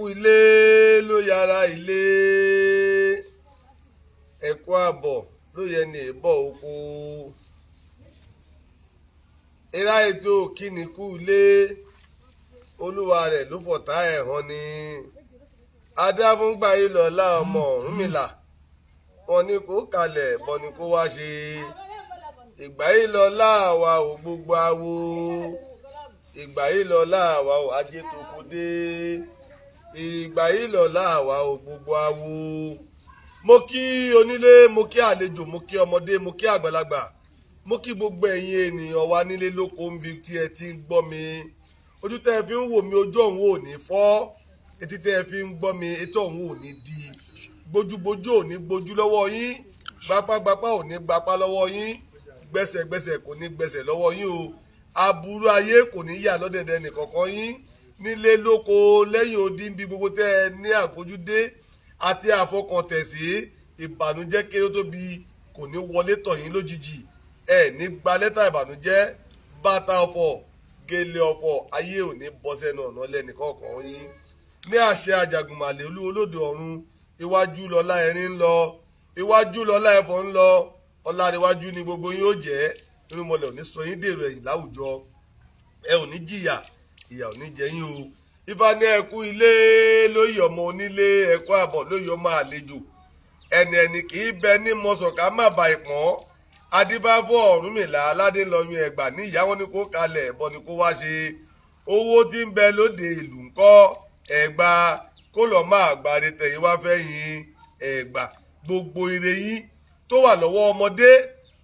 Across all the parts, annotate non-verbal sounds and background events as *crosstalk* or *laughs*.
ẹkú ilé ló yára ilé ẹkú àbọ̀ ló yẹ ní ìbọ̀ oko erá ètò kíni kú ilé olúwa rẹ̀ ló fọ̀tá ẹ̀ hàn ni adáfúngbáyé lọ́lá ọmọ Ọ̀rúnmìlà wọn ni kò kalẹ̀ bọ́ ni kò wá ṣe ìgbà yìí lọ láàwá ò gbogbo awo ìgbà yìí lọ láàwá ò ajé tó kú dé ìgbà yìí lọ́la àwa o gbogbo awo mo kí onílé mo kí àlejò mo kí ọmọdé mo kí àgbàlagbà mo kí gbogbo ẹ̀yin ènìyàn wa nílé lóko níbi tí ẹ ti ń gbọ́ mi ojú tẹ́ ẹ fi ń wò mí ojú ọ̀hún ò ní fọ́ etí tẹ́ ẹ fi ń gbọ́ mi etí ọ̀hún ò ní di gbojúgbojú ò ní gbojú lọ́wọ́ yín gbapágbapá ò ní gbapá lọ́wọ́ yín gbẹ́sẹ̀gbẹ́sẹ̀ kò ní gbẹ́sẹ̀ lọ́wọ́ yín o aburú ayé kò ní yà lọ́dẹ̀dẹ̀ nìkọ̀ọ̀kan yín nílé lóko lẹ́yìn odi níbi gbogbo tẹ́ ẹ ní àfojúdé àti àfọkàntẹ̀sí ìbànújẹ́ kéré tó bi kò ní wọlé tọ̀ yín lójijì ẹ ní gba lẹ́tà ìbànújẹ́ bàtà ọ̀fọ̀ gèlè ọ̀fọ̀ ayé ò ní bọ́ sẹ́nu ọ̀nà lẹ́nìkọ̀ọ̀kan yín ní àṣẹ àjàgùnmàlè olú olóde ọ̀run iwájú lọ́lá ẹ̀rín ń lọ iwájú lọ́lá ẹ̀fọ́ ń lọ ọlá níwájú ni gbogbo yín ó jẹ́ nínú mọ́lẹ̀ ò ní sọ yín dèrò ẹ̀yìn láwùjọ ẹ ò ní jìyà ìyà ò ní jẹ yín o ibà ní ẹkú ilé lóyè ọmọ onílé ẹkú àbọ̀ lóyè ọmọ àlejò ẹni ẹni kì í bẹ ní mọ̀sọ̀ká má ba ìpọ́n adébáfọ́ ọ̀rúnmìlà aládé lọ́yún ẹgbà ní ìyá ni kó kalẹ̀ ẹ̀bọ ni kó wá ṣe owó tí ń bẹ lóde ìlú ńkọ́ ẹ̀gbà kó lọ́ọ́ máa gbàre tẹ̀yìn wá fẹ́ yin ẹ̀gbà gbogbo ire yín tó wà lọ́wọ́ ọmọdé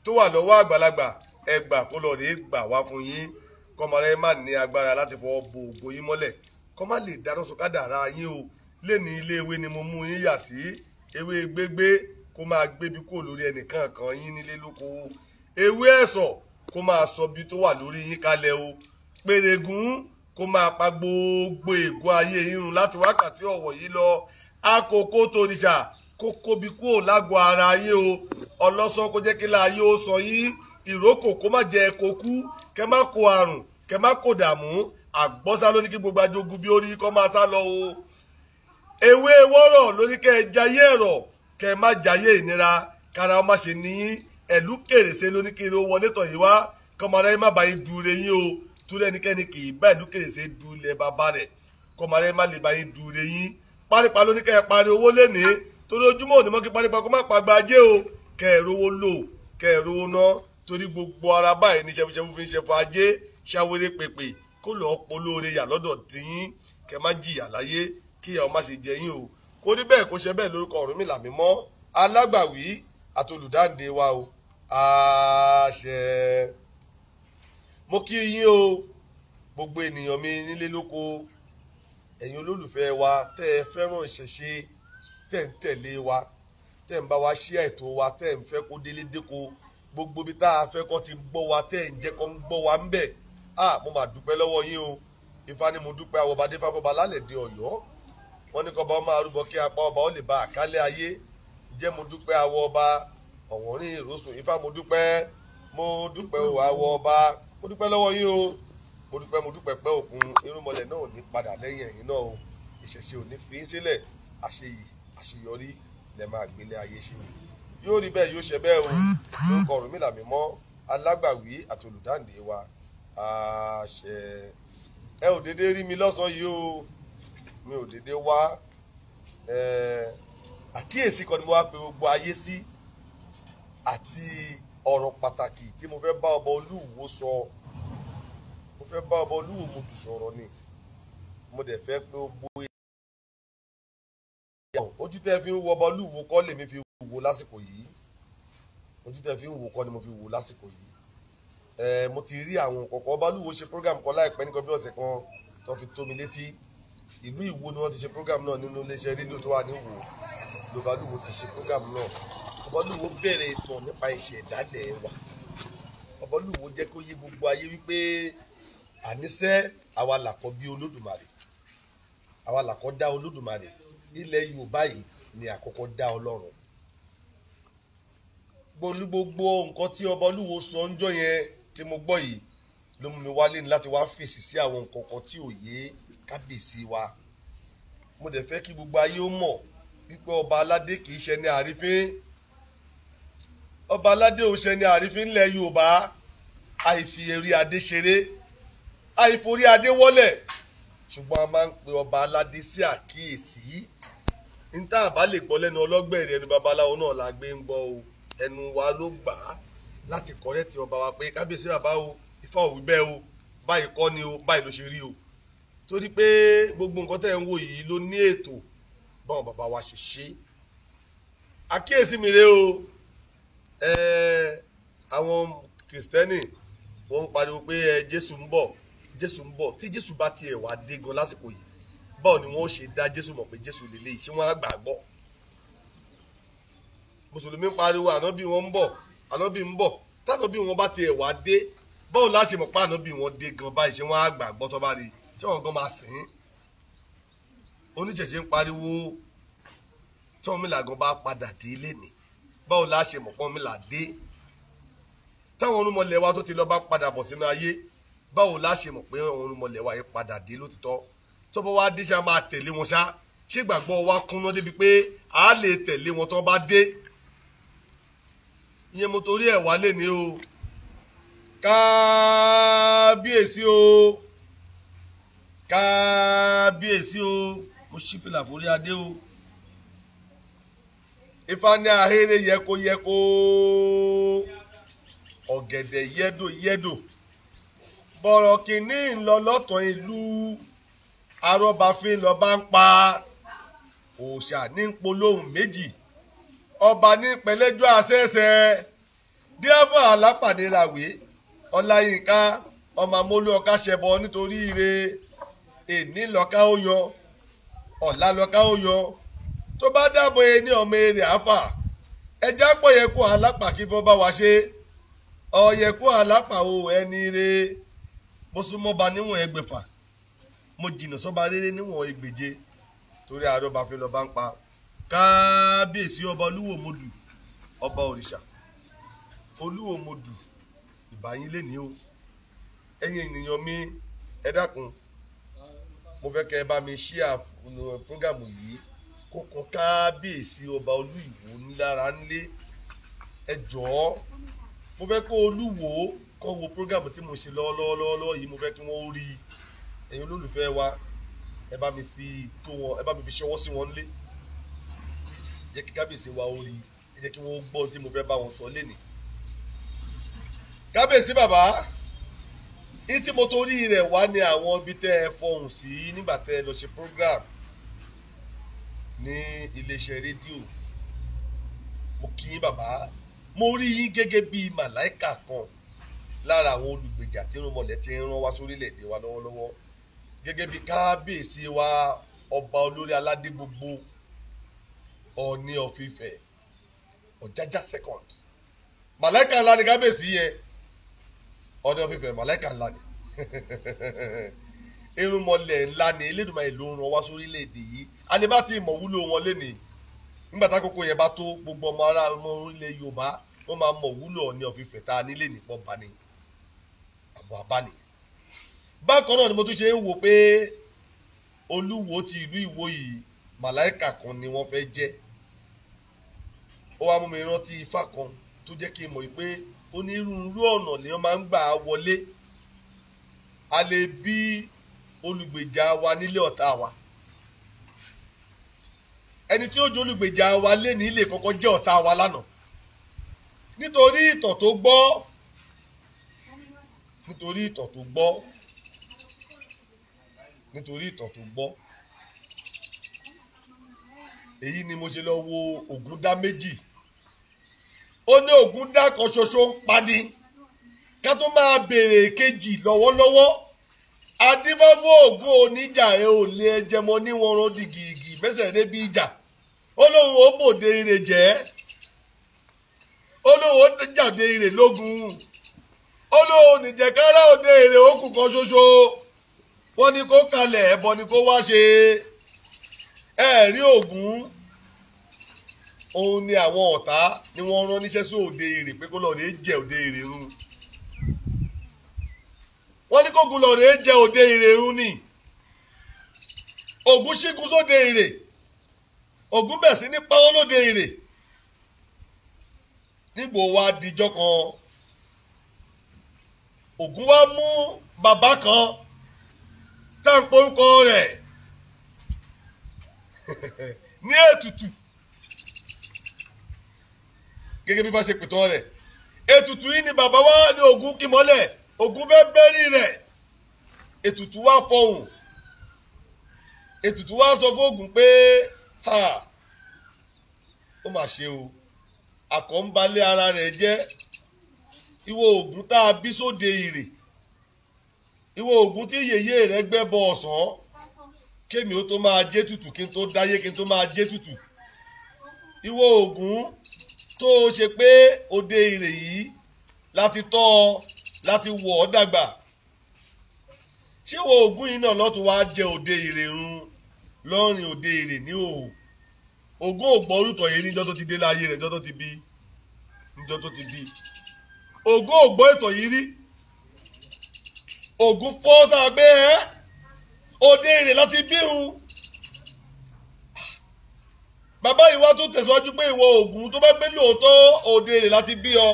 tó wà lọ́wọ́ àgbàlagbà ẹ̀gbà kó lọ́ọ́ rí gbà wá fún yín kọ́mọlẹ́ má ní agbára láti fọwọ́ bo ògbó yín mọ́lẹ̀ kọ́ má lè dáná sun kádàrá yín o lé ní ilé ewé ni mo mú yín yà sí ewé gbégbé kó máa gbébi kó lórí ẹnìkan kan yín nílé lóko ewé ẹ̀sọ̀ kó máa sọ bí tó wà lórí yín kalẹ̀ o pèrègùn kó máa pa gbogbo ègún ayé yín run láti wákàtí ọ̀wọ̀ yìí lọ àkókò tòrìṣà kó kóbi kúò lágọ̀ọ́ ara yín o ọlọ́sọ kó jẹ́ kí láàyè ó sọ yín ìrókò kó má jẹ kó kú kẹ má kó àrùn kẹ má kó dààmú àgbọ́sá ló ní kí gbogbo ajogun bí ó rí kọ́ máa sá lọ o ewé wọ́rọ̀ ló ní kẹ́ ẹ jayé ẹ̀rọ̀ kẹ́ ẹ má jayé ìnira kára ọmọ ṣe níyín ẹ̀lú kèrèsé ló ní kí ló wọlé tọ̀ yìí wá kọ́mọdé má bàa yín dure yín o túlẹ̀ ẹnikẹ́ni kì í bá ẹ̀lú kèrèsé dulẹ̀ bàbá rẹ̀ kọ́mọdé má lè bàa yín dure yín párípa ló ní kẹ́ ẹ parí owó lénìí torí ojúmọ́ òní mọ́ kí párípa kó má pàgbà ajé o kẹ́ ẹ rówó lò kẹ́ ẹ rówó ná torí gbogbo ara báyìí ní ṣẹfúṣẹfú fi ń ṣẹfọ ajé ṣàwérè pèpè kó lọ polóore yà lọ́dọ̀ tìyín kẹ má jìyà láyé kí ìyà ọ má ṣe jẹ yín o kó ní bẹ́ẹ̀ kó ṣe bẹ́ẹ̀ lórúkọ Ọ̀rúnmìlà mímọ́ alágbàwí àti olùdáǹdè wa o àṣẹ mo kí yín o gbogbo ènìyàn mi nílé lóko ẹ̀yin olólùfẹ́ wa tẹ́ ẹ fẹ́ràn ìṣẹ̀ṣe tẹ́ ń tẹ̀lé wa tẹ́ ń bá wa ṣí ètò wa tẹ́ ń fẹ́ kó délé déko. De gbogbo ibi tá a fẹ́ kọ́ ti gbọ́ wa tẹ́ ń jẹ́ kọ́ ń gbọ́ wa ń bẹ̀ à ah, mo mà dúpẹ́ lọ́wọ́ yín o ifá ni mo dúpẹ́ àwọ̀bàdé fáfọ́ba lálẹ́ dé ọ̀yọ́ wọ́n ní kọ́ba ọmọ arúgbó kí apá ọba ó lè ba àkálẹ̀ ayé ìjẹ́ mo dúpẹ́ àwọ̀ ọba ọ̀wọ́nrín ìrosùn ifá mo dúpẹ́ mo dúpẹ́ o àwọ̀ ọba mo dúpẹ́ lọ́wọ́ yín o mo dúpẹ́ mo dúpẹ́ pẹ́ òkun irúnmọlẹ̀ náà ò ní padà lẹ́yìn ẹ̀yìn náà o ìṣẹ̀ṣe yóò rí bẹ́ẹ̀ yóò ṣe bẹ́ẹ̀ o lórúkọ Ọ̀rúnmìlà mímọ́ alágbàwí àti olùdáǹdè wa àṣẹ ẹ ò déédéé rí mi lọ́sàn-án yìí o mi ò déédéé wá àkíyèsí kan ni mo wá pe gbogbo ayé sí àti ọ̀rọ̀ pàtàkì tí mo fẹ́ bá ọba Olúwo sọ mo fẹ́ bá ọba Olúwo mo dùn sọ̀rọ̀ ni mo dẹ̀ fẹ́ pé gbogbo ojú tẹ́ fi ń wo ọba olúwo kọ́ lèmi fi wo lásìkò yìí ojú tẹ́ fi ń wo kọ́ ni mo fi wo lásìkò yìí ẹ mo ti rí àwọn kọ̀ọ̀kan ọba olúwo ṣe program kan láìpẹ́ ní kọbí ọ̀sẹ̀ kan tó fi tó mi létí ìlú ìwo ni wọ́n ti ṣe program náà nínú iléeṣẹ́ rédíò tó wà ní ìwò lọba olúwo ti ṣe program náà ọba olúwo bẹ̀rẹ̀ ìtàn nípa ìṣẹ̀dálẹ̀ wa ọba olúwo jẹ́ kó yé gbogbo ayé wípé àníṣe àwa làkọ́ bí olódùmarè àwa làkọ́ dá olódùmarè ilẹ̀ Yorùbá yìí ni àkọ́kọ́ dá Ọlọ́run gbogbo nǹkan tí ọba olúwo sọ ń jọ yẹn tí mo gbọ́ yìí ló mú mi wálé ní láti wá fèsì sí àwọn nǹkan kan tí ò yé kábíyèsí wa mo dẹ̀ fẹ́ kí gbogbo ayé ó mọ̀ wípé ọba aládé kì í ṣe ní àrífín ọba aládé ò ṣe ní àrífín ńlẹ̀ Yorùbá àìfi eré adé ṣeré àìforí adé wọ́lẹ̀ ṣùgbọ́n a máa ń pe ọba aládé sí àkíyèsí. Si n tá a bá lè gbọ́ lẹ́nu ọlọ́gbẹ̀rì ẹnu babaláwo náà la gbé ń gbọ́ o ẹnu wa ló gbà á láti kọ́rẹ́ ti ọba wa pé kábíyèsí bàbá o ifá òwú bẹ́ẹ̀ o báyìí kọ́ ni o báyìí ló ṣe rí o torí pé gbogbo nǹkan tẹ́ ń wò yìí ló ní ètò báwọn bàbá wa ṣe ṣe àkíyèsí mi rèé o àwọn kìrìsìtẹ́nì wọ́n ń pariwo pé jésù ń bọ̀ jésù ń bọ̀ tí jésù bá tiẹ̀ wá dé lásìkò yìí báwo ni wọn ó ṣe dá jésù mọ̀ pé jésù lè léyìí ṣé wọn á gbà gbọ́ mùsùlùmí pariwo ànábì wọn ń bọ̀ ànábì ń bọ̀ tànábì wọn bá tiẹ̀ wá dé báwo la ṣe mọ̀ pé ànábì wọn dé gan báyìí ṣé wọn á gbà gbọ́ tó bá rí ṣé wọn gan máa sìn ín oníṣẹ̀ṣe ń pariwo tí wọn mìlá gan bá padà dé lẹ́nìí báwo la ṣe mọ̀ pé wọn mìlá dé táwọn orúnmọlẹ̀ wa tó ti lọ bá padà bọ̀ sínú ayé báwo la ṣe mọ̀ pé orúnmọlẹ̀ wa yẹn padà dé lótìtọ́ tó bá wá dé ṣá máa tẹ̀lé wọn ṣá ṣé ìgbàgbọ́ wa kúnná débi pé a lè tẹ̀lé wọn tó bá dé ìyẹn mo torí ẹ̀ wá lè ní o kábíyèsí o kábíyèsí o mo ṣí fìlà forí adé o ifá ní ahéré yẹkoyẹko ọ̀gẹ̀dẹ̀ yẹ́dò yẹ́dò bọ̀rọ̀ kìíní ńlọ lọ́tọ̀ ìlú arọ́bàfin fi ń pa òòṣà ní polóhùn méjì ọba ní pẹlẹ́jọ́ àṣẹ́ṣẹ́ díẹ̀fọ́ alápàdéràwé ọláyínká ọmọ amólú ọká ṣẹbọ nítorí ire èní lọ́ká ó yan ọ̀la lọ́ká ó yan tó bá dáàbò yẹn ní ọmọ èrè àfà ẹjá pọ̀ yẹ kó alápà kí bá wa ṣe ọ̀yẹ̀kó alápà o ẹni ire mọ́súmọ́ba níwọ̀n ẹgbẹ̀fà mo jìnnà sọ́ba rere níwọ̀n ẹgbẹ̀je torí àádọ́ba fi lọ́ba ń pa kábíyèsí ọba olúwòmodù ọba òrìṣà olúwòmodù ìbáyín lénìí o ẹ̀yin ènìyàn mi ẹ dákun mo fẹ́ kẹ́ ẹ bá mi ṣí àfúnù eh, púrógàmù yìí kó kan kábíyèsí ọba olúìwò ńlára ńlé ẹ jọ̀ọ́ mo fẹ́ kó olúwo kọ́ wo púrógàmù tí mo ṣe lọ́wọ́lọ́wọ́ yìí mo fẹ́ kí wọ́n rí i ẹ̀yin olólùfẹ́ wa ẹ bá mi fi tó wọn ẹ bá mi fi ṣọwọ́ sí wọn lé jẹ́ kí kábíyèsí wa ó rí ẹ jẹ́ kí wọ́n gbọ́ ohun tí mo fẹ́ bá wọn sọ lénìí. kábíyèsí bàbá ní tí mo torí rẹ̀ wá ní àwọn ibi tẹ́ ẹ fọhùn sí nígbà tẹ́ ẹ lọ ṣe program ní iléeṣẹ́ rédíò mo kí yín bàbá mo rí yín gẹ́gẹ́ bí màláìkà kan lára àwọn olùgbèjà tí irun mọ̀lẹ́ ti ń rán wá sórílẹ̀-èdè wa lọ́wọ́lọ́wọ́ gẹ́gẹ́ bí kábíyèsí wa ọba olórí aládé gbogbo ọ̀ní ọ̀fìfẹ́ ọ̀jájá second màláìka ńlá ni kábíyèsí yẹn ọ̀ní ọ̀fìfẹ́ màláìka ńlá ni *laughs* irúnmọlẹ̀ ńlá ni elédùnmáyè ló ń ràn wá sórílẹ̀-èdè yìí àníbá tí ìmọ̀ wúlò wọn lénìí nígbà tákòókò yẹn bá tó gbogbo ọmọ ará ọmọ orílẹ̀ Yorùbá wọ́n máa mọ̀ wúlò ọ̀ní ọ̀fìfẹ́ tá a nílé nìpọ̀ bá ní àbọ̀ àbá nìyẹn bákan náà ni mo tún ṣe ń wò pé olúwo ti ìlú ìwó yìí màláìkà kan ni wọ́n fẹ́ jẹ́ ó wá mú mi rántí ifá kan tó jẹ́ kí n mọ̀ pé onírúurú ọ̀nà lèèyàn máa ń gbà wọlé a lè bí olùgbèjà wa nílé ọ̀tá wa ẹni tí ó jẹ́ olùgbèjà wa lé ní kọ́kọ́ jẹ́ ọ̀tá wa lánàá nítorí ìtàn tó gbọ́ nítorí ìtàn tó gbọ́ nítorí ìtàn tó gbọ́ èyí ni mo ṣe lọ wo ògúndá méjì ó ní ògúndá kan ṣoṣo ń pani ká tó máa béèrè kejì lọ́wọ́lọ́wọ́ adébáfó ògún oníjà ẹ ò lé ẹjẹ mọ níwọ̀n rán dìgìrìgì mẹ́sẹ̀ débi ìjà ó lóun ó bòde ire jẹ́ ó lóun ó jáde ire lógun ó lóun nìjẹ́kára òde ire ó ṣoṣo wọ́n ní kó kalẹ̀ ẹbọ ni kó wá ṣe ẹ̀rí Ògún òun ni àwọn ọ̀tá ni wọ́n rán níṣẹ́ sí òde èrè pé kó lọ́ọ̀dẹ́ jẹ òde èrè run wọ́n ní kógun lọ́ọ̀dẹ́ jẹ òde èrè run ni Ògún ṣígun sóde èrè Ògún bẹ̀ sí ní pawọ́ lóde èrè nígbò wa dijọ́ kan Ògún wa mú bàbá kan tá à ń porúkọ rẹ̀ *laughs* ní ètùtù gẹ́gẹ́ bí bá ṣe pètò rẹ̀ ètùtù yìí ni bàbá wa ní Ògún kí mọ́lẹ̀ Ògún fẹ́ bẹ́rì rẹ̀ ètùtù wa fọhùn ètùtù wa sọ fún Ògún pé ó mà ṣe o àkọ́ ara rẹ̀ jẹ́ ìwọ Ògún tá a bí sóde ìrè ìwọ ògùn tí yèyé rẹ gbẹ bọ ọ̀sán kémi ó tó máa jẹ tutù kí n tó dáyé kí n tó máa jẹ tutù ìwọ ògùn tó o ṣe pé òde ìrè yìí láti tọ́ ọ láti wọ̀ ọ́ dàgbà ṣé ìwọ ògùn yìí náà lọ́tún wá jẹ òde ìrè run lọ́rin òde ìrè ní òhù ògùn ò gbọ́ orúkọ yìí níjọ́ tó ti dé láyé rẹ̀ níjọ́ tó ti bí níjọ́ tó ti bí ògùn ò gbọ́ ètò yìí rí. Ogun fọ́ọ̀sà gbé ẹ́ òde èrè láti bíhun bàbá yìí wá tún tẹ̀síwájú pé ìwọ ogun tó bá gbé lóòótọ́ òde èrè láti bí ọ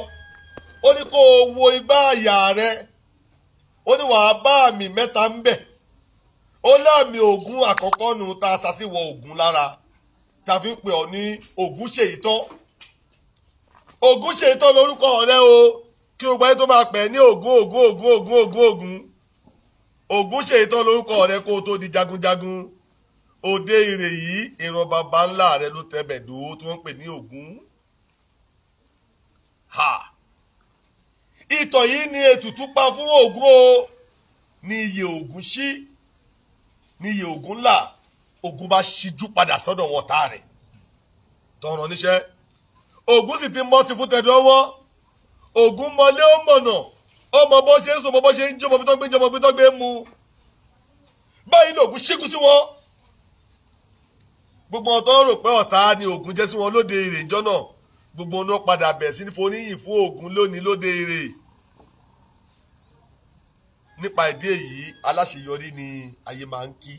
ó ní kó o wo igbá àyà rẹ ó ní wàá bá àmì mẹ́ta ń bẹ̀ ó láàmì ogun àkọ́kọ́ ta sàṣìwọ̀ lára tàbí pé ọ ní o kí o tó máa ní ògún ṣèyítọ́ lórúkọ rẹ kó o tó di jagunjagun òde ìrè yìí ìran bàbá ńlá rẹ ló tẹbẹ̀ dúró tí wọ́n ń pè ní ògún. ìtọ̀ yìí ni ètùtù pa fún ògún o ní iye ògún ṣí ní iye ògún là ògún bá ṣíjú padà sọ́dọ̀ wọn tá rẹ̀ tọrọ níṣẹ́ ògún sì ti mọ́ ti fún tẹ̀dọ́wọ́ ògún mọlé ó mọ̀nà ó mọ bó ṣe ń sùn mọ bó ṣe ń jó mọ bí tó gbé jọ mọ bí tó gbé mu báyìí lògùn ṣíkú sí wọn gbogbo ọ̀tọ́ rò pé ọ̀tá ni ògùn jẹ́ sí wọn lóde èrè ìjọ náà gbogbo ọ̀nà padà bẹ̀ sí ní foníyìn fún ògùn lónìí lóde èrè nípa ìdí èyí aláṣeyọrí ni ayé máa ń kí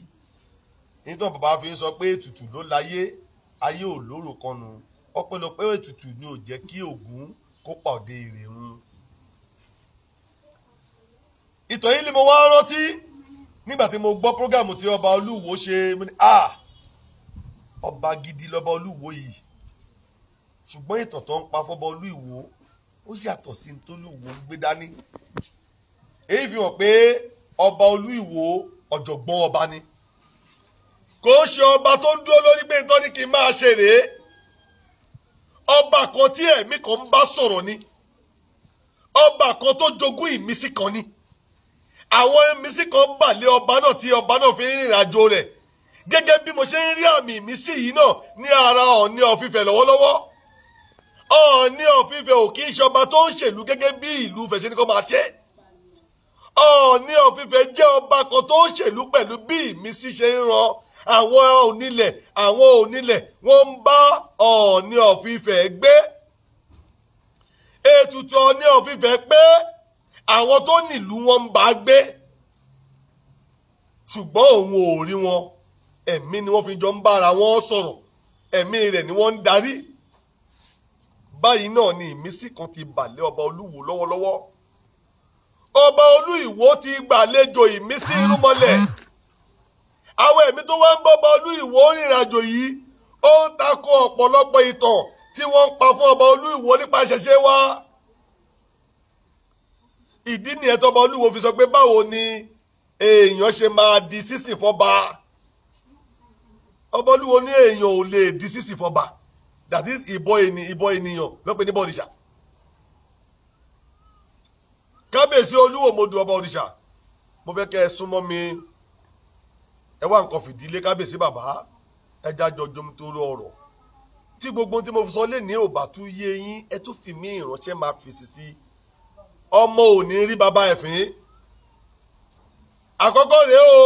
nítorí bàbá fi ń sọ pé ètùtù ló láyé ayé ò lórò kanu ọpẹ́lọpẹ́ ètùtù ni ò jẹ́ kí ògùn kópa òde èrè ń ìtọ̀ yìí ni mo wá rántí nígbà tí mo gbọ́ prógámù tí ọba olúwo ṣe ah ọba gidi lọba olúwo yìí ṣùgbọ́n ìtàn tó ń pa fọba olúwo ó yàtọ̀ sí ní tólúwo gbé dání èyí fi hàn pé ọba olúwo ọ̀jọ̀gbọ́n ọba ni kò ṣe ọba tó ń dúró lórí pé nítorí kí n máa ṣe rèé ọba kan tí ẹ̀mí kan ń bá sọ̀rọ̀ ni ọba kan tó jogún ìmísí kan ni àwọn ìmísí kan bà lé ọba náà tí ọba náà fi ń rìnrìn àjò rẹ̀ gẹ́gẹ́ bí mo ṣe ń rí àmì ìmísí yìí náà ní ara Ọọ̀ni of Ifẹ̀ lọ́wọ́lọ́wọ́ Ọọ̀ni of Ifẹ̀ ò kì í ṣọba tó ń ṣèlú gẹ́gẹ́ bí ìlú Ifẹ̀ ṣe ni kò máa ṣe Ọọ̀ni of Ifẹ̀ jẹ́ ọba kan tó ń ṣèlú pẹ̀lú bí ìmísí ṣe ń ran àwọn onílẹ̀ àwọn onílẹ̀ wọ́n ń bá Ọọ̀ni of gbé ètùtù Ọọ̀ni of pé àwọn tó nílùú wọn ń bá gbé ṣùgbọ́n òun ò rí wọn ẹ̀mí ni wọ́n fi jọ ń bára wọn sọ̀rọ̀ ẹ̀mí rẹ̀ ni wọ́n ń darí báyìí náà ni ìmísí kan ti bàlẹ́ ọba olúwo lọ́wọ́lọ́wọ́ ọba olú ìwó ti gbàlejò ìmísí irúnmọlẹ̀ àwọn ẹ̀mí tó wá ń bọ́ba olú ìwó rìnrìnàjò yìí ó ń takò ọ̀pọ̀lọpọ̀ ìtàn tí wọ́n ń pa fún ọba olú ìwó nípa ṣẹ̀ṣẹ̀ wá ìdí nìyẹn tọba olúwo fi sọ pé báwo ni èèyàn ṣe máa di sísìn fọba ọba olúwo ní èèyàn ò lè di sísìn fọba that is ìbọ ènìyàn lọ́pẹ́ níbọ̀ òrìṣà kábíyèsí olúwo mo du ọba òrìṣà mo fẹ́ kẹ́ ẹ súnmọ́ mi ẹ wá nǹkan fìdílé kábíyèsí bàbá ẹ jájọ jomitoro ọ̀rọ̀ tí gbogbo tí mo fi sọ lé ní ò tún yé yín ẹ tún fi mí ìránṣẹ́ máa fèsì sí i ọmọ ò ní rí bàbá ẹ̀ fín àkọ́kọ́ rèé o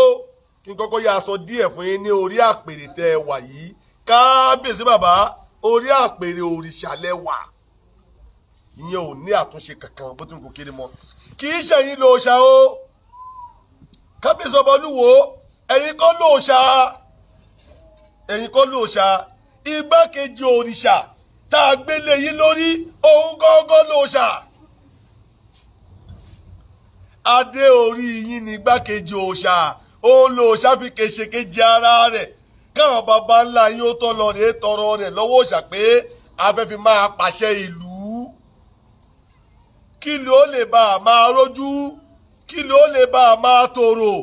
kí n kọ́kọ́ yá aṣọ díẹ̀ fún yín ní orí àpèrè tẹ́ ẹ wà yìí kábíyèsí bàbá orí àpèrè òrìṣà lẹ́wà ìyẹn ò ní àtúnṣe kankan bó ti ń kó kiri mọ́ kì í ṣẹ̀yìn lò ṣá o kábíyèsí ọba olúwo ẹ̀yin kọ́ lò ṣá ẹ̀yin kọ́ lò ṣá igbákejì òrìṣà tá a gbélé yín lórí òun gángan lò ṣá adé orí yín ní igbákejì òòṣà ó lo òòṣà fi kèṣèkejì ara rẹ̀ káwọn baba ńlá yín ó tọ́ lọ rèé tọrọ rẹ̀ lọ́wọ́ òòṣà pé afẹ́fi máa pàṣẹ ìlú kí ló lè bá a máa rójú kí ló lè bá a máa tòrò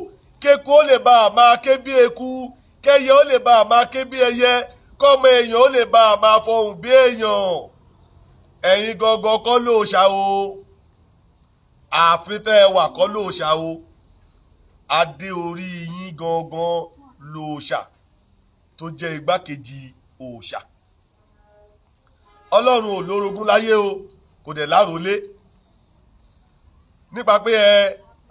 kéku ó lè bá a máa ké bí eku kẹyẹ ó lè bá a máa ké bí ẹyẹ kọ́mọ èèyàn ó lè bá a máa fọhùn bí èèyàn ẹ̀yin gangan kọ́ lóòṣà o àfi tẹ́ ẹ wà kọ́ lóòṣà o adé orí yín gangan lóòṣà tó jẹ́ igbákejì òòṣà ọlọ́run ò lórogún láyé o kò dẹ̀ lárólé nípa pé ẹ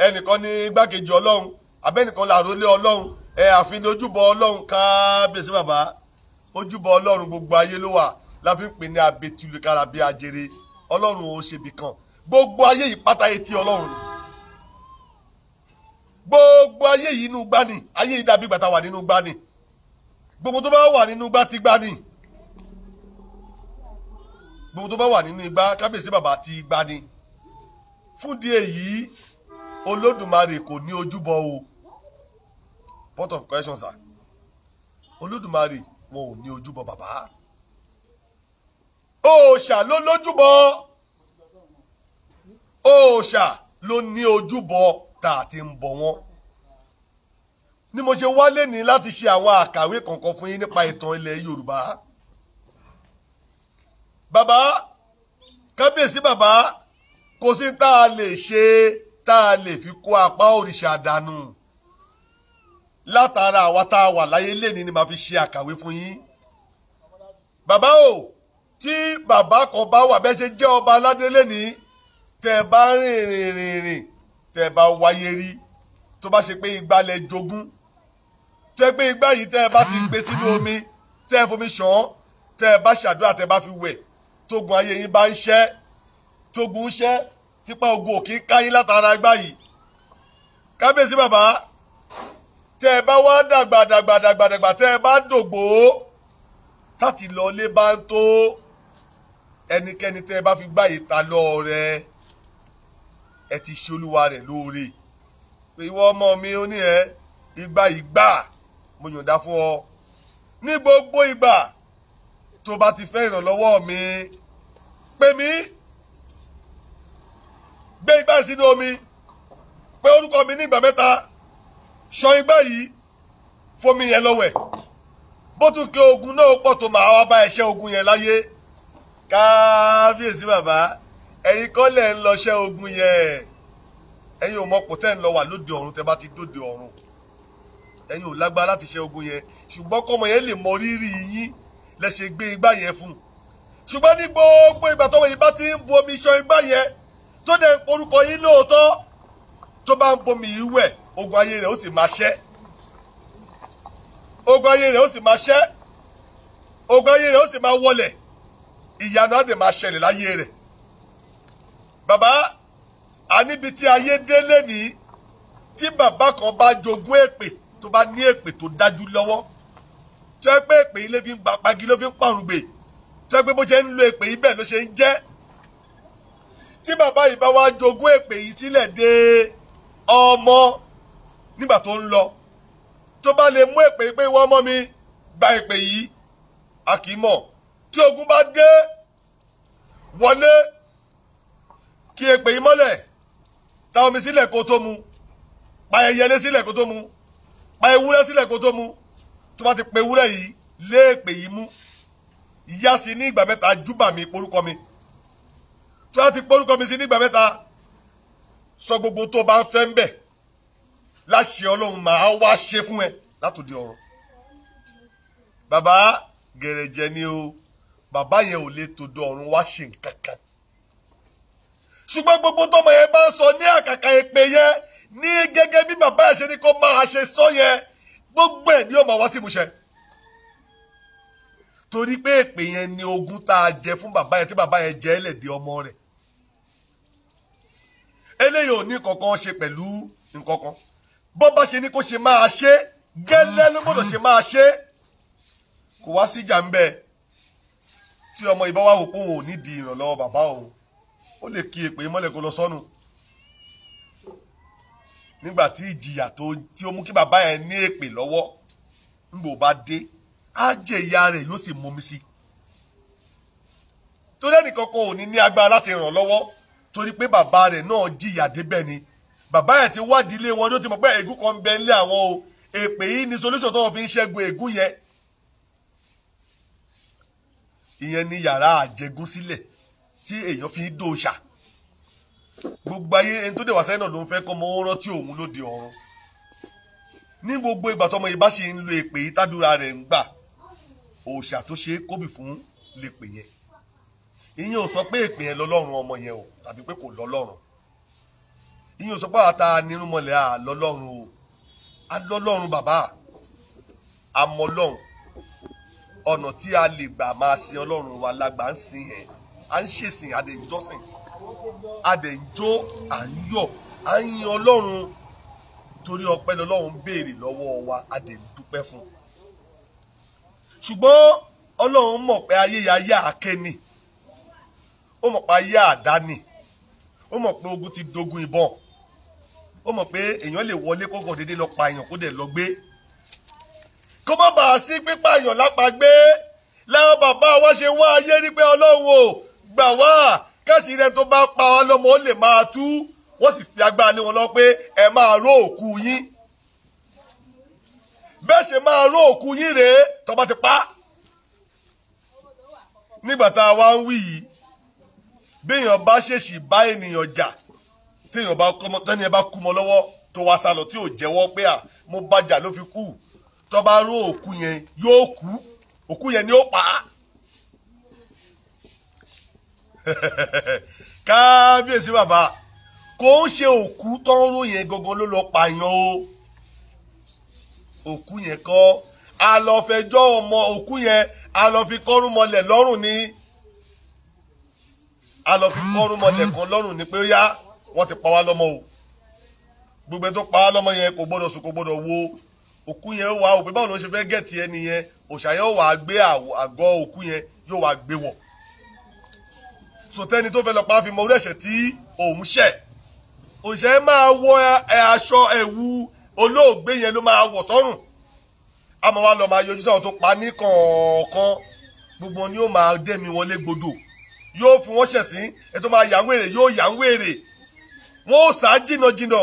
ẹnìkan ní igbákejì ọlọ́run abẹ́nìkan lárólé ọlọ́run ẹ àfi ní ojúbọ ọlọ́run kábíyèsí bàbá ojúbọ ọlọ́run gbogbo ayé ló wà láfi ń pè ní abetulukara bíi ajere ọlọ́run ò ṣèbìkan gbogbo ayé yìí etí ọlọ́run ni gbogbo ayé yìí inú gbá ni ayé yìí dàbí gbàtà wà nínú gbá ni gbogbo tó bá wà nínú gbá ti gbá ni gbogbo tó bá wà nínú igbá kábíyèsí bàbá ti gbá ni fúndì èyí olódùmarè kò ní ojúbọ o port of questions sir olódùmarè wọn ò ní ojúbọ bàbá òòṣà ló lójúbọ òòṣà ló ní ojúbọ tá a ti ń bọ wọn ni mo ṣe wálé ní láti ṣe àwọn àkàwé kọ̀ọ̀kan fún yín nípa ìtàn ilẹ̀ Yorùbá bàbá kábíyèsí bàbá kò sí tá a lè ṣe tá a lè fi kó apá òrìṣà dànù látara àwa tá a wà láyé lẹ́ni ni màá fi ṣe àkàwé fún yín bàbá o tí bàbá kan bá wà bẹ́ẹ̀ ṣe jẹ́ ọba aládélé ní tẹ́ bá rìn rìn rìn rìn tẹ́ bá wáyé rí tó bá ṣe pé igbá lẹ jogún tẹ́ pé igbá yìí tẹ́ bá ti gbé sínú omi tẹ́ fomi ṣàn tẹ́ bá ṣàdúrà tẹ́ bá fi wẹ̀ tógun ayé yín bá ń ṣẹ́ tógun ń tipa ogun òkè káyín látara igbá yìí kábíyèsí bàbá tẹ́ bá wá dàgbà dàgbà dàgbà dàgbà tẹ́ bá dògbò láti lọ bá ń tó ẹnikẹ́ni tẹ́ bá fi gbá ìta lọ́ọ́ rẹ̀ ẹ ti ṣe olúwa rẹ̀ lóore pé ìwọ ọmọ mi ó ní ẹ ìgbà ìgbà mo yọ̀ǹda fún ọ ní gbogbo ìgbà tó bá ti fẹ́ ìrànlọ́wọ́ mi pè mí gbé igbá sínú omi pé orúkọ mi ní ìgbà mẹ́ta sọ igbá yìí fomi yẹn lọ́wẹ̀ bó tún ké ogun náà pọ̀ tó máa wá bá ẹṣẹ́ ogun yẹn láyé káfíyèsí bàbá ẹ̀yin kọ́lẹ̀ ń lọṣẹ́ ogun yẹn ẹ̀yin ò mọ pò tẹ́ ń lọ wà lóde ọ̀run tẹ́ bá ti dóde ọ̀run ẹ̀yin ò lágbára láti ṣe ogun yẹn ṣùgbọ́n kọ́mọ yẹn lè mọ rírì yín lẹ ṣe gbé igbá yẹn fún un ṣùgbọ́n ní gbogbo ìgbà tọ́wọ́ yìí bá ti ń bu omi iṣan igbá yẹn tó dẹ̀ ń porúkọ yín lóòótọ́ tó bá ń bomi yìí wẹ̀ ogun ayé rẹ̀ ó sì máa ṣẹ́ ogun ayé rẹ̀ ó sì máa ṣẹ́ ogun ayé rẹ̀ ó sì máa wọlẹ̀ ìyanu á dẹ̀ máa ṣẹlẹ̀ láyé rẹ̀ bàbá àníbi tí ayé délé ní tí bàbá kan bá jogún èpè tó bá ní èpè tó dájú lọ́wọ́ tó yẹ pé èpè yìí ló fi ń gba pagi ló fi ń pàrùn gbè tó yẹ pé bó ṣe ń lo èpè yìí bẹ́ẹ̀ ló ṣe ń jẹ́ tí bàbá yìí bá wá jogún èpè yìí sílẹ̀ dé ọmọ nígbà tó ń lọ tó bá lè mú èpè pé ìwọ ọmọ mi gba èpè yìí a kì í mọ̀ tí ogun bá dé wọlé kí èpè yìí mọ́lẹ̀ ta omi sílẹ̀ kó tó mu pa ẹyẹlé sílẹ̀ kó tó mu pa ewúrẹ́ sílẹ̀ kó tó mu tó bá ti pe ewúrẹ́ yìí lé èpè yìí mú ìyá sí ní ìgbà mẹ́ta júbà mi porúkọ mi tó bá ti porúkọ mi sí ní ìgbà mẹ́ta sọ gbogbo tó bá ń fẹ́ ń bẹ̀ láṣẹ ọlọ́run màá wá ṣe fún ẹ látòdì ọ̀rọ̀ bàbá gẹ̀rẹ̀jẹ̀ ni o bàbá yẹn ò lè tòdò ọ̀run wá ṣe nǹkan kan ṣùgbọ́n gbogbo tọmọ yẹn bá ń sọ ní àkàkà èpè yẹn ní gẹ́gẹ́ bí bàbá ẹ̀ ṣe ni kó máa ṣe sọ yẹn gbogbo ẹ̀ ni ó máa wá sí ìmúṣẹ. torí pé èpè yẹn ni ogún tá a jẹ fún bàbá yẹn tí bàbá yẹn jẹ ẹlẹ̀ di ọmọ rẹ̀. eléyìí ò ní kankan ṣe pẹ̀lú nkankan bó bá ṣe ni kó ṣe máa ṣe gẹ́lẹ́ ló gbọ́dọ̀ ṣe máa ṣe kò wá síjà ń bẹ́ẹ̀ tí ọmọ ìbá wa ò ní di ìrànlọ́wọ́ bàbá òun ó lè kí èpè mọ́lẹ̀ kó lọ sọ́nù nígbà tí ìjìyà tí ó mú kí bàbá yẹn ní èpè lọ́wọ́ nígbà ó bá dé á jẹ ìyá rẹ̀ yóò sì mú mi sí tó lẹ́nìkan kò ní ní agbára láti ràn lọ́wọ́ torí pé bàbá rẹ̀ náà jìyà débẹ̀ ni bàbá yẹn ti wádìí ilé wọn ló ti mọ̀ pé ègún kan ń bẹ nílé àwọn o èpè yìí ni solution tó wọn fi ń ṣẹ́gun ègún yẹn ìyẹn ni yàrá àjẹgúnsílẹ̀ tí èèyàn fi ń dòṣà gbogbo ayé ẹni tó dẹ̀ wá sáyẹn náà ló ń fẹ́ kọ́ ọmọ ọ̀rọ̀ òun lóde ọ̀run ní gbogbo ìgbà tọmọ yìí ṣe ń lo èpè yìí tádúrà rẹ̀ ń gbà òòṣà tó ṣe kóbì fún lè yẹn ìyẹn ò sọ pé èpè yẹn lọ́lọ́run ọmọ yẹn o tàbí pé kò lọ́lọ́run ìyẹn ò sọ pé àta nírúnmọlẹ̀ à o a bàbá àmọ́ ọ̀nà tí a lè gbà máa sin ọlọ́run wa lágbà ń sin yẹn à ń ṣèsìn à dẹ̀ ń jọ́sìn à dẹ̀ ń jó à ń yọ̀ à ń yin ọlọ́run torí ọpẹ́ lọ́lọ́run béèrè lọ́wọ́ wa à dẹ̀ ń dúpẹ́ fún un ṣùgbọ́n ọlọ́run mọ̀ pé ayé ayé àkẹ́ni ó mọ̀ pé ayé àdáni ó mọ̀ pé ogun ti dogun ìbọn ó mọ̀ pé èèyàn lè wọlé kó kàn déédéé lọ pa èèyàn kó dẹ̀ lọ gbé kó má bàa sí pípa èèyàn láwọn bàbá wa ṣe wá ayé ní pé ọlọ́run o gbà wá káṣí rẹ tó bá pa wá lọ́mọ ó lè máa tú wọ́n sì fi agbára lé wọn lọ pé ẹ máa ró òkú yín bẹ́ẹ̀ ṣe máa ró òkú yín rèé tó ti pa á nígbà tá a wá ń wí yìí béèyàn bá ṣèṣì bá ènìyàn jà téèyàn bá kọ́mọ tẹ́ni ẹ bá kú mọ́ lọ́wọ́ tó wá sálọ tí ò jẹ́wọ́ pé à mo bá jà ló fi kú tó ró òkú yẹn yóò kú òkú yẹn ni ó pa á. *laughs* kábíyèsí bàbá kò ń ṣe òkú tó ń ròyìn gangan ló lọ pààyàn o òkú yẹn kọ́ a lọ fẹjọ́ ọmọ òkú yẹn a lọ fi kọ́rùn mọlẹ̀ lọ́rùn ni a lọ fi kọ́rùn mọlẹ̀ kan lọ́rùn ni pé ó yá wọ́n ti pa wá lọ́mọ o gbogbo tó pa á lọ́mọ yẹn kò gbọ́dọ̀ sùn kò gbọ́dọ̀ wo òkú yẹn wà òpin báwo ló ń ṣe fẹ́ gẹ̀tì ẹni yẹn òṣà yẹn wà á gbé àgọ́ òkú yẹn yóò wà á gbé wọ̀ sọtẹ́ni tó fẹ́ lọ pa á fi mọ orí ẹ̀ṣẹ̀ tí òun ṣẹ̀ òṣìṣẹ́ máa wọ aṣọ ẹ̀wù olóògbé yẹn ló máa wọ̀ sọ́rùn àmọ́ wa lọ máa yọjú sáwọn tó pa ní kọ̀ọ̀kan gbogbo ni ó máa dẹ́mi wọlé gbodò yóò fún wọn ṣẹ̀sín ẹ tó máa yà ń wèrè yóò yà ń wèrè wọn ò sá jìnnà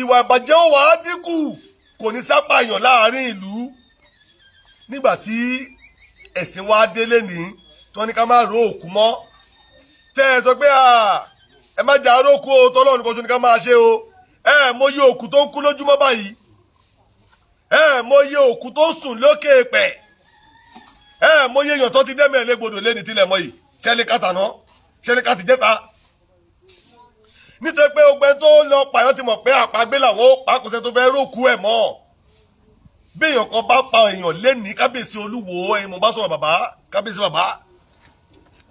ìwà ìbàjẹ́ ò wá dínkù kò ní sápàyàn láàrin ìlú nígbà tí ẹ̀sìn wa délé ní tí wọ́n ní ká má ro òkú mọ́ tẹ́ ẹ sọ pé ẹ má jà aróko o tọ́lọ́run kọ́sùn ní ká máa ṣe o ẹ mọ iye òkú tó ń kú lójúmọ́ báyìí ẹ mọ iye òkú tó ń sùn lókè pẹ̀ ẹ mọ iye èèyàn tó ti dẹ́mi ẹ̀ légbodò lẹ́ni tilẹ̀ mọ́ yìí ṣẹ́ni kàtàná ṣẹ́ni kàtìjẹ́ta nítorí pé ogbẹ́ tó lọ pààyàn ti mọ̀ pé àpagbé làwọn ó pa àkùsẹ́ tó fẹ́ rókú ẹ̀ mọ́ bí èèyàn kan bá pa èèyàn lẹ́ni kábíyèsí olúwo ẹ̀yin mo bá sọ̀rọ̀ bàbá kábíyèsí bàbá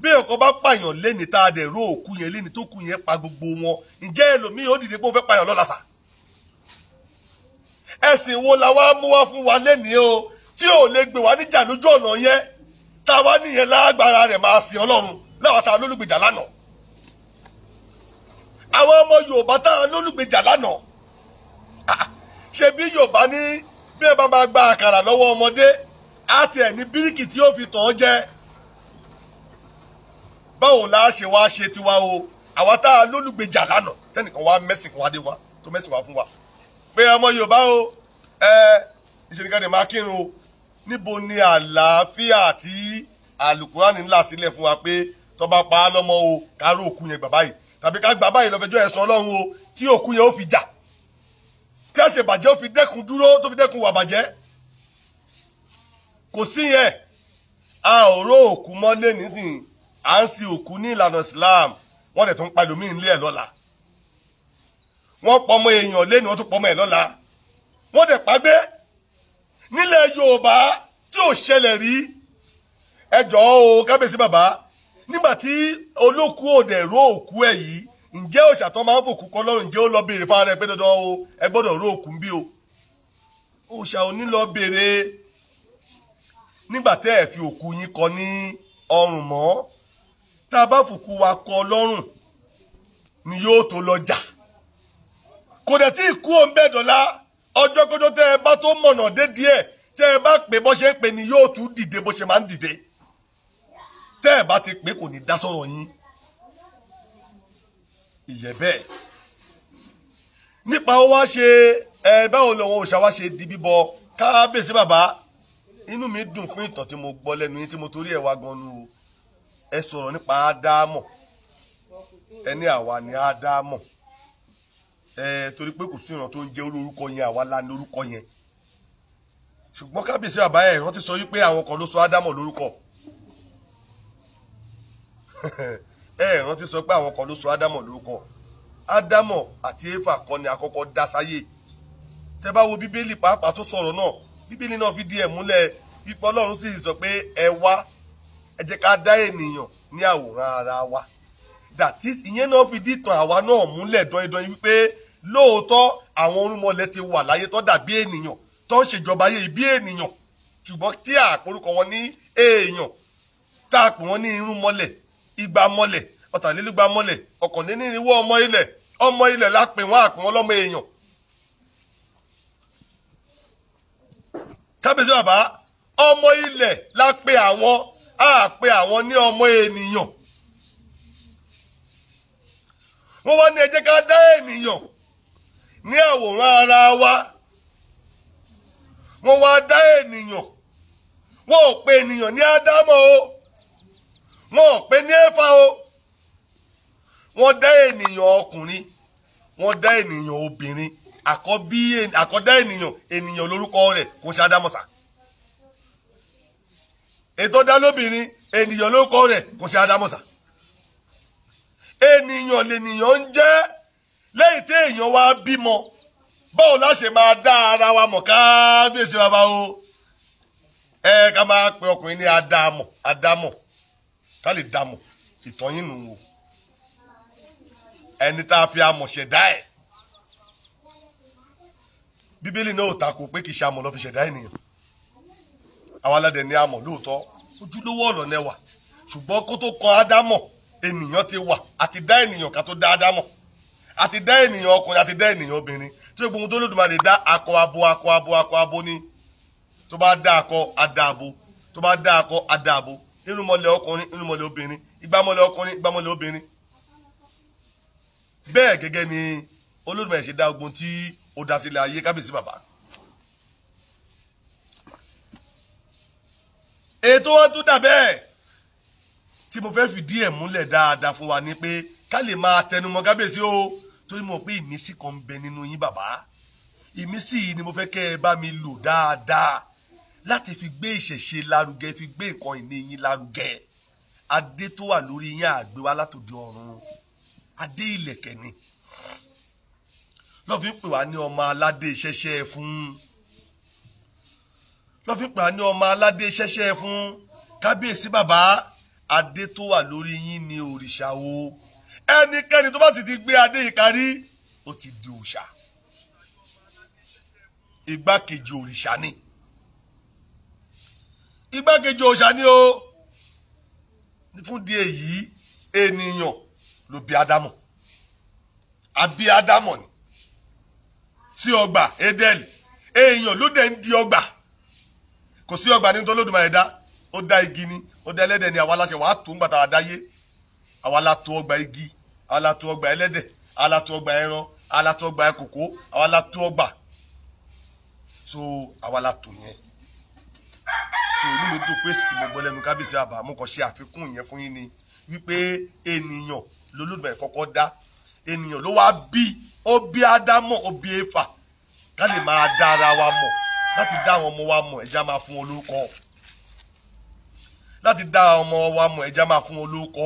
bẹ́ẹ̀ ọkọ bá pààyàn lẹ́ni tá a dẹ̀ ró òkú yẹn lẹ́ni tó kú yẹn pa gbogbo wọn ǹjẹ́ ẹlòmíì ó dìde pé ó fẹ́ pààyàn lọ́la ẹ̀sìn wo la wá mú wá fún wa lẹ́nìí o tí ò lè gbé wá níjà lójú ọ̀nà yẹn tá a wá nìyẹn lágbára rẹ̀ máa sìn ọlọ́run láwọn tá a lólùgbèjà lánàá àwọn ọmọ yorùbá tá a lólùgbèjà lánàá ah, ṣe bí yorùbá ní bí ẹ bá máa gba àkàrà lọ́wọ́ ọmọdé á tiẹ̀ ní bíríkì tí ó fi tàn án jẹ báwo la ṣe wá ṣe tiwa o àwa tá a lólùgbèjà lánàá tẹnìkan wá mẹ́sìn wá dé wa tó mẹ́sìn wá fún wa pé ọmọ yorùbá o ẹ ìṣèlúkàdé máa kírun o níbo ni àlàáfíà tí àlùkùránì ńlá sílẹ̀ fún wa pé tó pa á lọ́mọ o ká ró òkú yẹn bàbá yìí tàbí ká gbà báyìí lọ́fẹ̀jọ́ ẹ̀sán ọlọ́run o tí òkú yẹn ó fi jà tí àṣebàjẹ́ ó fi dẹ́kun dúró tó fi dẹ́kun wà bàjẹ́ kò sí yẹn a ò ró òkú mọ́lé nísìnyí à ń sin òkú ní ìlànà Islam wọ́n dẹ̀ tún pa ẹlòmíín lé ẹ̀ lọ́la wọ́n pọ̀ ọmọ èèyàn lé ni wọ́n tún pọ̀ ọmọ ẹ̀ lọ́la wọ́n dẹ̀ pa gbé nílẹ̀ Yorùbá tí ò ṣẹlẹ̀ rí ẹ jọ̀ọ́ o kábíyèsí bàbá nígbà tí olókùú òdẹ ró òkú ẹ̀ yìí ǹjẹ́ òṣà tó máa ń fòkú kọ́ lọ́rùn ǹjẹ́ ó lọ béèrè fún ara ẹ pé dandan o ẹ gbọ́dọ̀ ró òkú bí o òṣà ò ní lọ béèrè nígbà tẹ́ ẹ̀ fi òkú yín kọ ní ọrùn mọ́ tá a bá fòkú wa kọ lọ́rùn ni yóò tó lọ́jà kò dẹ̀ tí ìkú òǹbẹ̀ dọ̀la ọjọ́ kọjọ́ tẹ́ ẹ bá tó mọ̀nà dé díẹ̀ tẹ́ ẹ bá pè bó ṣe pè ni yóò tún dìde bó ṣe máa ń dìde tẹ́ ẹ bá ti pè kò ní dá sọ̀rọ̀ yín ìyẹn bẹ́ẹ̀ nípa ó wá ṣe ẹ báwo lọ́wọ́ òòṣà wá ṣe di bíbọ kábíyèsí bàbá inú mi dùn fún ìtàn tí mo gbọ́ lẹ́nu yín tí mo torí ẹ̀ wá gan-an o ẹ sọ̀rọ̀ nípa ádámọ̀ ẹ ní àwa ni ádámọ̀ ẹ torí pé kò sí ìran tó ń jẹ́ olórúkọ yẹn àwa la ní orúkọ yẹn ṣùgbọ́n kábíyèsí àbáyẹ ìran ti sọ wípé àwọn kan ló sọ ádámọ̀ lórúkọ *laughs* ẹ ìran ti sọ pé àwọn kan ló sọ ádámọ̀ lórúkọ ádámọ̀ àti éfà kan ni àkọ́kọ́ dá sáyé tẹ bá wo bíbélì pàápàá tó sọ̀rọ̀ náà bíbélì náà fi di ẹ̀ múlẹ̀ ipò ọlọ́run sì sọ pé ẹ wá ẹ jẹ́ ká dá ènìyàn ní àwòrán ara wa that is ìyẹn náà fi dìtàn àwa náà múlẹ̀ dọ́ndọ́n wípé lóòótọ́ àwọn orúnmọlẹ̀ ti wà láyé tó dàbí ènìyàn tó ń ṣèjọba ayé bí ènìyàn ṣùgbọ́n tí a porúkọ wọn ní èèyàn tá a pè wọ́n ní irúnmọlẹ̀ igbamọlẹ̀ ọ̀tàlélúgbamọlẹ̀ ọ̀kànlénírínwó ọmọ ilẹ̀ ọmọ ilẹ̀ la pè wọ́n àpè wọ́n lọ́mọ èèyàn. kábíyèsí bàbá ọmọ ilẹ̀ la àwọn a pe àwọn ní ọmọ ènìyàn wọ́n wá ní ẹ jẹ́ ká dá ènìyàn ní àwòrán ara wa wọ́n wá dá ènìyàn wọ́n ò pe ènìyàn ní ádámọ̀ o wọ́n ò pe ní éfà o wọ́n dá ènìyàn ọkùnrin wọ́n dá ènìyàn obìnrin àkọ́bí àkọ́dá ènìyàn ènìyàn lórúkọ rẹ̀ kò ṣe ádámọ̀ sáà ètò dá lóbìnrin ènìyàn ló kọ rẹ̀ kò ṣe àdámọ̀sà ènìyàn lènìyàn ń jẹ́ lẹ́yìn tí èèyàn wá bímọ báwo la ṣe máa dá ara wa mọ̀ kábíyèsí bàbá o ẹ ká máa pe ọkùnrin ní adámọ̀ adámọ̀ ká lè dámọ̀ ìtọ́yìn nù wò ẹni tá a fi amọ̀ ṣẹ̀dá ẹ̀ bíbélì náà ò takò pé kì í ṣe amọ̀ lọ́ fi ṣẹ̀dá ènìyàn àwọn aládẹ ní amọ̀ lóòótọ́ ojúlówó ọ̀rọ̀ nẹwà ṣùgbọ́n kó tó kọ ádámọ̀ ènìyàn ti wà àti dá ènìyàn ká tó dá ádámọ̀ àti dá ènìyàn ọkùnrin àti dá ènìyàn obìnrin tí gbogbo tó lódùmarè dá akọ abo akọ abo akọ abo ni tó bá dá akọ adá abo tó bá dá akọ adá abo inú mọ́lẹ̀ ọkùnrin inú mọ́lẹ̀ obìnrin igbámọ́lẹ̀ ọkùnrin igbámọ́lẹ̀ obìnrin bẹ́ẹ̀ gẹ́gẹ́ ni olódùmarè ṣe dá ogun tí ó dá sílẹ̀ ayé kábíyèsí bàbá ètò wọn tún dà bẹ́ẹ̀ tí mo fẹ́ fìdí ẹ̀ múlẹ̀ dáadáa fún wa ni pé ká lè máa tẹnumọ́ kábíyèsí o torí mo pé ìmísí kan ń bẹ nínú yín bàbá ìmísí yìí ni mo fẹ́ kẹ́ ẹ bá mi lò dáadáa láti fi gbé ìṣẹ̀ṣe lárugẹ fi gbé nǹkan ìní yín lárugẹ adé tó wà lórí yín àgbé wa látòdì ọ̀run adé ìlẹ̀kẹ̀ ni lọ́ọ́ fi ń pè wá ní ọmọ aládé ìṣẹ̀ṣe fún un ló fi pè á ní ọmọ aládé ṣẹṣẹ fún kábíyèsí bàbá adé tó wà lórí yín ní òrìṣà o ẹnikẹ́ni tó bá sì ti gbé adé yìí ó ti di òòṣà igbákejì òrìṣà ni igbákejì òòṣà ni o fún di èyí ènìyàn ló bí ádámù àbí ádámù ni tí ọgbà édẹ́lì èèyàn ló dẹ̀ ń di ọgbà kò sí ọgbà ní tó lódùmarè dá ó dá igi ni ó dá ẹlẹ́dẹ̀ ni àwa la ṣe wàá tó ń gbàtà àdáyé àwa la tó ọgbà igi àwa ọgbà ẹlẹ́dẹ̀ àwa ọgbà ẹran àwa ọgbà ẹkòkó àwa la ọgbà so àwa la yẹn so inú mi dùn fèsì tí mo gbọ́ lẹ́nu kábíyèsí àbá mo kàn ṣe àfikún yẹn fún yín ni wípé ènìyàn lolódùmarè kọ́kọ́ dá ènìyàn ló wá bí ó bí ádámọ̀ ó bí éfà ká lè máa dá ara wa mọ̀ láti dá àwọn ọmọ wa mọ̀ ẹ̀já máa fún wọn lórúkọ láti dá àwọn ọmọ wa mọ̀ ẹ̀já máa fún wọn lórúkọ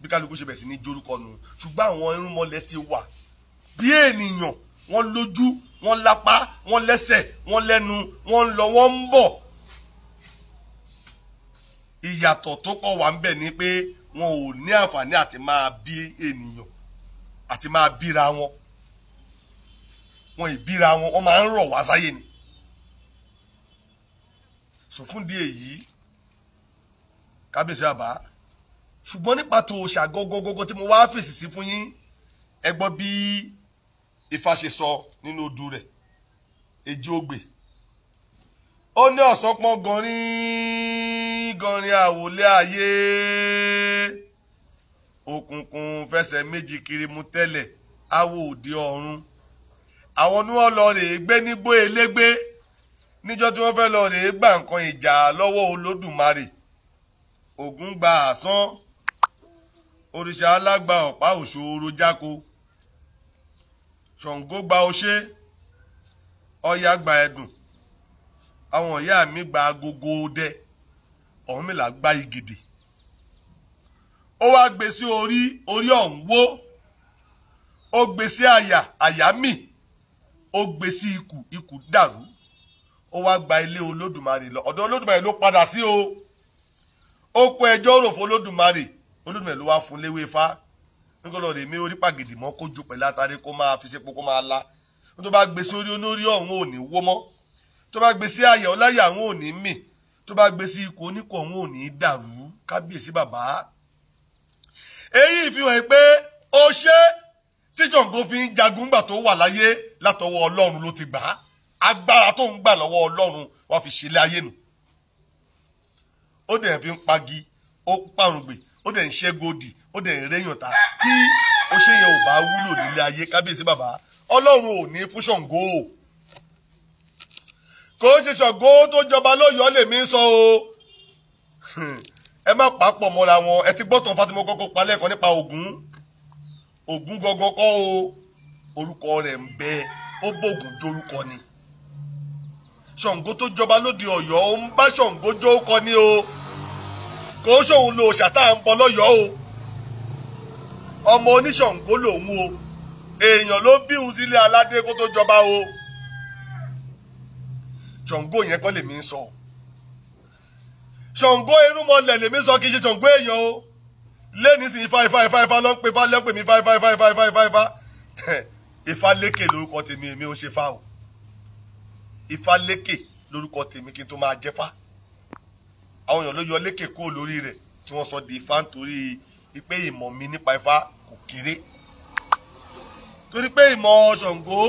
bí kálukú ṣe bẹ̀rẹ̀ sí ní jórúkọ nù ṣùgbọ́n àwọn irúnmọlẹ̀ ti wà bí ènìyàn wọ́n lójú wọ́n lápá wọ́n lẹ́sẹ̀ wọ́n lẹ́nu wọ́n ń lọ wọ́n ń bọ̀ ìyàtọ̀ tó kọ̀ wá ń bẹ̀ ni pé wọn ò ní àǹfààní àti máa bí ènìyàn àti máa bíra wọn wọn ìbíra wọn wọn máa ń rọ̀ wá sáyé ni so fún di èyí kábíyèsí àbá ṣùgbọ́n nípa tó ṣàgọ́gọ́gọ́gọ́ tí mo wá fèsì sí fún yín ẹ gbọ́ bí Ifá ṣe sọ nínú odu rẹ̀ èjì ogbè ó ní ọ̀sán pọ́n gọrin gọrin àwòlé ayé òkùnkùn fẹsẹ̀ méjì kiri mu tẹ́lẹ̀ awo òde ọ̀run àwọn ni wọ́n lọ rèé gbé nígbó elégbé níjọ́ tí wọ́n fẹ́ lọ rèé gba nǹkan ìjà lọ́wọ́ olódùmarè ògún gba àsán òrìṣà alágbà ọ̀pá òṣòro jáko ṣàngó gba oṣé ọya gba ẹdùn àwọn ìyá mi gba agogo dẹ ọ̀húnmìlà gba ìgìdì ó wá gbé sí orí orí ọ̀hún wó ó gbé sí àyà àyà mì ó gbé sí ikù ikù dàrú ó wá gba ilé olódùmarè lọ ọ̀dọ̀ olódùmarè ló padà sí o ó kó ẹjọ́ rò fún olódùmarè olódùmarè ló wá fún léwé fá nígbà lọ́dọ̀ èmi orí pàgìdì mọ́ kó ju pẹ̀lú àtàrí kó máa fi sepo kó máa la tó bá gbé sórí olórí ọ̀hún ò ní wó mọ́ tó bá gbé sí ọláyà ọ̀hún ò ní mì tó bá gbé sí ikọ̀ oníkọ̀ ò ní dàrú kábíyèsí bàbá. èyí ìfihàn pé ó ṣe tí fi ń jagun gbà tó wà láyé látọwọ́ ọlọ́run ló ti gbà á agbára tó ń gbà lọ́wọ́ ọlọ́run wàá fi ṣẹlẹ̀ ayé nù ó dẹ̀ fi ń pagi ó pàrùngbè ó dẹ̀ ń ṣẹ́gun òdì ó dẹ̀ ń réyàn ta tí ó ṣe yẹn ò bá wúlò nílé ayé kábíyèsí bàbá ọlọ́run ò ní fún ṣàngó kò ń ṣe ṣàngó tó jọba lọ́yọ̀ọ́ lèmi sọ o ẹ má pàápọ̀ mọ́ra wọn ẹ ti gbọ́tàn fatima kọ́kọ́ palẹ̀ kan nípa Ògún Ògún gọ́gọ́ kọ́ o orúkọ rẹ̀ ń bẹ ó bògùn jórúkọ ni ṣàngó tó jọba lóde ọ̀yọ́ ó ń bá ṣàngó jó kọ ní o kò ṣòun lo ṣàtà ń bọ lọ́yọ́ o ọmọ oníṣàngó lòun o èèyàn ló bíhun sílé aládé kó tó jọba o ṣàngó yẹn kọ́ lèmi ń sọ ṣàngó irúnmọlẹ̀ lèmi sọ kì í ṣe ṣàngó èèyàn o lẹ́ni sì ifá ifá ifá ifá ló ń pe ifá lẹ́pẹ̀ mi ifá ifá ifá ifá ifá ifá ifá lékè lórúkọ tèmi èmi ò ṣe fá o. Ifálékè lórúkọ tèmi kí n tó máa jẹ́fá àwọn èèyàn ló yọ lékè kúrò lórí rẹ̀ tí wọ́n sọ di ifá nítorí pé ìmọ̀ mi nípa ifá kò kéré torí pé ìmọ̀ Ṣàngó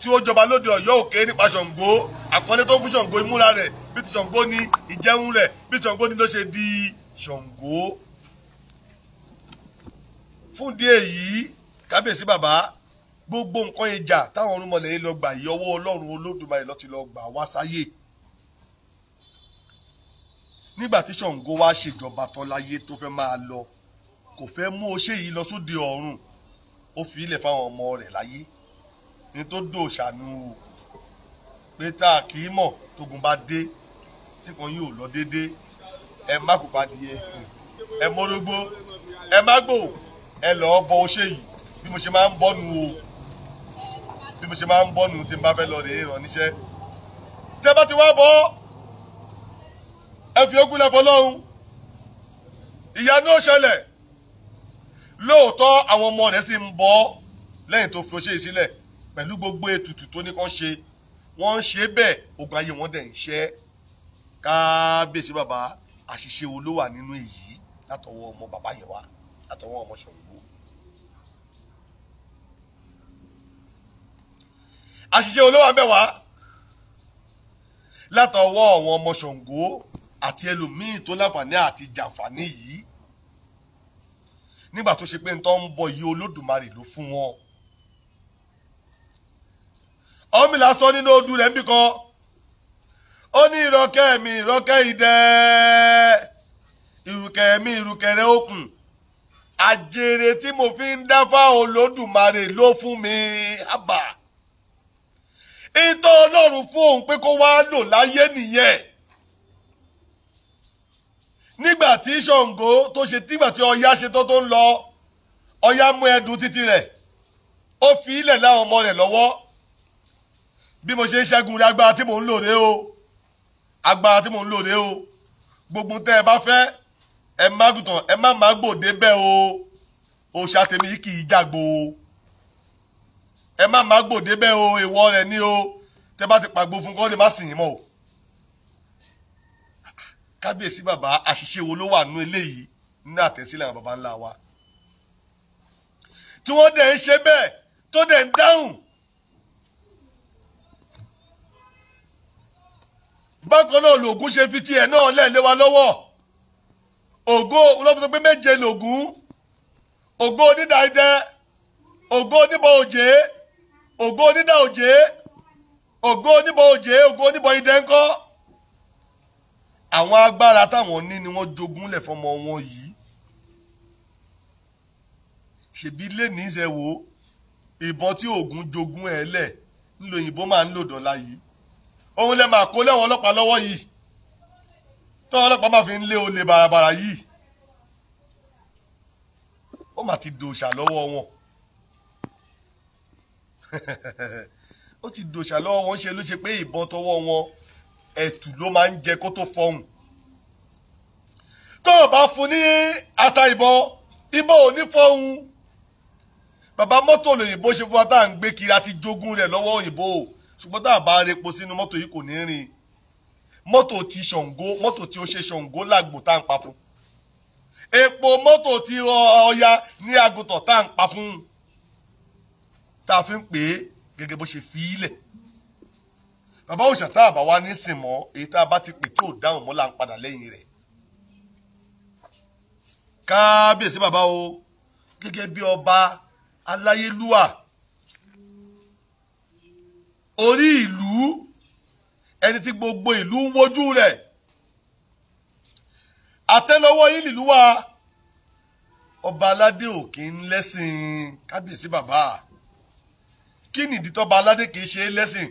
tí ó jọba lóde Ọ̀yọ́ òkè nípa Ṣàngó àkọlé tó ń fún Ṣàngó ìmúra rẹ̀ bí ti Ṣàngó ni ìjẹun rẹ̀ bí Ṣàngó ni ló ṣe di Ṣàngó fún díẹ̀ yìí kábíyèsí bàbá gbogbo nǹkan ìjà táwọn ọ̀rúnmọlẹ̀ yìí lọ gbà yìí ọwọ́ ọlọ́run olódùmarè ló ti lọ gbà wá sáyé nígbà tí Ṣàngó wá ṣèjọba tán láyé tó fẹ́ máa lọ kò fẹ́ mú oṣé yìí lọ sóde ọ̀run ó fi ilẹ̀ fáwọn ọmọ rẹ̀ láyé ní tó dòṣàánú o pé tá a kì í mọ̀ tógun bá dé tí kan yóò lọ déédéé ẹ má kó padìyẹ ẹ mọ́rógbó ẹ má gbò ẹ lọ́ọ́ bọ oṣé yìí bí mo ṣe máa ń bọ́ o bí mo ṣe máa ń bọ́nu tí n bá fẹ́ lọ rèé ràn níṣẹ́ tẹ́ bá ti wá bọ́ ẹ fi ogún lẹ́fọ́ lọ́hùn ìyá náà ṣẹlẹ̀ lóòótọ́ àwọn ọmọ rẹ̀ sì ń bọ́ lẹ́yìn tó fi oṣé yìí sílẹ̀ pẹ̀lú gbogbo ètùtù tó ní kán ṣe wọ́n ń ṣe bẹ́ẹ̀ ogun ayé wọn dẹ̀ ń ṣẹ́ kábíyèsí bàbá àṣìṣe wo nínú èyí látọwọ́ ọmọ bàbá yẹn látọwọ́ ọmọ ṣòro. àṣìṣe olówó abẹ́wà látọwọ́ àwọn ọmọ Ṣàngó àti ẹlòmíín tó láǹfààní àti jàǹfààní yìí nígbà tó ṣe pé ń tọ́ ń bọ yìí olódùmarè ló fún wọn. ọmọlá sọ nínú odù rẹ̀ níbí kan ó ní ìrọ̀kẹ́ mi ìrọ̀kẹ́ idẹ ìrùkẹ́ mi ìrùkẹ́ rẹ̀ òkun àjèrè tí mo fi ń dáfá olódùmarè ló fún mi àbà ìtọ́ ọlọ́run fún òun pé kó wá lò láyé nìyẹn nígbà tí Ṣàngó tó ṣe tígbà tí Ọya ṣe tó tó ń lọ Ọya mú ẹdun títí rẹ̀ ó fi ilẹ̀ láwọn ọmọ rẹ̀ lọ́wọ́ bí mo ṣe ń ṣẹ́gun agbára tí mò ń lò rèé o agbára tí mò ń lò rèé o gbogbo tẹ́ ẹ bá fẹ́ ẹ má gùtàn ẹ má má gbòde bẹ́ẹ̀ o òòṣà tèmi kì í jàgbó o ẹ má má gbòde bẹ́ẹ̀ o ìwọ rẹ̀ ni o tẹ́ bá ti pàgbó fún kọ́ lè má sìn yín mọ́ o. kábíyèsí bàbá àṣìṣe wo ló wà nú eléyìí nínú àtẹ̀sílẹ̀ àwọn baba ńlá wa tí wọ́n dẹ̀ ń ṣe bẹ́ẹ̀ tó dẹ̀ ń dáhùn. bákan náà lògùn ṣe fi tiẹ̀ náà lẹ́ẹ̀lé wa lọ́wọ́ ògo olóòfin pé méje lògùn ògo onídàájẹ́ ògo oníbọ̀ òjé ògo onídà òjé ògo oníbọ òjé ògo oníbọ idẹ ńkọ́ àwọn agbára táwọn ní ni wọ́n jogúnlẹ̀ fọmọ wọn yìí ṣèbí lẹ́ni ìṣẹ́ wo ìbọn tí oògùn jogún ẹ̀ lẹ̀ ńlò òyìnbó máa ń lò dọ́là yìí òun lè máa kó lẹ́wọ̀n ọlọ́pàá lọ́wọ́ yìí tọ́wọ́ ọlọ́pàá máa fi ń lé olè bàràbàrà yìí ó mà ti dòṣà lọ́wọ́ wọn. *laughs* ó ti dòṣà lọ́wọ́ wọn ṣe ló ṣe pé ìbọn tọwọ́ wọn ẹ̀tù ló máa ń jẹ kó tó fọhùn tó o bá fún ní ata ìbọn ìbọn ò ní fọhùn bàbá mọ́tò lòyìnbó ṣe fún wa tá à ń gbé kiri àti jogún rẹ̀ lọ́wọ́ òyìnbó ṣùgbọ́n tá a bá repo sínú mọ́tò yìí kò ní rìn mọ́tò ti ṣàngó mọ́tò tí ó ṣe ṣàngó lágbo tá à ń pa fún epo mọ́tò ti ọya ní àgùntàn tá à ń pa fún un tá a fi ń pè é gẹ́gẹ́ bó ṣe fi í lẹ̀ bàbá òòṣà tá a bá wá nísìn mọ́ èyí tá a bá ti pè tí ò dáhùn mọ́ là ń lẹ́yìn rẹ̀ kábíyèsí bàbá o gẹ́gẹ́ bí ọba aláyélúwà orí ìlú ẹni tí gbogbo ìlú ń wojú rẹ̀ àtẹ́lọ́wọ́ yìí nìlú wa ọba aládé òkè ń lẹ́sìn kábíyèsí bàbá kí nìdí tọ́ba aládé kìí ṣe é lẹ́sìn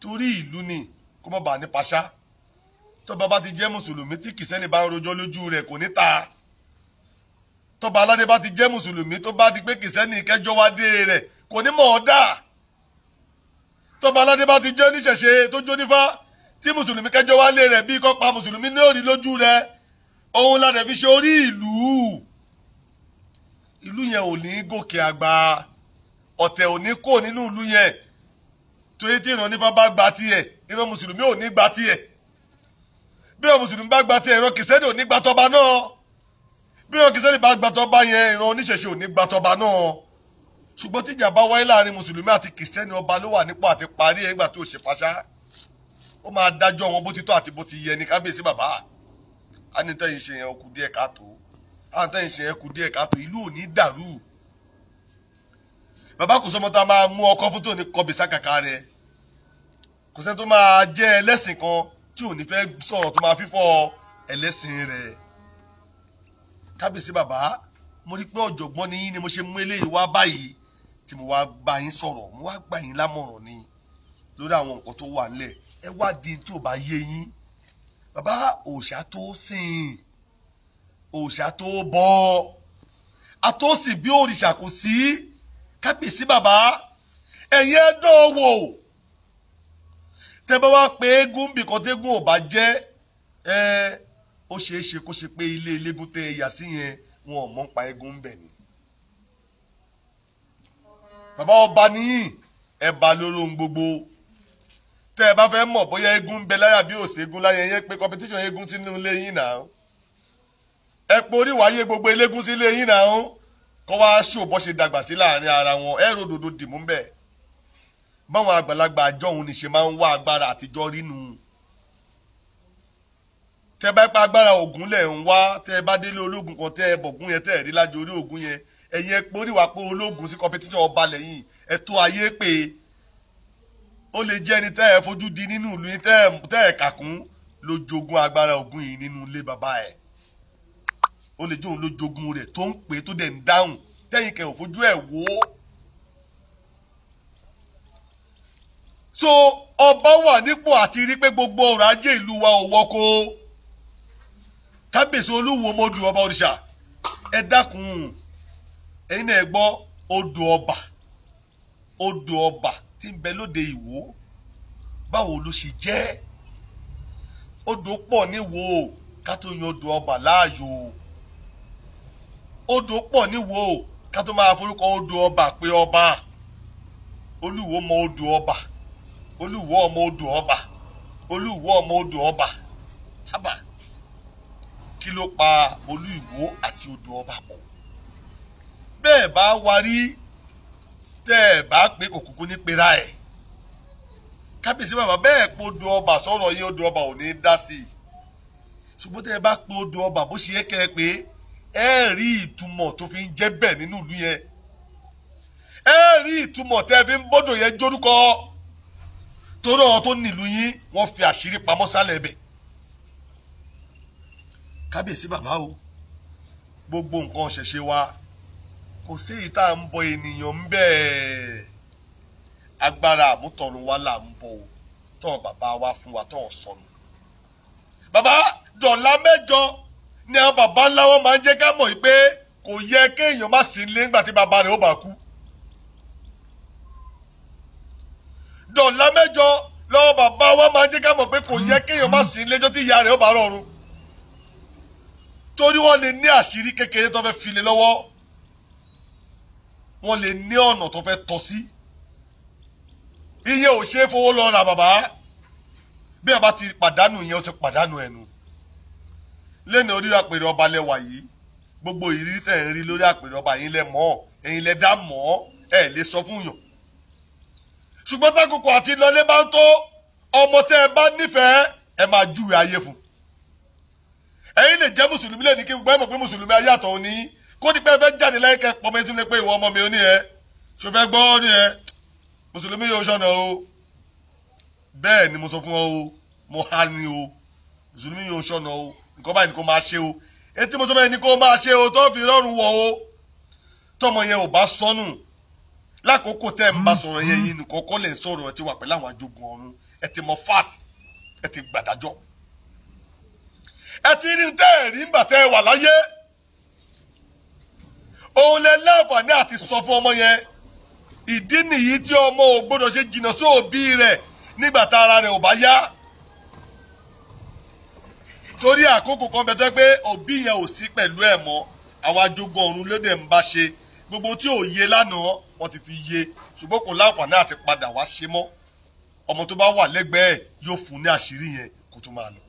torí ìlú ni kó má bàa ní paṣá tọ́ba bá ti jẹ́ mùsùlùmí tí kìsẹ́nì bá rojọ́ lójú rẹ̀ kò ní ta tọ́ba aládé bá ti jẹ́ mùsùlùmí tó bá ti pé kìsẹ́nì kẹjọ́ wá dé rẹ̀ kò ní mọ̀ ọ́ dà tọ́ba aládé bá ti jẹ́ oníṣẹ̀ṣe tó jó nífá tí mùsùlùmí kẹjọ́ wá lé rẹ̀ bí kò pa mùsùlùmí ní òní lójú rẹ̀ òun la rẹ̀ fi ṣe orí ìlú ìlú yẹn ò ní gòkè àgbà ọ̀tẹ̀ ò ní kó nínú ìlú yẹn torí tí ìran onífá bá gba tiẹ̀ ìran mùsùlùmí ò ní gba tiẹ̀ bí ìran mùsùlùmí bá gba tiẹ̀ ìran kìsẹ́nì ò ní gba tọba náà bí ìran kìsẹ́nì bá gba tọba yẹn ìran oníṣẹ̀ṣe ò ní gba tọba náà ṣùgbọ́n tíjà bá wáyé láàrin mùsùlùmí àti kìsẹ́nì ọba ló wà nípò àti parí ẹgbà tó ṣe fàṣà ó máa dájọ́ wọn bó ti tọ́ àti bó ti yẹ ní kábíyèsí bàbá àníntẹ́yìn ṣe yẹn ó kù díẹ̀ káàtó àníntẹ́yìn ṣe yẹn kù díẹ̀ káàtó ìlú ò ní dàrú bàbá kò sọmọ tá a máa mú ọkọ fún tí ò ní kọbi sákàkà rẹ kò sẹ́ni tó máa jẹ́ ẹlẹ́sìn kan tí ò ní fẹ́ sọ̀rọ̀ tó máa fífọ́ ẹlẹ́sìn rẹ kábíyèsí bàbá mo rí pé ọ̀jọ̀gbọ́n ni yín ni mo ṣe mú eléyìí wá báyìí tí mo wá bá yín sọ̀rọ̀ mo wá gbà yín lámọ̀ràn ni lórí àwọn nǹkan tó wà nílẹ̀ ẹ wá di tí ò bá yé yín bàbá òòṣà tó sìn òòṣà tó bọ àtòsí bí òrìṣà kò sí. Si kábíyèsí bàbá ẹ̀yin ẹ̀dọ́ wò tẹ́ bá wá pé eégún bìkan tégún ò bá jẹ́ ẹ ó ṣeé ṣe kó ṣe pé ilé eléégún tẹ́ ẹ yà sí yẹn wọn ò mọ̀ ń pa eégún bẹ̀ ni. bàbá ọba nìyí ẹ bá lóró ohun gbogbo tẹ́ ẹ bá fẹ́ mọ̀ bóyá eégún ń bẹ láyà bí òṣègùn láyẹn yẹn pé competition eégún sínú ilé yín náà ẹ porí wáyé gbogbo eléégún sí ilé yín náà kọ́ wá ṣòbọ́ ṣe dàgbà sí láàrin ara wọn ẹ̀rọ òdòdó dìmú ń bẹ̀ báwọn àgbàlagbà àjọ òun ni ṣe máa ń wá agbára àtijọ́ rínu tẹ bá pa agbára ògùn lẹ̀ ń wá tẹ bá délé ológun kan tẹ bọ̀gún yẹn tẹ̀ rí lájọ orí ògùn yẹn ẹ̀yin ẹ poríwá pé ológun sí competition ọba lẹ́yìn ẹ̀tọ́ ayé pé ó lè jẹ́ ẹni tẹ́ ẹ fojú di nínú ìlú yín tẹ́ ẹ kàkún lójoogun agbára ògùn yìí nínú ilé bàbá ẹ̀ ó lè jẹ́ òun ló jogun rẹ̀ tó ń pè tó dẹ̀ ń dáhùn tẹ́yìn kẹ̀ ò fojú ẹ̀ wò ó. so ọba wà nípò àti rí pé gbogbo ọrọ̀ ajé ìlú wa ò wọ́kọ kábíyèsí olúwo mọ́dù ọba òrìṣà ẹ dákun ẹ̀yin náà ẹ gbọ́ odò ọba odò ọba tí ń bẹ lóde ìwò báwo ló ṣe jẹ́ odò pọ̀ níwò ká tó yan odò ọba láàyò odò pọ̀ níwò ká tó máa forúkọ odò ọba pé ọba olúwo mọ odò ọba olúwo ọmọ odò ọba olúwo ọmọ odò ọba haba kí ló pa olúwo àti odò ọba pọ̀ bẹ́ẹ̀ bá warí tẹ́ ẹ̀ bá pé òkùnkùn ní pera ẹ̀ kábíyèsí bàbá bẹ́ẹ̀ pé odò ọba sọ̀rọ̀ yìí odò ọba ò ní dá sí i ṣùgbọ́n tẹ́ ẹ bá pé odò ọba bó ṣe é kẹ́ ẹ pé ẹ rí ìtumọ̀ tó fi ń jẹ́ bẹ́ẹ̀ nínú ìlú yẹn ẹ rí ìtumọ̀ tẹ́ fi ń bọ́dọ̀ yẹn jórúkọ torí àwọn tó nílùú yín wọ́n fi àṣírí pamọ́ sálẹ̀ ẹ̀bẹ̀ kábíyèsí bàbá o gbogbo nǹkan ṣẹṣẹ wa kò sí èyí tá à ń bọ ènìyàn ń bẹ́ẹ̀ agbára àmútọ̀run wa là ń bọ o tọ́ bàbá wa fún wa tọ́ sọnù bàbá dọ̀là mẹ́jọ ni àwọn bàbá ńlá wọn máa ń jẹ́ ká mọ̀ pé kò yẹ kéèyàn má sí ilé nígbà tí bàbá rẹ̀ ó bá kú. dọ̀là mẹ́jọ lọ́wọ́ bàbá wa máa ń jẹ́ ká mọ̀ pé kò yẹ kéèyàn má sí ilé jọ́ tí ìyá rẹ̀ ó bá rọrùn. torí wọ́n lè ní àṣírí kékeré tó fẹ́ file lọ́wọ́ wọ́n lè ní ọ̀nà tó fẹ́ tọ́ sí. iye ò ṣe é fowó lọ ra bàbá bí a bá ti pàdánù ìyẹn ó ti pàdánù ẹnu lẹ́nu orí àpèrè ọba lẹ́wà yìí gbogbo ìrírí tẹ̀ ń rí lórí àpèrè ọba yìí lẹ́ mọ̀ ẹ̀yin lẹ́ dá mọ̀ ẹ̀ lè sọ fún yàn. ṣùgbọ́n tákòkò àti lọlé bá ń tó ọmọ tẹ́ ẹ bá nífẹ̀ẹ́ ẹ máa júwe ayé fún. ẹ̀yin lè jẹ́ mùsùlùmí lẹ́ni kí gbọ́dọ̀ pé mùsùlùmí ayé àtọ̀ ni kó ní pé ẹ fẹ́ jáde láyé kẹ́ pọ́nmi tí mo pé ìwọ ọmọ mi ò ní ẹ ṣòfẹ́ gbọ́ ní ẹ mùsùlùmí yóò ṣọ̀nà o bẹ́ẹ̀ ni nǹkan báyìí ni kò máa ṣe o etí mo sọ bẹ́ẹ̀ ni kò máa ṣe o tó fi rọrùn wọ̀ o tọmọ yẹn ò bá sọnù lákòókò tẹ́ ẹ̀ ń bá sọ̀rọ̀ yẹn yìí nìkan kọ́ lè ń sọ̀rọ̀ ẹ̀ ti wà pẹ̀lú àwọn ajogun ọ̀run ẹ̀ ti mọ fat ẹ̀ ti gbàdájọ́ ẹ̀ ti rí tẹ́ ẹ̀ rí ńgbà tẹ́ ẹ wà láyé òun lẹ láǹfààní àti sọ fún ọmọ yẹn ìdí nìyí tí ọmọ ò gbọ́dọ̀ ṣe jìnnà sóòbí rẹ̀ nígbà tá ara rẹ̀ ò bá yá torí àkókò kan bẹ tẹ́ pé òbí yẹn ò sí pẹ̀lú ẹ̀ mọ́ àwa jogun ọ̀run ló dẹ̀ ń bá ṣe gbogbo tí ò yé lánàá wọ́n ti fi yé ṣùgbọ́n kò láǹfààní àti padà wá ṣe mọ́ ọmọ tó bá wà lẹ́gbẹ̀ẹ́ yóò fún ní àṣírí yẹn kó tó máa lọ.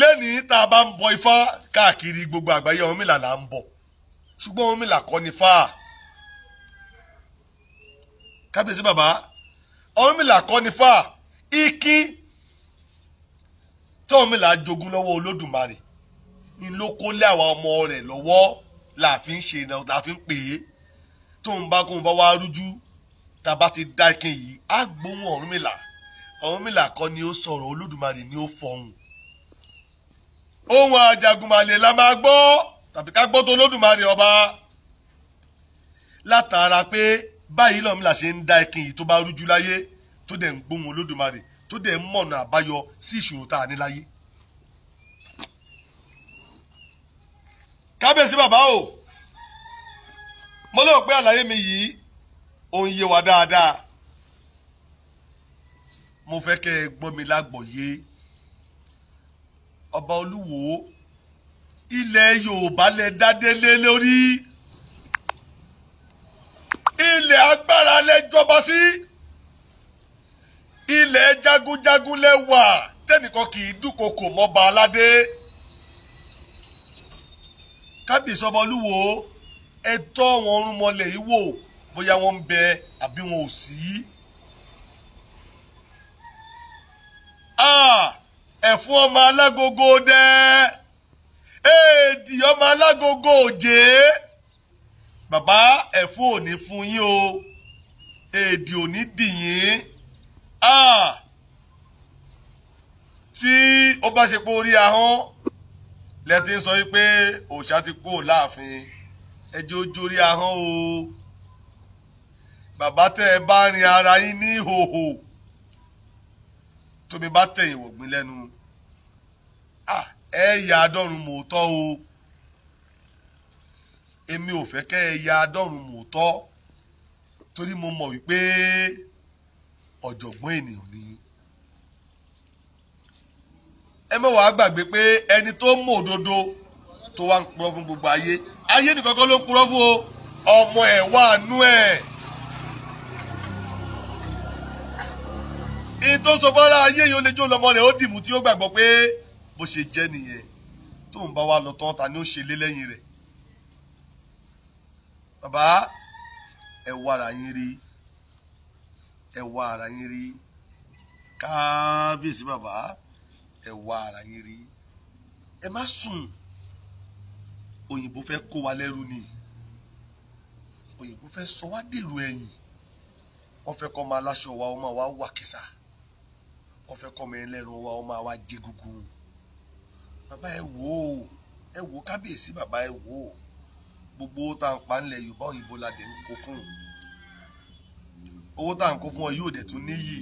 lẹ́nìí tá a bá ń bọ ifá káàkiri gbogbo àgbáyé Ọ̀rúnmìlà là ń bọ ṣùgbọ́n Ọ̀rúnmìlà kọ́ ni fá. kábíyèsí bàbá Ọ̀rúnmìlà kọ́ ni fá ikin tọ́mìlà jogún lọ́wọ́ olódùmarè ni ló kó lé àwa ọmọ rẹ̀ lọ́wọ́ làfi ń ṣe làfi ń pè é tóun bá kóun bá wá rújú tá bá ti dá ikin yìí á gbóhùn Ọ̀rúnmìlà Ọ̀rúnmìlà kọ́ ni ó sọ̀rọ̀ olódùmarè ni ó fọhùn ohun àjàgùnmàlè la máa gbọ́ tàbí ká gbọ́ tó olódùmarè ọba látara pé báyìí lọ́mìlà ṣe ń dá ikin yìí tó bá rújú láyé tó dẹ̀ ń gbóhùn olódùmarè tó dẹ̀ ń mọ̀nà àbáyọ sí ìṣòro tá a ní láyé. kábíyèsí bàbá o mo lérò pé àlàyé mi yìí òun yé wa dáadáa mo fẹ́ kẹ́ ẹ gbọ́ mi lágbọ̀yé ọba olúwo ilẹ̀ yorùbá lẹ dádé lórí ilẹ̀ agbára lẹ jọba sí. Si ilẹ̀ jagunjagun lẹ́wà tẹ́nìkan kì í dúnkokò mọ́ba aládé kábíyèsí ọmọlúwo ẹ tọ́ wọn ọrùn mọ́lẹ̀ yìí wò bóyá wọ́n ń bẹ àbí wọn ò sí. ẹ̀fún ọmọ alágogo dẹ́ èèdì ọmọ alágogo òjé bàbá ẹ̀fún òní fún yín o èèdì òní dìyín tí ó bá ṣe pé orí ahọ́n lẹ ti ń sọ wípé òòṣà ti kúrò láàfin ẹjẹ́ ojú orí ahọ́n o bàbá tẹ́ ẹ bá rin ara yín ní ìhòhò tómi bá tẹ̀yìn wọ̀gbìn lẹ́nu ẹ ya adọ́run mòótọ́ o èmi ò fẹ́ kẹ́ ẹ ya adọ́run mòótọ́ torí mo mọ̀ wípé ọ̀jọ̀gbọ́n ènìyàn ni ẹ mọ̀ wàá gbàgbé pé ẹni tó mọ òdodo tó wá ń purọ́ fún gbogbo ayé ayé nìkan kan ló ń purọ́ fún o ọmọ ẹ̀ wà nú ẹ̀ ní tó ayé yìí ó lè jó lọ́mọ rẹ̀ ó dìmú tí ó gbàgbọ́ pé bó ṣe jẹ́ nìyẹn tó ń bá wa lọ tán ta ni ó ṣe lé lẹ́yìn rẹ̀ bàbá ẹ wàrà yín rí ẹ wá ara yín rí kábíyèsí bàbá ẹ wá ara yín rí ẹ má sùn òyìnbó fẹ́ kó wa lẹ́rú ni òyìnbó fẹ́ sọ wá dèrò ẹ̀yìn wọ́n fẹ́ kọ́ máa láṣọ wa ọmọ wa wà kìsà wọ́n fẹ́ kọ́ máa ẹlẹ́nu wa ọmọ wa jẹ gúgún bàbá ẹ wò ó ẹ wò ó kábíyèsí bàbá ẹ wò ó gbogbo tá à pa ńlẹ̀ yorùbá òyìnbó la dẹ̀ ń kó fún un owó tá à ń kó fún ọ yóò dẹ̀ tún níyì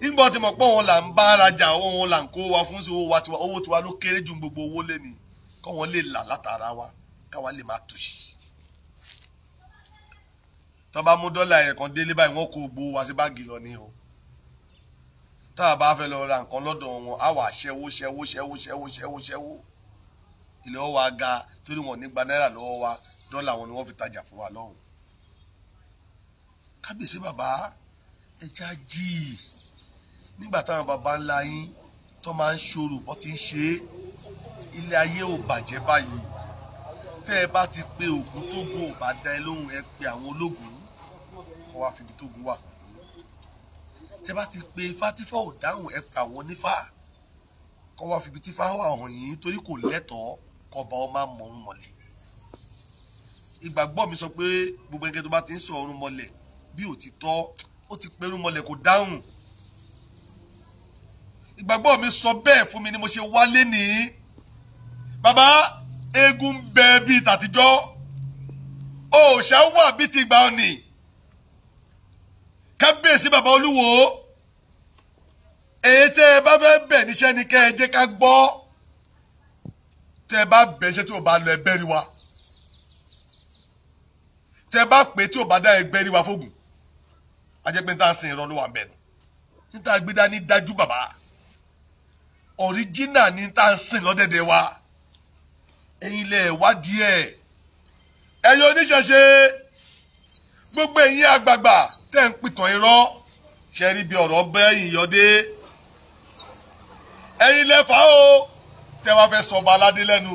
nígbà tí mo pọ̀ wọn là ń bá arajà wọn là ń kó wa fún sí owó wa tiwa owó tiwa ló kéré ju gbogbo owó lẹ́ni kọ́ wọn lè là látara wa káwa lè máa tòṣì tá a mú dọ́là ẹ̀ kan délé báyìí wọ́n kó gbowó wa sí báàgì lọ ní o tá a bá fẹ́ lọ ra nǹkan lọ́dọ̀ wọn á wà ṣẹ́wó ṣẹ́wó ṣẹ́wó ṣẹ́wó ṣẹ́wó ṣẹ́wó ilé wa ga torí wọn ò ní gba náírà lọ́wọ́ wa dọ́là wọn ni wọ́n fi tajà fún wa lọ́hùn-ún kábíyèsí bàbá ẹja jì í nígbà táwọn bàbá ńlá yín tó máa ń ṣòro bó ti ń ṣe é ilé ayé ò bàjẹ́ báyìí tẹ́ ẹ bá ti pe ògùn tógun ò bá dá ẹ lóhùn ẹ pe àwọn ológun kó wá fi ibi tógun wà tẹ́ bá ti pe ifá tífọ́ ò dáhùn ẹ pe àwọn onífá kó wá fi ibi tífá wà hàn yín torí kò lẹ́tọ̀ọ́ kọba ọ máa mọ̀ ọ́n mọ̀lẹ́ ìgbàgbọ́ mi sọ pé gbogbo ẹgbẹ́ tó bá ti ń sọ ọ̀run mọ̀lẹ́ bí òtítọ́ ó ti pẹ̀rù mọ́lẹ̀ kò dáhùn ìgbàgbọ́ mi sọ bẹ́ẹ̀ fún mi ni mo ṣe wálé nìyí bàbá eégún bẹ bíi tàtijọ́ òòṣà wà bíi ti gbà ọ̀nì kábíyèsí bàbá olúwo èyí tẹ́ ẹ bá fẹ́ bẹ̀ níṣẹ́ ni kẹ́ ẹ jẹ́ ká gbọ́ tẹ́ ẹ bá bẹ̀ iṣẹ́ tí ò bá lọ ẹgbẹ́ rí wa tẹ́ ẹ bá pè tí ò bá dá ẹgbẹ́ rí wa fógùn ajẹ́pẹ́ tá a sin ìrọ̀ ló wà mẹ́nu níta gbéra ní dájú bàbá ọ̀ríjínà ní tá a sin lọ́dẹ̀dẹ̀ wa ẹ̀yin lẹ̀ wádìí ẹ̀ ẹ̀yin oníṣẹ̀ṣe gbogbo ẹ̀yin àgbààgbà tẹ̀ ń pìtàn irọ́ ṣe rí bí ọ̀rọ̀ bẹ́yìn yọdé ẹ̀yin lẹ fà o tẹ́ wá fẹ́ sọ̀bà aládé lẹ́nu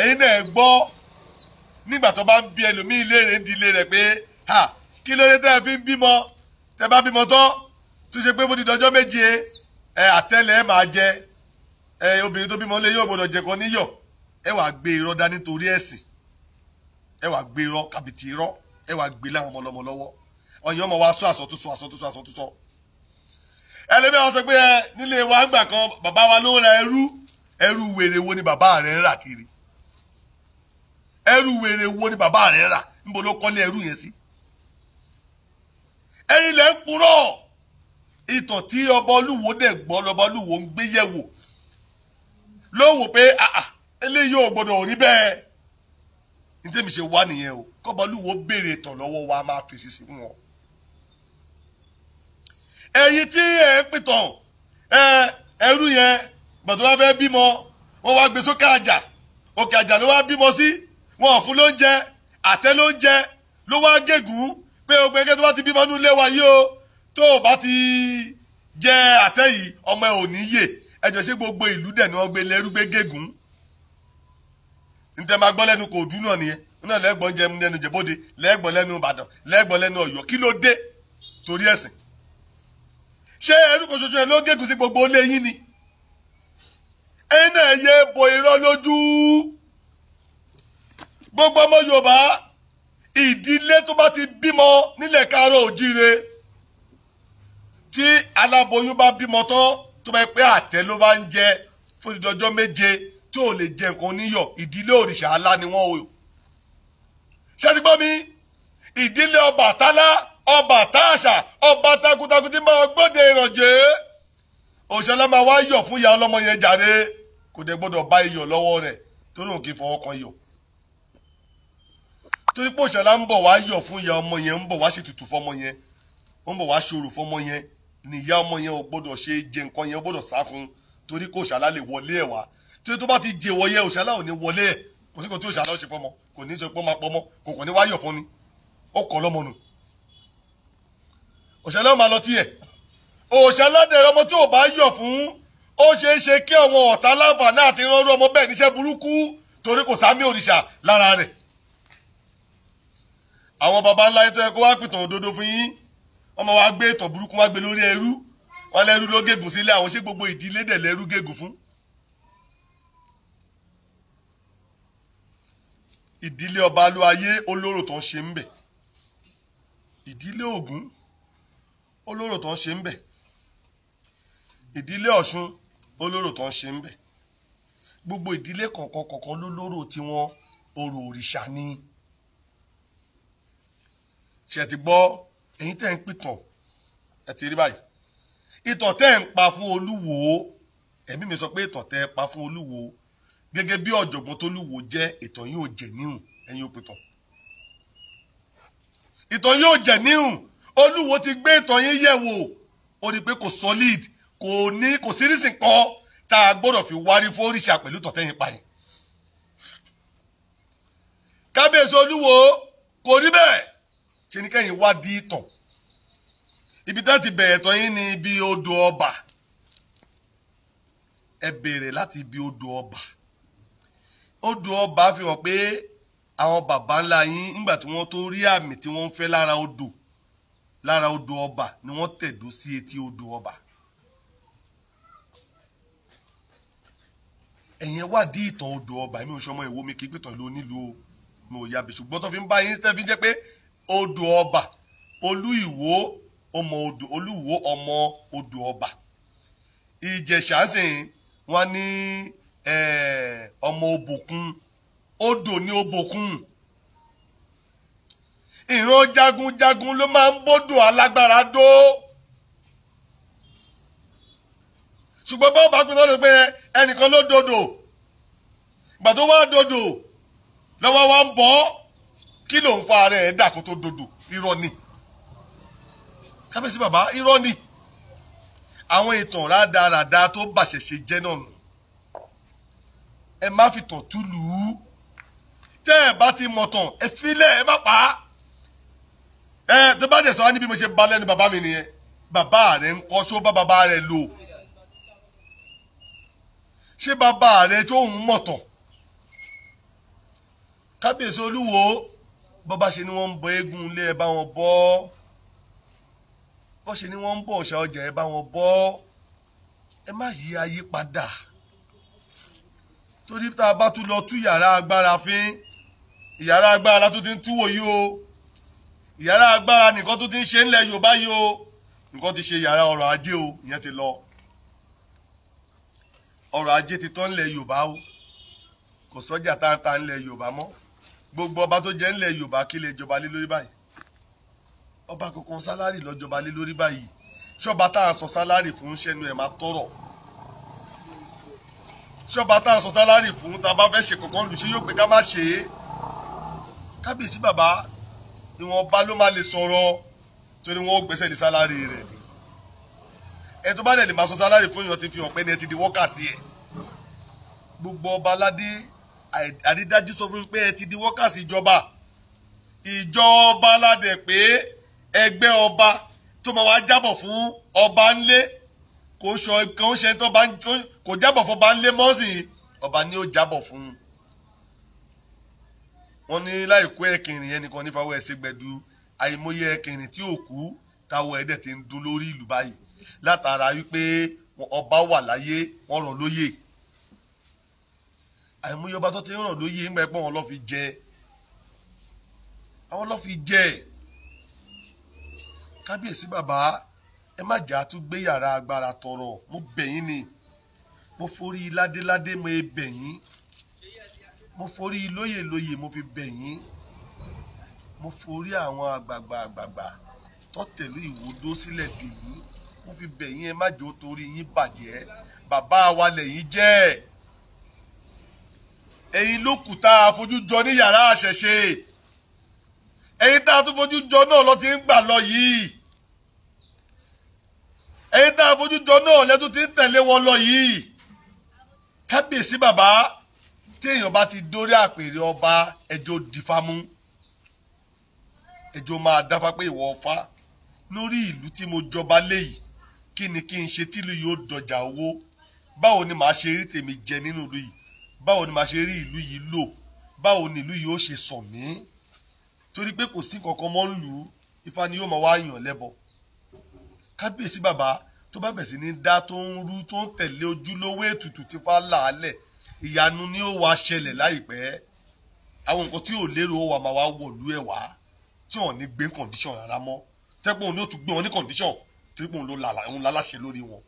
ẹ̀yin náà gbọ́ nígbà tó bá ń bí ẹlòmíì léèrè ń di ilé rẹ̀ pé ha kí ló dé tẹ́ ẹ fi ń bímọ tẹ́ bá bímọ tán tún ṣe pé bó ti dọjọ́ méje ẹ àtẹ́lẹ̀ ẹ máa jẹ ẹ obìnrin tó bímọ lé yóò gbọdọ̀ jẹ kan níyọ̀ ẹ wàá gbé irọ́ dání torí ẹ̀sìn ẹ wàá gbé irọ́ kàbìtì irọ́ ẹ wàá gbé láwọn ọmọlọmọ lọ́wọ́ ọyìn ọmọ wa sọ àsọtúnsọ àsọtúnsọ àsọtúnsọ ẹlẹ́mìí àwọn sọ pé ẹ nílé wa ń gbà kan bàbá wa ló ń ra ẹrú ẹrú wèrè wo ni bàbá rẹ ń rà kiri ẹrú wèrè wo ni bàbá rẹ ń rà níbo ló kọ́lé ẹrú yẹn sí ẹ̀yin lẹ́ ń purọ́ ìtàn tí ọba olúwo dẹ̀ gbọ́ lọ́ba olúwo ń gbé yẹ̀wò ló wò pé eléyìí ò gbọdọ̀ rí bẹ́ẹ̀ ní tẹ́mi ṣe wá nìyẹn o kọ́ba olúwo béèrè ìtàn lọ́wọ́ wa máa fèsì sí wọn. ẹ̀yin tí ẹ̀ ń pìtàn ẹrú yẹn gbọ̀dọ̀ wá fẹ́ bímọ wọ́n wá gbé sókè àjà òkè àjà ló wá bímọ sí wọn ò fún lóúnjẹ àtẹ lóúnjẹ ló wá gégùn pé o pé tó bá ti bímọ nínú ilé wa yìí o tó o bá ti jẹ àtẹ yìí ọmọ ẹ ò ní yè ẹjọ ṣé gbogbo ìlú dẹ̀ ni wọ́n gbé lẹ́rú gbé gégùn ntẹ máa gbọ́ lẹ́nu kò dún náà nìyẹn náà lẹ́gbọ̀n jẹ lẹ́nu jẹ̀bọ́dé lẹ́gbọ̀n lẹ́nu Ìbàdàn lẹ́gbọ̀n lẹ́nu Ọ̀yọ́ kí ló dé torí ẹ̀sìn ṣé ẹnu kan ṣoṣo ẹ ló gégùn sí gbogbo ilé yín ni ẹ̀yin náà yẹ bo irọ́ lójú gbogbo ọmọ Yorùbá ìdílé tó bá ti bímọ nílẹ̀ káàárọ̀ òjíire tí aláboyún bá bímọ tán tó bá pẹ́ àtẹ ló bá ń jẹ fún ìdọ́jọ́ méje tí ò lè jẹ nǹkan oníyọ̀ ìdílé òrìṣà alá ni wọ́n o ṣẹ́ni gbọ́ mi ìdílé Ọbàtálá ọba táàṣà ọba takuntakun tí máa gbọ́dọ̀ ìrànjẹ́ òṣèlú máa wá yọ̀ fún ìyá ọlọ́mọ yẹn jàre kò dẹ̀ gbọ́dọ̀ bá iyọ̀ lọ́wọ́ rẹ̀ torí òun kì í fọwọ́ kan iyọ̀ torí pé òṣàlá ń bọ̀ wá yọ̀ fún ìyá ọmọ yẹn ń bọ̀ wá ṣètùtù fọmọ yẹn ń bọ̀ wá ṣòro fọmọ yẹn ni ìyá ọmọ yẹn ò gbọ́dọ̀ ṣe jẹ nǹkan yẹn ó gbọ́dọ̀ sá fún torí pé òṣàlá lè wọlé ẹ̀ wá torí tó bá ti jẹ ìwọ yẹn òṣàlá ò ní wọlé ẹ̀ kò sí kò tí òṣàlá ó ṣe fọmọ kò ní í ṣe ni ó kọ̀ lọ́mọ nù òṣàlá máa lọ tiẹ̀ òṣàlá dẹ̀rẹ̀ ọmọ tí ò bá yọ̀ fún ó ṣeé ṣe kí àwọn ọ̀tá láǹfààní àti rọrùn ọmọ bẹ́ẹ̀ níṣẹ́ burúkú torí kò sámi òrìṣà lára rẹ̀ àwọn baba ńlá yẹn tó yẹ kó wá pìtàn òdodo fún yín wọ́n máa wá gbé ìtàn burúkú wá gbé lórí ẹrú wọ́n lẹ́rú ló gégùn sílé àwọn ṣé gbogbo ìdílé dẹ̀ lẹ́rú gégùn fún. ìdílé ọba ló ayé olóró tó ń ṣe ń bẹ̀ ìdílé Ògún olóró tó ń ṣe ń bẹ̀ ìdílé Ọ̀ṣun olóró tó ń ṣe ń bẹ̀ gbogbo ìdílé kọ̀ọ̀kan kọ̀ọ̀kan lólóró tiwọn orò òrìṣà ni ṣe ti gbọ́ ẹ̀yin tẹ́ ń pìtàn ẹ ti rí báyìí ìtàn tẹ́ ń pa fún olúwo ẹ̀mí mi sọ pé ìtàn tẹ́ pa fún olúwo gẹ́gẹ́ bí ọ̀jọ̀gbọ́n tólúwo jẹ́ ìtàn yóò jẹ̀ níhùn ẹ̀yin ò pìtàn ìtàn yóò jẹ̀ níhùn olúwo ti gbé ìtàn yín yẹ̀ wò ó ní pé kò solid kò ní kò sírísì kan tá a gbọ́dọ̀ fi wárí fún òrìṣà pẹ̀lú tọ̀tẹ́yìn payìn kábíyèsí olúwo kò rí bẹ́ẹ̀ ṣe ní kẹ́yìn wádìí ìtàn ibi tá ti bẹ̀rẹ̀ tán yín ni ibi odò ọba ẹ bẹ̀rẹ̀ láti ibi odò ọba odò ọba fi hàn pé àwọn bàbá ńlá yín nígbà tí wọ́n tó rí àmì tí wọ́n ń fẹ́ lára odò lára odò ọba ni wọ́n tẹ̀dó sí etí odò ọba ẹ̀yin wádìí ìtàn odò ọba èmi ò sọmọ ìwo mi kí pé tàn ló nílùú o mi ò yàbẹ̀ ṣùgbọ́n tó fi ń bá yín tẹ́ fi jẹ́ pé odò ọba olúìwó ọmọ odò olúwo ọmọ odò ọba ìjẹ̀ṣà sì wọ́n ní ọmọ òbòkun odò ní òbòkun ìran jagunjagun ló máa ń bódò alágbára dó ṣùgbọ́n báwo bá pinnu lọ́dọ̀ pé ẹnìkan ló dodo ìgbà tó wá dodo lọ́wọ́ wa ń bọ́ ọ́. kí ló ń fa ara ẹ̀ dà tó dodo irọ́ ni kábíyèsí bàbá irọ́ ni àwọn ìtàn rádaràda tó bàṣẹ̀ṣe jẹ́ náà nù ẹ má fi tàn túlù ú tẹ́ ẹ bá ti mọ̀ tàn ẹ filẹ̀ ẹ má pa á ẹ tó bá dẹ̀ sọ á ní bí mo ṣe ba lẹ́nu bàbá mi nìyẹn bàbá rẹ̀ ń kọ́ ṣó bá bàbá rẹ̀ lò ṣé bàbá rẹ̀ tó ń mọ̀ tàn kábíyèsí olúwo bó bá ṣe ni wọ́n ń bọ eégún ilé ẹ bá wọn bọ́ bó ṣe ni wọ́n ń bọ òòṣà ọjà ẹ bá wọn bọ́ ẹ má yí ayé padà torí tá a bá tún lọ tú yàrá agbára fín ìyàrá agbára tó ti ń túwò yìí o ìyàrá agbára nìkan tó ti ń ṣe ńlẹ̀ Yorùbá yìí o nǹkan ti ṣe yàrá ọrọ̀ ajé o ìyẹn ti lọ ọrọ̀ ajé ti tán ńlẹ̀ Yorùbá o kò sọ́jà tá a ta ńlẹ̀ Yorùbá mọ́ gbogbo ọba tó jẹ́ ńlẹ̀ yorùbá kí lè jọba lé lórí báyìí ọba kankan sálárì ló jọba lé lórí báyìí ṣọba tá à ń sọ sálárì fún ṣẹnu ẹ̀ máa tọrọ ṣọba tá à ń sọ sálárì fún tá a bá fẹ́ ṣe kankan lù ṣe yóò pé ká má ṣe é kábíyèsí bàbá ìwọ̀nba ló máa lè sọ̀rọ̀ torí wọn ò gbẹ́sẹ̀ lé sálárì rẹ̀ ni ẹ tó bá dẹ̀ lè máa sọ sálárì fún èèyàn ti fi hàn pé ni ẹ ti di wọ́kà sí ẹ̀ gbogbo ọba aládé àrídájú sọ fún mi pé ẹ ti di workers ìjọba ìjọba ládẹ pé ẹgbẹ́ ọba tó máa wá jábọ̀ fún ọba ńlé kò sọ kan ṣe tó bá kò jábọ̀ fún ọba ńlé mọ́sìn ọba ni ó jábọ̀ fún un wọ́n ní láìkó ẹ̀kìnrin ẹnìkan nífàwọ́ ẹ̀ ṣègbẹ̀dú àìmọye ẹ̀kìnrin tí ò kú táwọn ẹ̀dẹ̀ ti ń dún lórí ìlú báyìí látara wípé ọba wà láyé wọ́n rọ̀ lóyè àìmọye ọba tó ti rọ̀ lóyè ńgbà ẹ̀pọ̀ wọn lọ́ fi jẹ àwọn lọ́ fi jẹ kábíyèsí bàbá ẹ má jà á tún gbé yàrá agbára tọrọ mo bẹ̀ ni mo forí ládéládé mo e bẹ̀ yín mo forí lóyè lóyè mo fi bẹ̀ yín mo forí àwọn àgbààgbà àgbààgbà tó tẹ̀lé ìwòdó sílẹ̀ dè yín mo fi bẹ̀ yín ẹ má jò torí yín bàjẹ́ bàbá wa lẹ̀yìn jẹ́ ẹ̀ ẹ̀yin ló kù tá a fojú jọ ní yàrá àṣẹ̀ṣe ẹ̀yin tá a tún fojú jọ náà lọ ti ń gbà lọ yìí ẹ̀yin tá a fojú jọ náà lẹ́tún ti ń tẹ̀lé wọn lọ yìí kábíyèsí bàbá tí èèyàn bá ti dórí àpèrè ọba ẹjọ́ dìfamú ẹjọ́ máa dáfá pé ìwọ ọfá lórí ìlú tí mo jọba léyìí kí ni kí n ṣe tílu yóò dọjà owó báwo ni màá ṣe rí tèmi jẹ nínú ìlú yìí báwo ni màá ṣe rí ìlú yìí lò báwo ni ìlú yìí ó ṣe sọ mí torí pé kò sí kankan mọ́ ń lù ú ifá ni yóò máa wá yàn lẹ́bọ kábíyèsí bàbá tó bá bẹ̀rẹ̀ sí ní dá tó ń rú tó ń tẹ̀lé ojúlówó ètùtù tí fa làálẹ̀ ìyanu ni ó wá ṣẹlẹ̀ láìpẹ́ àwọn nǹkan tí ò lérò ó wà máa wá wọ̀lú ẹ̀ wá tí wọn ní gbé kọ̀ǹdíṣọ̀n rárá mọ́ tẹ́gbọ́n ní ó tún gbé wọn ní kọ̀ǹdíṣọ̀n torí ló làlá òun láláṣẹ lórí wọn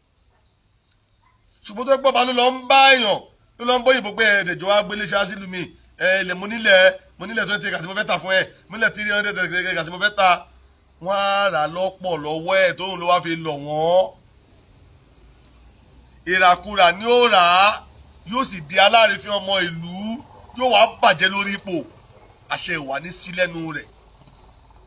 ṣùgbọ́n tó gbọ́ balùwẹ̀ lọ ń bá èèyàn tó lọ ń bóyìí bó pé ẹ̀ẹ́dẹ̀jọ́ wa gbélé ṣáá sílùú mi ẹ̀ẹ́lẹ̀ mo nílẹ̀ mo nílẹ̀ tó ń tẹ̀ka tí mo fẹ́ ta fún ẹ mo nílẹ̀ tí ó ń tẹ̀ka tí mo fẹ́ ta wọ́n á rà lọ́pọ̀ lọ́wọ́ ẹ̀ tóun ló wá fi lọ̀ wọ́n ìràkúrà ni ó rà á yóò sì di aláàrífín ọmọ ìlú yóò wá bàjẹ́ lórí ipò àṣẹ ìwà ní sílẹ́nu rẹ̀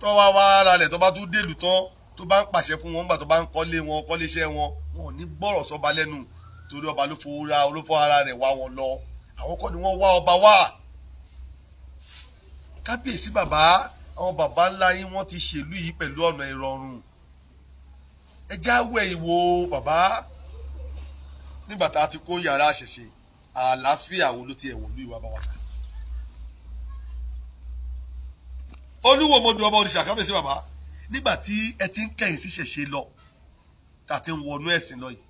tó wá wá ara rẹ̀ tó bá tún dèlù tán tó bá ń pàṣẹ fún wọn nígbà tó bá ń kọ́lé wọn kọ́lé iṣẹ́ wọn wọn ò ní gbọ́rọ̀ sọ́ba lẹ́nu torí ọba ló fowóra olófò ara rẹ̀ wá wọn lọ àwọn kọ́ ni wọ́n wá ọba wá kábíyèsí bàbá àwọn bàbá ńlá yín wọ́n ti ṣèlú yìí pẹ̀lú ọ̀nà ìrọ̀rùn ẹ jáwé ìwò bàbá nígbà tá a ti kó yàrá àṣẹṣe àlàáfíà wo ló ti ẹ̀wọ̀ ní ìwà bàbá sá. olúwo mo dùn ọba òrìṣà kábíyèsí bàbá nígbà tí ẹ ti ń kẹ̀yìn sí ṣẹ̀ṣe lọ tá ń wọnú ẹ̀sìn lọ yìí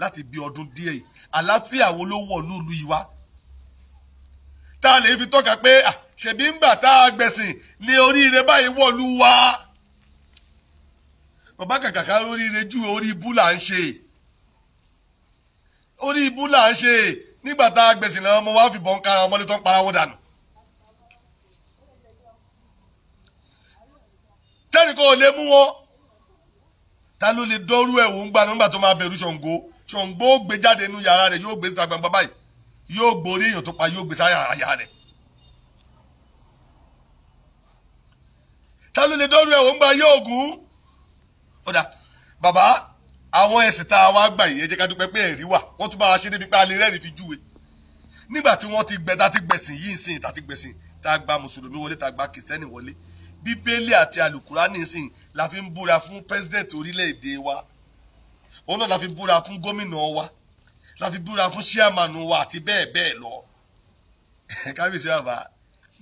láti bí ọdún díẹ̀ yìí àlàáfíà wo ló wọ̀ lúlu yìí wá tá a lè fi tọ́ka pé ah, ṣèbí ń gbà tá a gbẹ̀sìn ní oríire báyìí wọ̀lú wa bàbá kàkàkà oríire ju orí ibú là ń ṣe orí ibú là ń ṣe nígbà tá a gbẹ̀sìn làwọn ọmọ wa fìbọn kára ọmọlé tó ń para wọn dànù. tẹ́nìkan ò lè mú wọn ta ló lè dọ́rú ẹ̀wò ń gbà nígbà tó máa bẹ̀rù Ṣàngó ṣòǹgbó gbé jáde nínú yàrá rẹ̀ yóò gbé síta gbangba báyìí yóò gborí èèyàn tó pa yóò gbé sáyà àyà rẹ̀. ta ló lè dọ́rù ẹ̀ ò ń gba yóò gùn ún. ó dà bàbá àwọn ẹ̀sìn tá a wá gbà yìí ẹ ká dúpẹ́ pé ẹ̀rí wà wọ́n tún bá a ṣe débi pé a lè fi júwe nígbà tí wọ́n ti gbẹ tá ti gbẹ̀sìn yìí ń sìn tá ti gbẹ̀sìn tá gba mùsùlùmí wọlé tá gba kìrìsìtẹ́nì wọlé bíbélì àti àlùkùránì sìn la fi ń búra fún pẹ́sidẹ̀ntì orílẹ̀-èdè wa òun náà la fi búra fún gómìnà wa la fi búra fún chairman wa àti bẹ́ẹ̀ bẹ́ẹ̀ lọ *laughs* kábíyèsí bàbá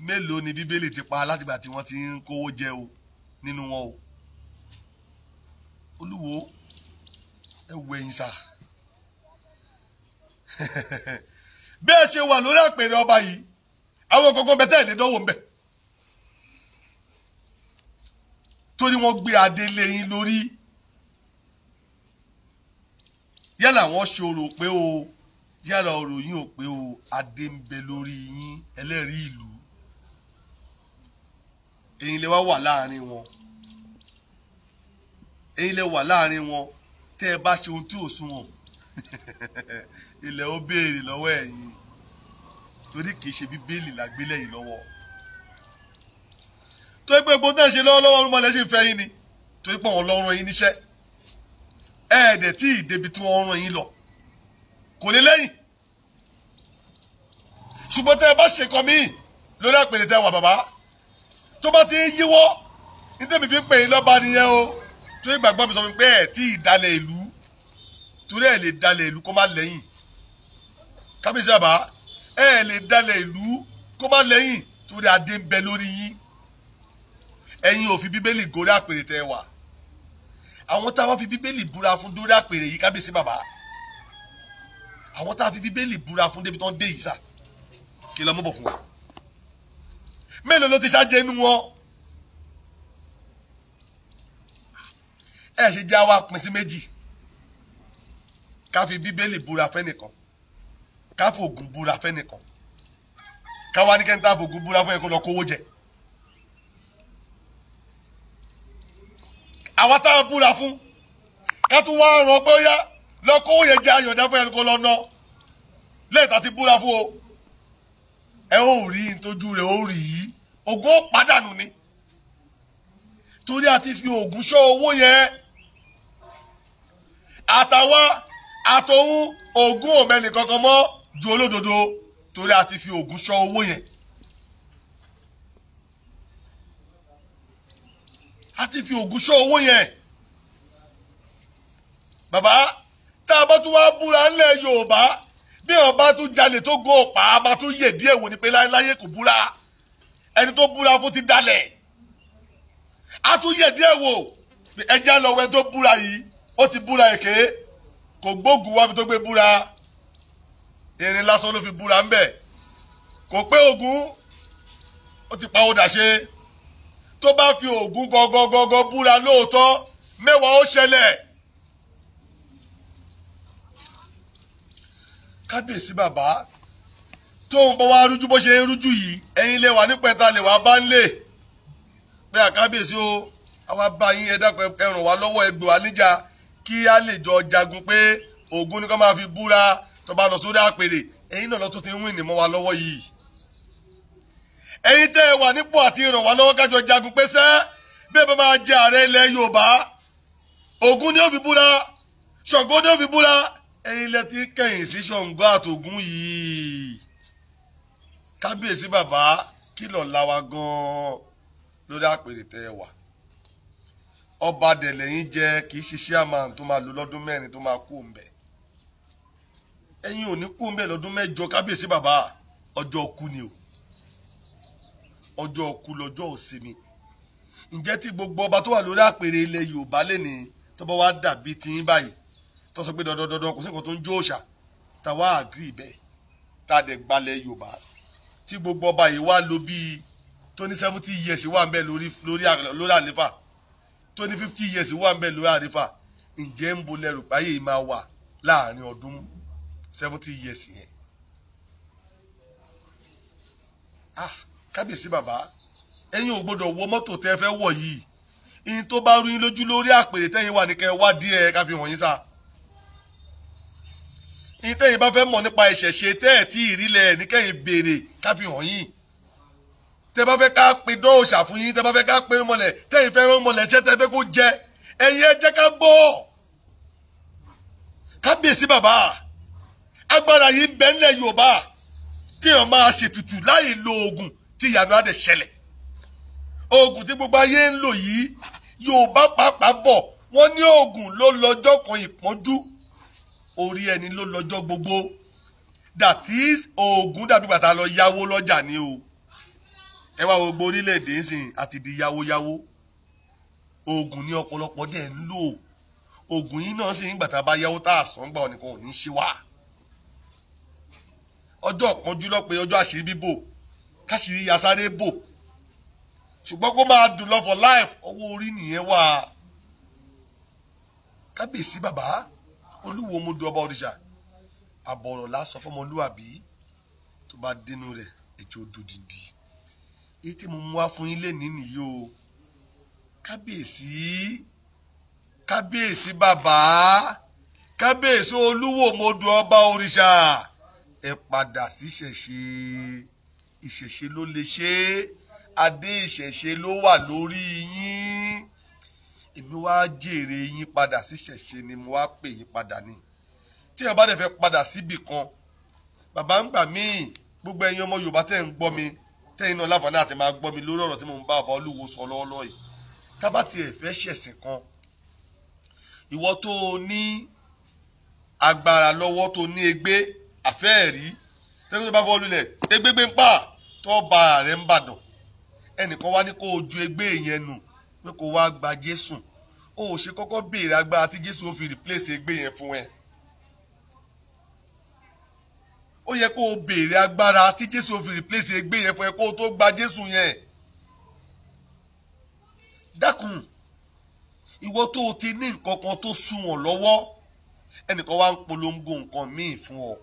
mélòó ni bíbélì ti pa látìgbà tí wọ́n ti ń kówó jẹ o nínú wọn o olúwo ẹ wo ẹ̀yin sá *laughs* bí ẹ ṣe wà lórí àpèrè ọba yìí àwọn gbogbo bẹtẹ ẹ lè dánwò mbẹ torí wọ́n gbé adé lé yín lórí yálà wọ́n ṣòro pé o yálà ọ̀rọ̀ yín ò pé o adé ń bẹ lórí yín ẹlẹ́rìí ìlú ẹ̀yin lè wá wà láàrin wọn ẹ̀yin lè wà láàrin wọn tẹ́ ẹ bá ṣe ohun tí ò sunwọ̀n *laughs* ilẹ̀ ó béèrè lọ́wọ́ ẹ̀yin torí kìí ṣe bíbélì lágbélẹ̀ yìí lọ́wọ́ tó ẹgbẹ́ gbọ́dọ̀ ṣe lọ́wọ́lọ́wọ́ ló mọ̀ lẹ́sìn fẹ́ yín ni torí pé wọ́n lọ́rùn yín níṣẹ́ ẹ̀ẹ́dẹ̀ tí ìdèbí tí wọ́n rán yín lọ kò lè lẹ́yìn ṣùgbọ́n tẹ́ ẹ bá ṣe kan míì lórí àpèrè tẹ́ wà bàbá tó bá ti ń yíwọ́ nítorí fi ń pè yín lọ́ba nìyẹn o tó ìgbàgbọ́ mi sọ fún mi pé ẹ̀ tí ìdalẹ̀ ìlú torí ẹ̀ lè dalẹ̀ ìlú kó má lẹ́yìn kábíyèsí bàbá ẹ̀ lè dalẹ̀ ìlú kó má lẹ́yìn torí adé ń bẹ lórí yín ẹ̀yin ò fi bíbélì gorí àpèrè tẹ́ wà àwọn tá a wá fi bíbélì búra fún dórí àpèrè yìí kábíyèsí bàbá àwọn tá a fi bíbélì búra fún débi tó ń dé yìí sá kí lọ mú bọ̀ fún wa mélòó ló ti ṣáájẹ inú wọn ẹ ṣe jẹ́ àwa pín sí méjì ká fi bíbélì búra fẹ́nìkan ká fògùn búra fẹ́nìkan ká wá ní kẹ́ńtà fògùn búra fún ẹ kó lọ kówó jẹ. àwa táwọn búra fún ká tún wá rọ pé ó yá lọ́kọ́ òye jẹ́ ayọ̀dá fún ẹni kó lọ ná lẹ́yìn tá ti búra fún o ẹ ó rí ntójú rẹ̀ ó rí yìí ògùn ó pàdánù ni torí a ti fi ògùn ṣọ́ owó yẹn àtàwa àtòun ògùn òmẹ́nì kankan mọ́ ju olódodo torí a ti fi ògùn ṣọ́ owó yẹn. a ti fi ògùn ṣọ́ owó yẹn bàbá tá a bá tún wá búra ńlẹ̀ Yorùbá bí wọn bá tún jalè tó gún ọ̀pá a bá tún yè díẹ̀ wò ni pé láyé kò búra ẹni tó búra fún ti dalẹ̀ a tún yè díẹ̀ wò ẹjẹ́ lọ́wọ́ ẹni tó búra yìí ó ti búra èké kò gbógun wá bí tó gbé búra irin lásán ló fi búra ńbẹ kò pé ogun ó ti pa ó dà ṣe tó bá fi oògùn gọgọgọgọ búra lóòótọ́ mẹ́wàá ó ṣẹlẹ̀. kábíyèsí bàbá tóun bọ́ wá rújú bó ṣe ń rújú yìí ẹ̀yin lè wà nípẹ̀ta lè wà bá ń lè bẹ́ẹ̀ àkábíyèsí o àwa bá yín ẹ dákun ẹ ràn wá lọ́wọ́ ẹ gbè wá níjà kí á lè jọ jagun pé oògùn ni ká máa fi búra tó bá lọ sórí àpèrè ẹ̀yin náà lọ́tún ti ń wìn ní mọ́ wa lọ́wọ́ yìí ẹ̀yin tẹ́ ẹ wà nípò àti ràn wá lọ́wọ́ kájọ jagun pé sẹ́ bẹ́ẹ̀ bá máa jẹ ààrẹ ilẹ̀ Yorùbá Ògún ni ó fi búra Ṣàngó ni ó fi búra ẹ̀yin lẹ ti kẹ̀yìn sí Ṣàngó àtògún yìí kábíyèsí bàbá kìlọ̀ láwa gan-an lórí àpèrè tẹ́ ẹ wà ọba dẹ̀lẹ̀ yín kì í ṣiṣẹ́ àmà tó máa lò lọ́dún mẹ́rin tó máa kú òǹbẹ̀ ẹ̀yin ò ní kú òǹbẹ̀ lọ́dún mẹ́jọ kábíyèsí bàbá ọjọ́ kú ni o ọjọ́ ọkú lọ́jọ́ òsinmi ǹjẹ́ tí gbogbo ọba tó wà lórí àpèrè ilẹ̀ yorùbá lẹ́ni tó bá wá dàbí tiyín báyìí tó sọ pé dandandandan kò sí nǹkan tó ń jó òòṣà tá a wá àgírí bẹ́ẹ̀ tá dẹ̀ gbalẹ̀ yorùbá tí gbogbo ọba yìí wá lo bíi tó seventy years wà ń bẹ lórí lórí lórí àlefa tó ní fifty years wà ń bẹ lórí àlefa ǹjẹ́ ń bo lẹ́rù báyé yìí máa wà láàrin ọdún seventy years yẹn. ah kábíyèsí bàbá ẹ̀yin ò gbọ́dọ̀ wọ mọ́tò tẹ́ fẹ́ wọ̀ yìí ihun tó bá rú yín lójú lórí àpèrè tẹ́yìn wà ní kẹ́ wá díẹ̀ ká fi hàn yín sá ihun tẹ́yìn bá fẹ́ mọ̀ nípa ìṣẹ̀ṣe tẹ́ ẹ̀ tí ìrílẹ̀ ní kẹ́yìn béèrè ká fi hàn yín tẹ́ bá fẹ́ ká pe dóòṣà fún yín tẹ́ bá fẹ́ ká pe mọ̀lẹ̀ tẹ́yìn fẹ́ rán mọ̀lẹ̀ ṣẹ́ tẹ́ fẹ́ kó jẹ ẹ̀yin ẹ jẹ́ ká bọ̀ kábíyèsí bàbá agbára yìí bẹ́ńlẹ̀ Yorùbá tí èèyàn máa ṣètùtù láì lo oògùn tí ìyanu á dẹ̀ ṣẹlẹ̀ oògùn tí gbogbo ayé ń lò yìí Yorùbá pàápàá bọ̀ wọ́n ní oògùn ló lọ́jọ́ kan ìpọ́njú orí ẹni ló lọ́jọ́ gbogbo that is oògùn dàbí bàtà lọ yáwó lọ́jà ni o ẹ wá gbogbo orílẹ̀-èdè ń sìn àti di yáwóyáwó oògùn ní ọ̀pọ̀lọpọ̀ dẹ̀ ń lò oògùn yìí náà sì ń gbàtà bá yáwó tá a sàn gbà ọ̀nìkan ò ní ṣe wá ọjọ́ ọ̀pọ̀njú lọ́pẹ́ ọjọ́ àṣírí bíbò káṣírí yasáré bò ṣùgbọ́n kó máa dùn lọ for life ọwọ́ orí nìyẹn wà á kábíyèsí bàbá olúwo mo du ọba òrìṣà àbọ̀rọ̀ lásọ fọmọlúàbí tó bá dénú rẹ̀ ẹjọ́ dòdìdì èyí tí mo mú wá fún yín lénìí nìyí o kábíyèsí kábíyèsí bàbá kábíyèsí olúwo mo du ọba òrìṣà ẹ padà sí ṣẹ̀ṣẹ̀ ìṣẹ̀ṣe ló lè ṣe é adé ìṣẹ̀ṣe ló wà lórí yín èmi wá jèrè yín padà sí ìṣẹ̀ṣe ni mo wá pè yín padà ni tí ẹ bá dẹ̀ fẹ́ padà síbì kan bàbá ń gbà míì gbogbo ẹ̀yin ọmọ yorùbá tẹ́ ń gbọ́ mi tẹ́yìn náà láǹfààní àti máa gbọ́ mi lórí ọ̀rọ̀ tí mo ń bá ọba olúwo sọ lọ́ọ́lọ́ yìí tá bá tiẹ̀ fẹ́ ṣẹ̀sìn kan ìwọ tó o ní agbára lọ́wọ́ tó o ní egbé àfẹ́ẹ̀rí tẹ́lifíṣẹ́ bá fọ́ lulẹ̀ egbégbé ń pa tó bá ààrẹ ń bàdàn ẹnìkan wá ní kó o ju ẹgbẹ́ yẹn nù pé kó wá gba jésù o ò ṣe kọ́kọ́ béèrè agbára tí jésù ó fi replace ẹgbẹ́ yẹn fún ẹ ó yẹ kó o béèrè agbára tí jésù ó fi replace ẹgbẹ́ yẹn fún ẹ kó o tó gba jésù yẹn dákun ìwọ tó o ti ní nǹkan kan tó sún ọ lọ́wọ́ ẹnìkan wá ń polongo nǹkan míì fún ọ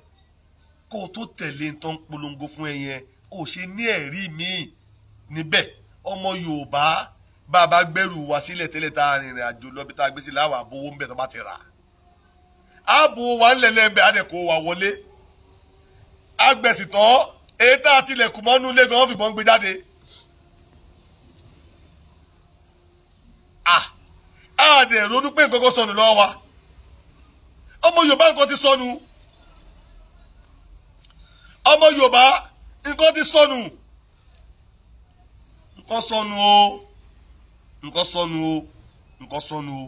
kó o tó tẹ̀lé nǹkan polongo fún ẹ yẹn kò ṣe ní ẹ̀rí míì níbẹ̀ ọmọ yorùbá bá a bá gbẹ́rù wá sílẹ̀ tẹ́lẹ̀ tá a rìnrìn àjò lọ bí tá a gbé sílẹ̀ àwọn àbówó ń bẹ̀ tó bá ti rà ààbò wa ń lẹ̀lẹ́ ń bẹ̀ adẹ̀ kó wa wọlé agbẹ̀sìtọ́ èyí tá a tilẹ̀kùn mọ́nú ilé gan fìbọn gbé jáde. àdẹ̀ ronú pé nǹkan sọnù lọ́wọ́ wa ọmọ yorùbá nǹkan ti sọnù ọmọ yorùbá nǹkan ti sọnù nǹkan sọnù o nǹkan sọnù o nǹkan sọnù o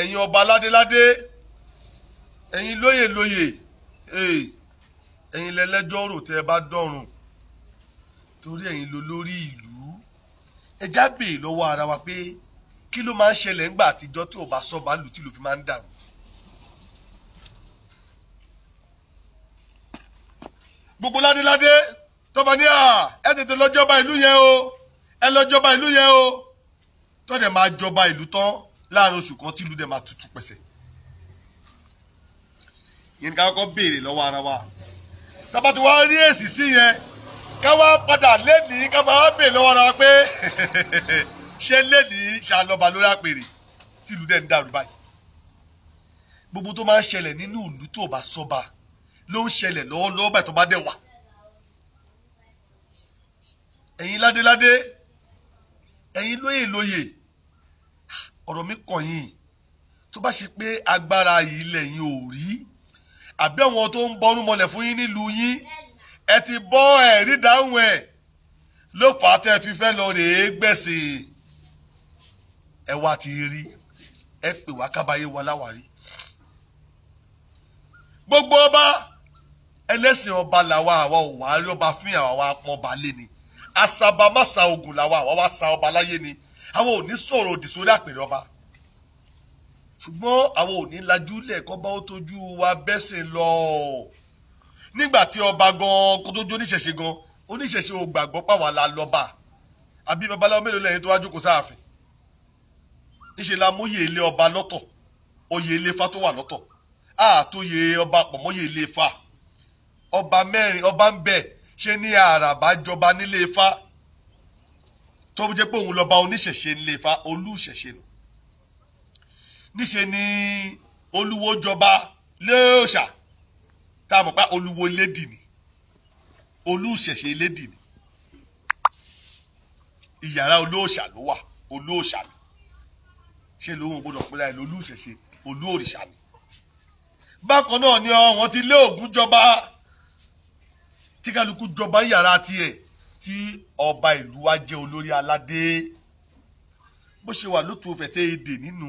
ẹ̀yin ọba ládéládé ẹ̀yin lóyè lóyè eh, ẹ̀yin lẹ́lẹ́jọ́ rò tẹ́ ẹ bá dọ̀rùn torí ẹ̀yin ló lórí ìlú ẹ já bèè lọ́wọ́ ara wa pé kí ló máa ń ṣẹlẹ̀ ńgbà àtijọ́ tí ò bá sọ́ba lù tí ìlú fi máa ń dàrú gbogbo ládéládé tọ́ba ní à ẹ tètè lọ jọba ìlú yẹn o ẹ lọ jọba ìlú yẹn o tọ́dẹ̀ máa jọba ìlú tán láàrin oṣù kan tí ìlú dẹ̀ máa tutù pẹ̀sẹ̀ yẹn ká kọ́kọ́ béèrè lọ́wọ́ ara wa tábà tí wàá rí èsì sí yẹn ká wá padà lẹ́nìí ká máa béèrè lọ́wọ́ ara wa pé *laughs* ṣé lẹ́nìí ṣàlọ́ba lórí àpèrè tìlú dẹ̀ ń dàrú báyìí gbogbo tó máa ń ṣẹlẹ̀ nínú ìlú tó bá sọ́ba. So ló ń ṣẹlẹ̀ lọ́wọ́lọ́wọ́ báyìí tó bá dẹ̀ wà ẹ̀yin ládéládé ẹ̀yin lóyè lóyè ọ̀rọ̀ mi kàn yín tó bá ṣe pé agbára yìí lẹ́yìn ò rí àbí àwọn tó ń bọ́nú mọ́lẹ̀ fún yín nílùú yín ẹ ti bọ́ ẹ̀rí dáhùn ẹ̀ ló fà á tẹ́ fi fẹ́ lọ rèé gbẹ̀sìn ẹ wá ti rí ẹ pè wá kábàáyé wa láwàárí gbogbo ọba ẹlẹ́sìn ọba làwa àwa ò wá rí ọba fún àwa pọn ọba lé ni asabamasa ogun làwa àwa wá sa ọba láyé ni àwọn ò ní sọ̀rọ̀ òdì sórí àpèrè ọba ṣùgbọ́n àwọn ò ní lajú lẹ́ẹ̀kọ́ bá ó tójú wa bẹ́sìn lọ nígbà tí ọba gan kó tó oníṣẹ̀ṣe gan oníṣẹ̀ṣe ò gbàgbọ́ pàwọn la lọ́ba àbí babaláwo mélòó lẹ́yìn tó wá jókòó sáàfin níṣẹ́ la mú ilé ọba lọ́tọ̀ oyè ilé ifá tó wà lọ́tọ̀ àtòyè ọba pọ̀ mọ́ ilé ifá ọba mẹ́rin ọba ń bẹ ṣe ní àràbà jọba nílé ifá tó jẹ́ pé òun lọ́ba oníṣẹ̀ṣe nílé ifá olúṣẹ̀ṣe nù níṣe ni olúwo jọba léòṣà tá a mọ̀ pé olúwo lédì ni olúṣẹ̀ṣe lédì ni ìyàrá olóòṣà ló wà olóòṣà ni ṣe lóhun gbọ́dọ̀ pé láì lólúṣẹ̀ṣe olóòrìṣà ni bákan náà ni àwọn ti lé Ògún jọba tí kálukú jọba yàrá tiẹ̀ tí ọba ìlú wa jẹ́ olórí aládé bó ṣe wà lótú fẹ̀tẹ́ èdè nínú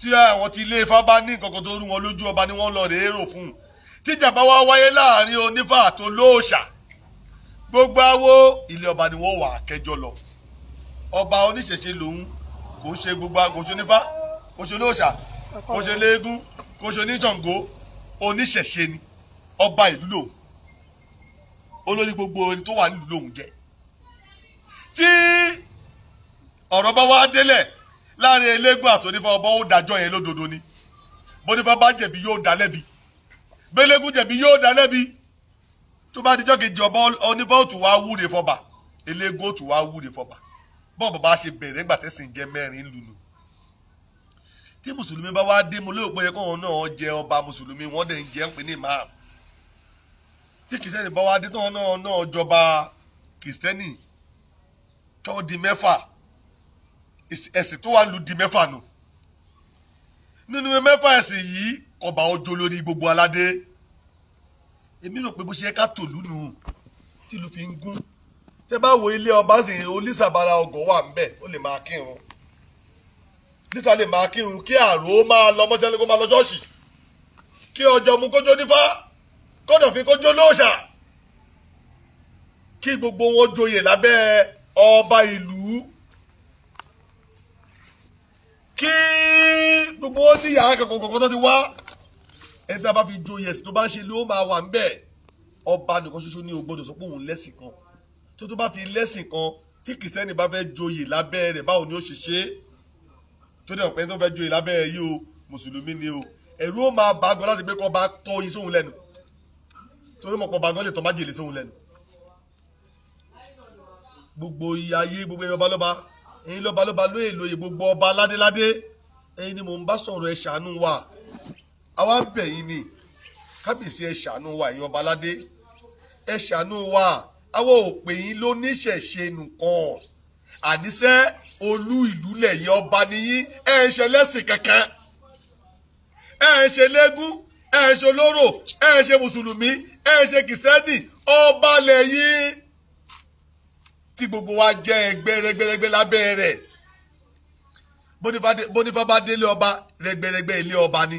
tí àwọn ti ilé ifá bá ní nǹkan tó rú wọn lójú ọba ni wọ́n lọ rèé rò fún un tíjà bá wá wáyé láàrin onífà tó lóòṣà gbogbo awo ilé ọba ni wọ́n wà kẹ́jọ́ lọ ọba oníṣẹ̀ṣe lòun kò ṣe gbogbo kò ṣe onífá kò ṣe olóòṣà kò ṣe léegun kò ṣe oníjàngó oníṣẹ̀ṣe ni ọba ìlú lòun olórí gbogbo ẹni tó wà nílùú lòun jẹ tí ọ̀rọ̀ bá wá délẹ̀ láàrin eléégún àtònífà ọba ó dájọ́ yẹn lódodo ni bónífà bá jẹ̀bi yóò dá lẹ́bi bẹ́lẹ́gùn jẹ̀bi yóò dá lẹ́bi tó bá dijọ́ kejì ọba onífà ó tún wá wúre fọba eléégún ó tún wá wúre fọba bọ́ọ̀ bàbá ṣe bẹ̀rẹ̀ nígbà tẹ́sìn jẹ́ mẹ́rin lùlù tí mùsùlùmí bá wá dé mo lérò pé ẹ̀kọ́ wọn náà jẹ ọba mùsùlùmí wọ́n dẹ̀ ń jẹ́ pé ní ìmáàmù tí kìsẹ́nì bá wá dé tó náà náà jọba kìsẹ́nì tó di mẹ́fà ẹ̀sìn tó wà lù di mẹ́fà nù nínú mẹ́fà ẹ̀sìn yìí ọba ọjọ́ lórí gbogbo aládé èmi rò pé bó ṣe yẹ ká tòlú nù tìlú fi ń gún tẹ bá wo ilé ọba sì olísàbára ọgọ wà ń bẹ ó lè máa kírun níta lè máa kírun kí àrò máa lọ mọ́ṣáláṣí máa lọ ṣọ́ọ̀ṣì kí ọjọ́ mú kójó nífà kọ́dọ̀fín kó jó lóòṣà kí gbogbo wọn joyè lábẹ́ ọba ìlú kí gbogbo wọn ní yàrá kankan kankan tó ti wá ẹni tí a bá fi joyè sí tó bá ń ṣe ló máa wà ń bẹ̀ ọba nìkan ṣoṣo ní ògbọ́dọ̀ sọ pé òun lẹ́sìn kan tó tó bá ti lẹ́sìn kan tí kìsẹ́nì bá fẹ́ joyè lábẹ́ rẹ̀ báwo ni ó ṣe ṣe tó dẹ̀ ọ̀pẹ́ tó fẹ́ joyè lábẹ́ yìí o mùsùlùmí ni o ẹ̀rú ó máa bá a gbọ́ láti pé kọ́ bá tọ́ yín sóhun lẹ́nu torí mọ̀pọ̀ bàgán lè tọ́ má jèlé sóhun lẹ́nu gbogbo ayé gbogbo ẹ̀yọ́ balọ́ba ẹ̀yin lọ́ba lọ́ba ló èlò yìí gbogbo ọba ládéládé ẹ̀yin ni mò ń bá sọ̀rọ̀ ẹ̀ ṣàánú wa àwa bẹ̀ yín ni kábíyèsí ẹ̀ ṣàánú wa ẹ̀yin ọba ládé ẹ̀ ṣàánú wa àwa ò pè yín ló níṣẹ̀ṣe nìkan àníṣe olú ìlú lẹ̀yìn ọba nìyí ẹ̀ ń ṣe lẹ́sìn kankan ẹ̀ ń ṣe lẹ́gùn ẹ ṣe olóró ẹ ṣe mùsùlùmí ẹ ṣe kìsẹ́nì ọba lẹ́yìn tí gbogbo wa jẹ́ ẹgbẹ́ rẹ́gbẹ́rẹ́gbẹ́ lábẹ́ rẹ̀ bónífá bá délé ọba rẹ́gbẹ́rẹ́gbẹ́ ilé ọba ni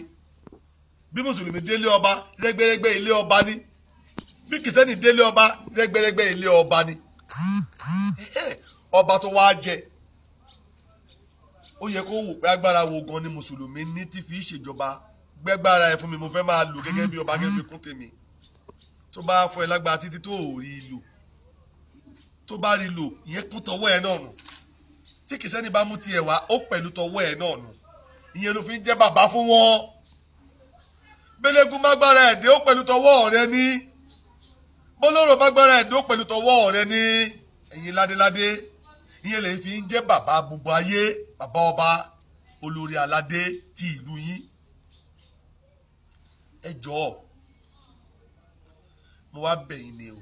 bí mùsùlùmí délé ọba rẹ́gbẹ́rẹ́gbẹ́ ilé ọba ni bí kìsẹ́nì délé ọba rẹ́gbẹ́rẹ́gbẹ́ ilé ọba ni ọba tó wá jẹ ó yẹ kó wò pé agbára wo gan ni mùsùlùmí ní tí fi í ṣèjọba gbẹ́gbára ẹ̀ fún mi mo fẹ́ máa lò gẹ́gẹ́ bí ọba gẹ́gẹ́ bí kún tèmi tó bá fọ ẹ lágbára títí tó ò rí lò tó bá rí lò ìyẹn kún tọwọ́ ẹ náà nù tí kìsẹ́ni bá mú tiẹ̀ wá ó pẹ̀lú tọwọ́ ẹ náà nù ìyẹn ló fi ń jẹ́ bàbá fún wọn bẹ́lẹ́gùn mágbára ẹ̀ ó pẹ̀lú tọwọ́ rẹ ní bọ́lọ́rọ̀ mágbára ẹ̀ ó pẹ̀lú tọwọ́ rẹ ní ẹ̀yin ládéládé ìyẹn lè fi ń jẹ́ bàbá gbogbo ayé bàbá ọba olórí aládé ti ìlú yín ẹ jọ̀ọ́ mo wá bẹ̀yìn ni o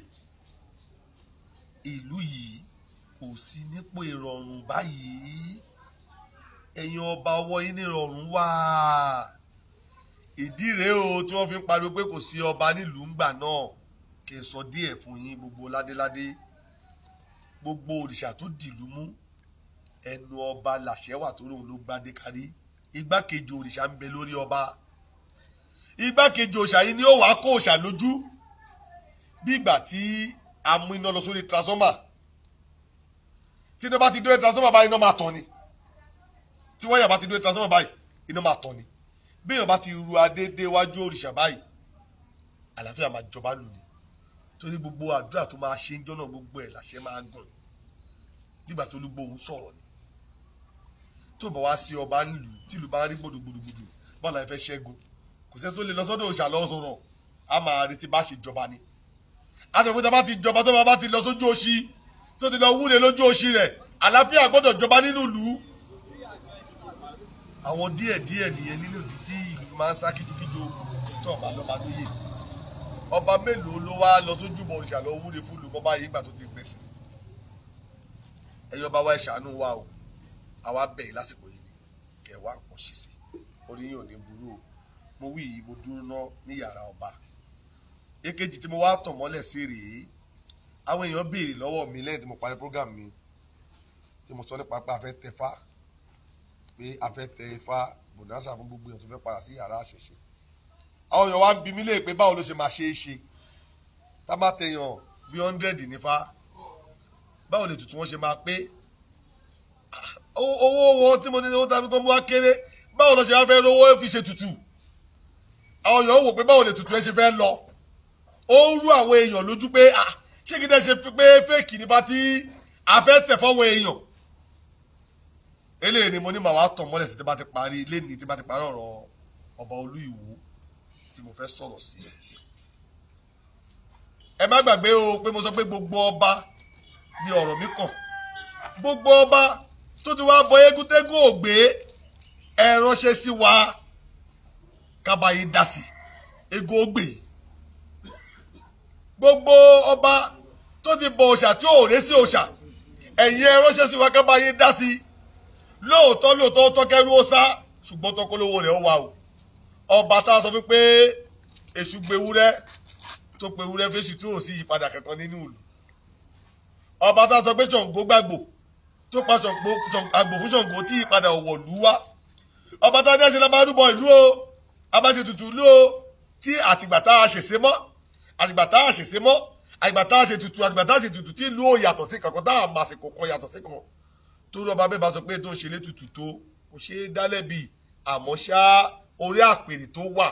ìlú yìí kò sí nípò ìrọ̀rùn báyìí ẹ̀yin ọba ọwọ́ yín nírọ̀rùn wá ìdí rèé o tí wọ́n fi ń pariwo pé kò sí ọba nílùú ńgbà náà kì í sọ díẹ̀ fún yín gbogbo ládéládé gbogbo òrìṣà tó dìlú mú ẹnu ọba làṣẹ wà tó lóun ló gbadé kárí igbákejì òrìṣà ń bẹ lórí ọba igbákejì òòṣà yìí ni ó wàá kó òòṣà lójú bí ìgbà tí a mú iná lọ sórí transformer tí iná bá ti dóye transformer báyìí iná máa tàn ni tí wọ́n yà bá ti dóye transformer báyìí iná máa tàn ni bí èèyàn bá ti ru adédé wájú òrìṣà báyìí àlàáfíà máa jọba lù ní torí gbogbo àdúrà tó máa ṣe ń jọ́nà gbogbo ẹ̀ làṣẹ máa gùn nígbà tó lúgbó òun sọ̀rọ̀ ni tó bá wá sí ọba nílùú tìlú bá rí gbòdògbòdògbòdò bọ́ọ̀lù àìfẹ́ ṣẹ́gun kò sẹ́ni tó lè lọ sọ́dọ̀ òòṣà lọ sọ̀rọ̀ a máa retí bá ṣe jọba ni a sọ pé tá a bá ti jọba tó bá ti lọ sójú òṣì tó ti lọ wúlé lójú òṣì rẹ̀ àlàáfíà gbọ́dọ̀ jọba nínú ìlú àwọn díẹ̀ díẹ̀ nìyẹn nínú ìdí tí ìlú máa ń sá kíjokíjo tó ọba lọ́ba lóye ọba mélòó ló wá lọ sójú bọ òrìṣà lọ wúlé fún olùkọ́ báyìí ìgbà tó ti pèsè ẹ̀yọ́ bá wá ìṣàánú wa o àwa bẹ̀yìn lásìkò yìí kẹ̀ wá nǹkan ṣe sí orí yìí ò ní burú o mo wí yìí mo dúró ná ní yàrá ọba èkejì tí mo wá tàn mọ́lẹ̀ sí rèé àwọn èèyàn béèrè lọ́wọ́ mi lẹ́yìn tí mo parí program mi tí mo sọ nípa pé a fẹ́ tẹ fá pé a fẹ́ tẹ fá bonanza fún gbogbo èèyàn tó fẹ́ padà sí yàrá àṣẹṣe àwọn èèyàn wá ń bi mí léè pé báwo ló ṣe máa ṣe é ṣe tá bá tẹyàn bí hundred ní fá báwo lè tuntun wọn ṣe máa pé ah, owó owó tí mo ní owó tàbí kọ́ mú wá kéré báwo ló ṣe wá fẹ́ rówó fi ṣe tutù àwọn èèyàn wò pé báwo lè tutù ẹ ṣe fẹ́ lọ ó rú àwọn èèyàn lójú pé ah ṣé kí n tẹ́ ṣe pé fèkì nípa tí a fẹ́ tẹ̀ fọ́wọ́ èèyàn eléyìí ni mo ní màá wá tàn mọ́lẹ̀ sí tí bá ti parí lẹ́ni tí bá ti parí ọ̀rọ̀ ọba olú ìwò tí mo fẹ́ sọ̀rọ̀ sí ẹ. ẹ má gbàgbé o pé mo sọ pé gbogbo ọba ni ọ̀rọ̀ mi kàn gbogbo ọba tó ti wá bọ egúntégún ògbé ẹ ránṣẹ́ sí wa kábà yín dá sí ego ó gbè yín gbogbo ọba tó ti bọ òòṣà tí ò rẹ́ sí òòṣà ẹ̀yin ẹ ránṣẹ́ sí wa kábà yín dá sí lóòótọ́ lóòótọ́ tọ́kẹ́rú ó sá ṣùgbọ́n tọkọlówó rẹ̀ ó wà o ọba tá a sọ wípé èṣù gbewúrẹ́ tó pewúrẹ́ fèṣù tí ò sí ìyípadà kankan nínú ìlú ọba tá a sọ pé ṣọ̀ǹgó gbàgbò tó pa àgbò fún ṣọ̀ǹgó tí ìyípadà ọ̀wọ̀lú wá ọba tá a dẹ́sẹ̀ lọ́ba rúbọ ìlú o abájọ tutù ló tí àtìgbà tá a ṣèṣe mọ́ àtìgbà tá a ṣèṣe mọ́ àtìgbà tá a ṣe tutù àtìgbà tá a ṣe tutù tí ìlú ò yàtọ̀ sí kankan tá a máa ṣe kankan yàtọ̀ sí kankan torí ọba bẹ́ẹ̀ bá sọ pé tó ń ṣe lé tutù tó kò ṣe é dálẹ́bi àmọ́ ṣá orí àpèrè tó wà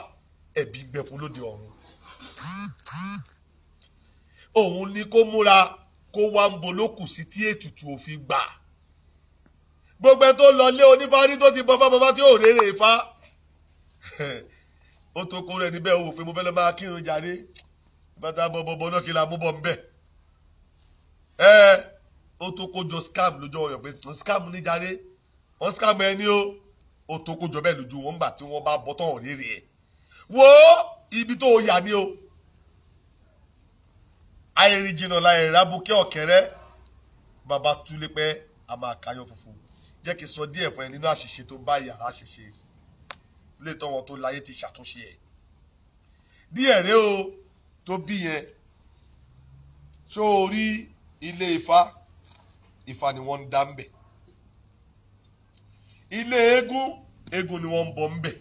ẹ̀bí ń bẹ fún lóde ọ̀run òun ni kó múra kó wá ń bolókù sí tí ètùtù òfin gbà gbogbo ẹ tó lọ lé onífárí tó ti bọ fábọfá tí ò rérè fa *laughs* ó tó kó rẹ níbẹ̀ wò pé mo fẹ́ lọ máa kírun jáde bàtà bọ̀bọ̀bọ̀ náà kí la mú bọ̀ ń bẹ̀ ẹ ó tó kó jọ scam lójú ọyọ pé scam ní jáde wọ́n scam ẹ ní o ó tó kó jọ bẹ́ẹ̀ lójú wọn gbà tí wọ́n bá bọ́ tọ̀ rírì ẹ̀ wo ibi tó yà ni o àìrìnjìnà láì rábùkẹ́ ọ̀kẹ́rẹ́ bàbá túlẹ̀ pẹ́ a máa kayọ̀ jẹ́ kí sọ díẹ̀ fún ẹ nínú àṣìṣe tó bá yàrá ṣe ṣe lè tọ́wọ́ tó láyé ti ṣàtúnṣe ẹ̀ díẹ̀ rèé o tó bí yẹn ṣó o rí ilé ifá ifá ni wọ́n ń dá ń bẹ̀ ilé eégún eégún ni wọ́n ń bọ ń bẹ̀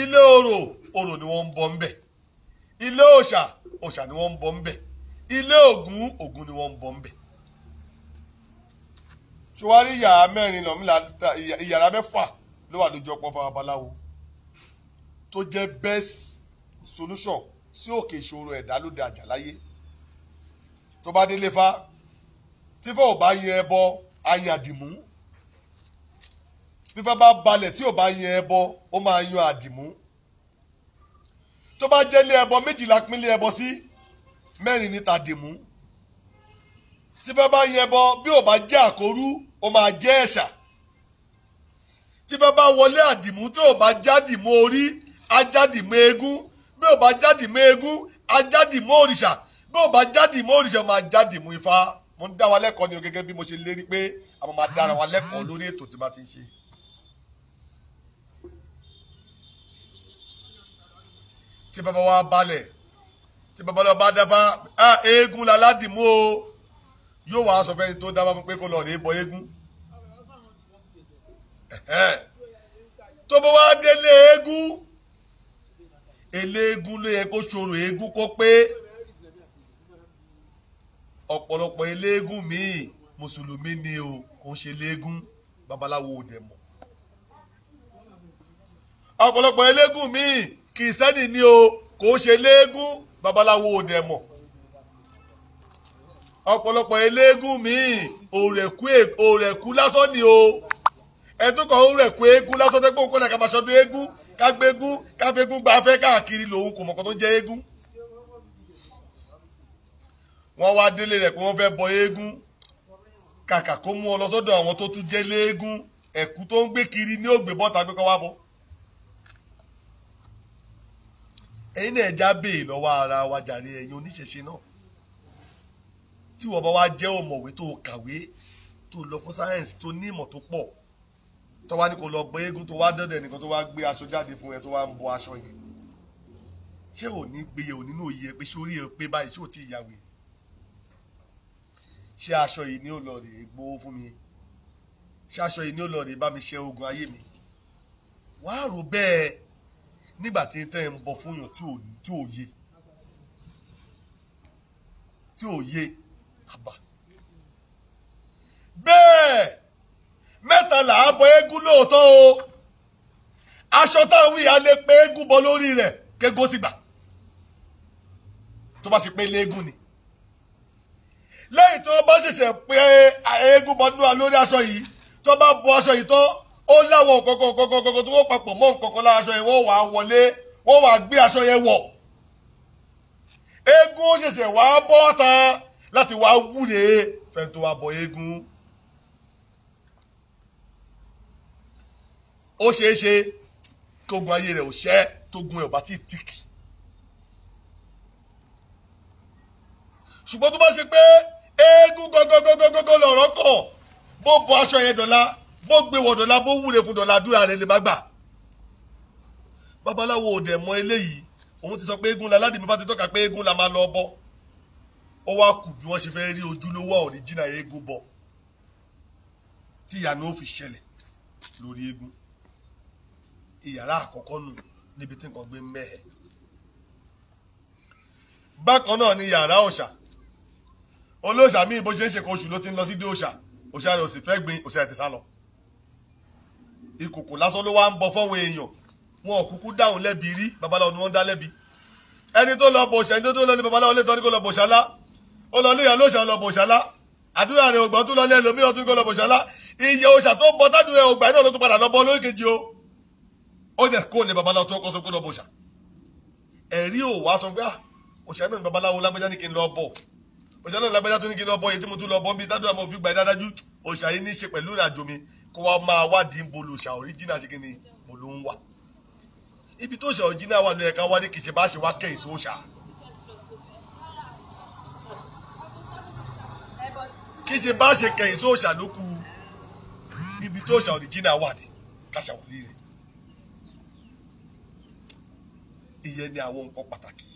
ilé orò orò ni wọ́n ń bọ ń bẹ̀ ilé òòṣà òòṣà ni wọ́n ń bọ ń bẹ̀ ilé ògún ògún ni wọ́n ń bọ ń bẹ̀ ṣùwárí mẹ́rin lọ́mìlá ìyàrá mẹ́fà ló wà lójọpọ̀ fún babaláwo tó jẹ́ best solution sí òkè ìṣòro ẹ̀dá lóde àjàláyé tó bá délé fa tífẹ́ ò bá yẹ ẹbọ ayé àdìmú fífẹ́ bá balẹ̀ tí ò bá yẹ ẹbọ ó máa yan àdìmú tó bá jẹ́ ilé ẹbọ méjìlá pínlẹ̀ ẹbọ sí mẹ́rin níta dìmú tífẹ́ bá yẹ ẹbọ bí ò bá jẹ́ àkórú ó máa jẹ́ ẹ̀ṣà tí bá bá wọlé àdìmú tí ò bá jáde mọ́ orí ajáde mọ́ eégún bí ò bá jáde mọ́ eégún ajáde mọ́ òrìṣà bí ò bá jáde òrìṣà máa jáde ifá mo ń dá wa lẹ́kọ̀ọ́ ni o gẹ́gẹ́ bí mo ṣe lérí pé àwọn máa dára wa lẹ́kọ̀ọ́ lórí ètò tí ma ti ṣe. tí bàbá wa balẹ̀ tí bàbá wa bá dábàá ah eégún la ládìmú o yóò wá aṣọ fẹ́ni tó dábàá fún pé kó lọ rèé bọ eégún tó bá wá délé eégún eléégún ló yẹ kó ṣòro eégún kó pé ọ̀pọ̀lọpọ̀ eléégún míì mùsùlùmí ni o kò ń ṣe léégún babaláwo ò dẹ̀ mọ̀ ọ̀pọ̀lọpọ̀ eléégún míì kìrìsìtẹ́nì ni o kò ń ṣe léégún babaláwo ò dẹ̀ mọ̀ ọ̀pọ̀lọpọ̀ eléégún míì òrẹ̀kú lásán ni o ẹtú kan ó rẹ̀ kó eégún lásán tẹ́ kó kó náà ká máa ṣọdún eégún ká gbé eégún ká fi eégún gba afẹ́ káàkiri lòun kò mọ̀kàn tó jẹ́ eégún. wọ́n wá délé rẹ̀ pé wọ́n fẹ́ bọ eégún kàkà kó mú ọ lọ sọ́dọ̀ àwọn tó tún jẹ́ léégún ẹ̀kú tó ń gbé kiri ní ògbé bọ́ta gbé kọ́ wá bọ́. ẹ̀yin náà já béè lọ́wọ́ ara wa jàre ẹ̀yin oníṣẹ̀ṣe náà tí wọ́n bá wá jẹ́ òmọ̀wé tó kàwé tó lọ fún sáyẹ́ǹsì tó ní ìmọ̀ tó pọ̀ tó wá ní kò lọ gbé eégún tó wá dọ́dọ̀ ẹnìkan tó wá gbé aṣọ jáde fún ẹ tó wá ń bọ aṣọ yẹn ṣé ò ní gbé yẹ̀wò nínú òye pé ṣé ẹ pé báyìí ṣé ò tí ì yàwé ṣé aṣọ yìí ni ó lọ rè é gbowó fún mi ṣé aṣọ yìí ni ó lọ rè é bá mi ṣe ogun ayé mi wàá rò bẹ́ẹ̀ nígbà tí tẹ́ ń bọ fún yàn tí ò yé tí ò yé àbá bẹ́ẹ̀ mẹ́ta là á bọ eégún lóòótọ́ o aṣọ táwọn wíyà lè pé eégún bọ lórí rẹ̀ kéégún sì gbà tó bá sì pé léégún ni lẹ́yìn tó bá ṣẹ̀ṣẹ̀ pé e, eégún bọ nínú lórí aṣọ yìí tó bá bọ aṣọ yìí tó ó láwọn kọ̀ọ̀kan kọ̀ọ̀kan kọ̀ọ̀kan tó wọ́n papọ̀ mọ́ nǹkan kan lára aṣọ yẹn wọ́n wàá wọlé wọ́n wàá gbé aṣọ yẹn wọ̀ eégún ṣẹ̀ṣẹ̀ wàá bọ́ tán láti wàá wúre fẹ́ẹ́ tó wàá bọ eégún. ó ṣeé ṣe kí ogun ayé rẹ̀ ò ṣẹ́ tógun ẹ̀ ò bá ti tìkì. ṣùgbọ́n tó bá ṣe pé eégún gọ́gọ́gọ́gọ́gọ́ lọ̀rọ̀ kọ̀ bó bọ aṣọ yẹn dọ̀la bó gbé wọ̀ dọ̀la bó wúre fún dọ̀la dúrà rẹ̀ lè má gbà. babaláwo ò dẹ̀ mọ eléyìí òun ti sọ pé eégún la ládìmí bá ti tọ́ka pé eégún la máa lọ bọ́ ó wá kù bí wọ́n ṣe fẹ́ rí ojúlówó ọ̀ríjìnà eégún bọ̀ tí ìyànà ó fi ṣẹlẹ̀ lórí eégún ìyàrá àkọ́kọ́ nù níbi tí nǹkan gbé mẹ́ẹ̀. bákan náà ni yàrá òòṣà olóòṣà míì bó ṣe ń ṣe kó oṣù ló ti ń lọ sí dé òòṣà òòṣà rẹ̀ ò sì fẹ́ gbin òòṣà ẹ̀ ti sá lọ. ìkòkò lásán ló wá ń bọ fọ́wọ́n èèyàn wọn ò kúkú dáhùn lẹ́bi rí babaláwo ni wọ́n ń dá lẹ́bi ẹni tó lọ bòṣà ẹni tó lọ ní babaláwo lè tọ́ ní kó lọ bòṣà lá ó lọ níyàwó lóṣà lọ bòṣà lá àdúrà rẹ̀ ògbọ́n tó lọ lẹ́lòmíràn ó dẹ̀ kó lè babaláwo tó kọ́ sọ pé lọ bọ̀ṣà ẹ̀rí ò wá sọ pé à òṣà náà ní babaláwo lágbájá ní kí n lọ bọ̀ òṣà náà lágbájá tó ní kí n lọ bọ̀ èyí tí mo tún lọ bọ̀ mi dáadáa mo fi gbà dáadájú òṣà yìí ní í ṣe pẹ̀lú ìrìnàjò mi kó wa máa wádìí ń bolo òṣà òríjìnà ṣe kí ni mo ló ń wà ibi tó ṣe òjìnà wà ló ká wá ní kìí bá ṣe wá kẹ́ ìṣó òṣà ibi tó ṣe òríjìnà wà ní káṣà rẹ̀ ìyẹn ni àwọn nǹkan pàtàkì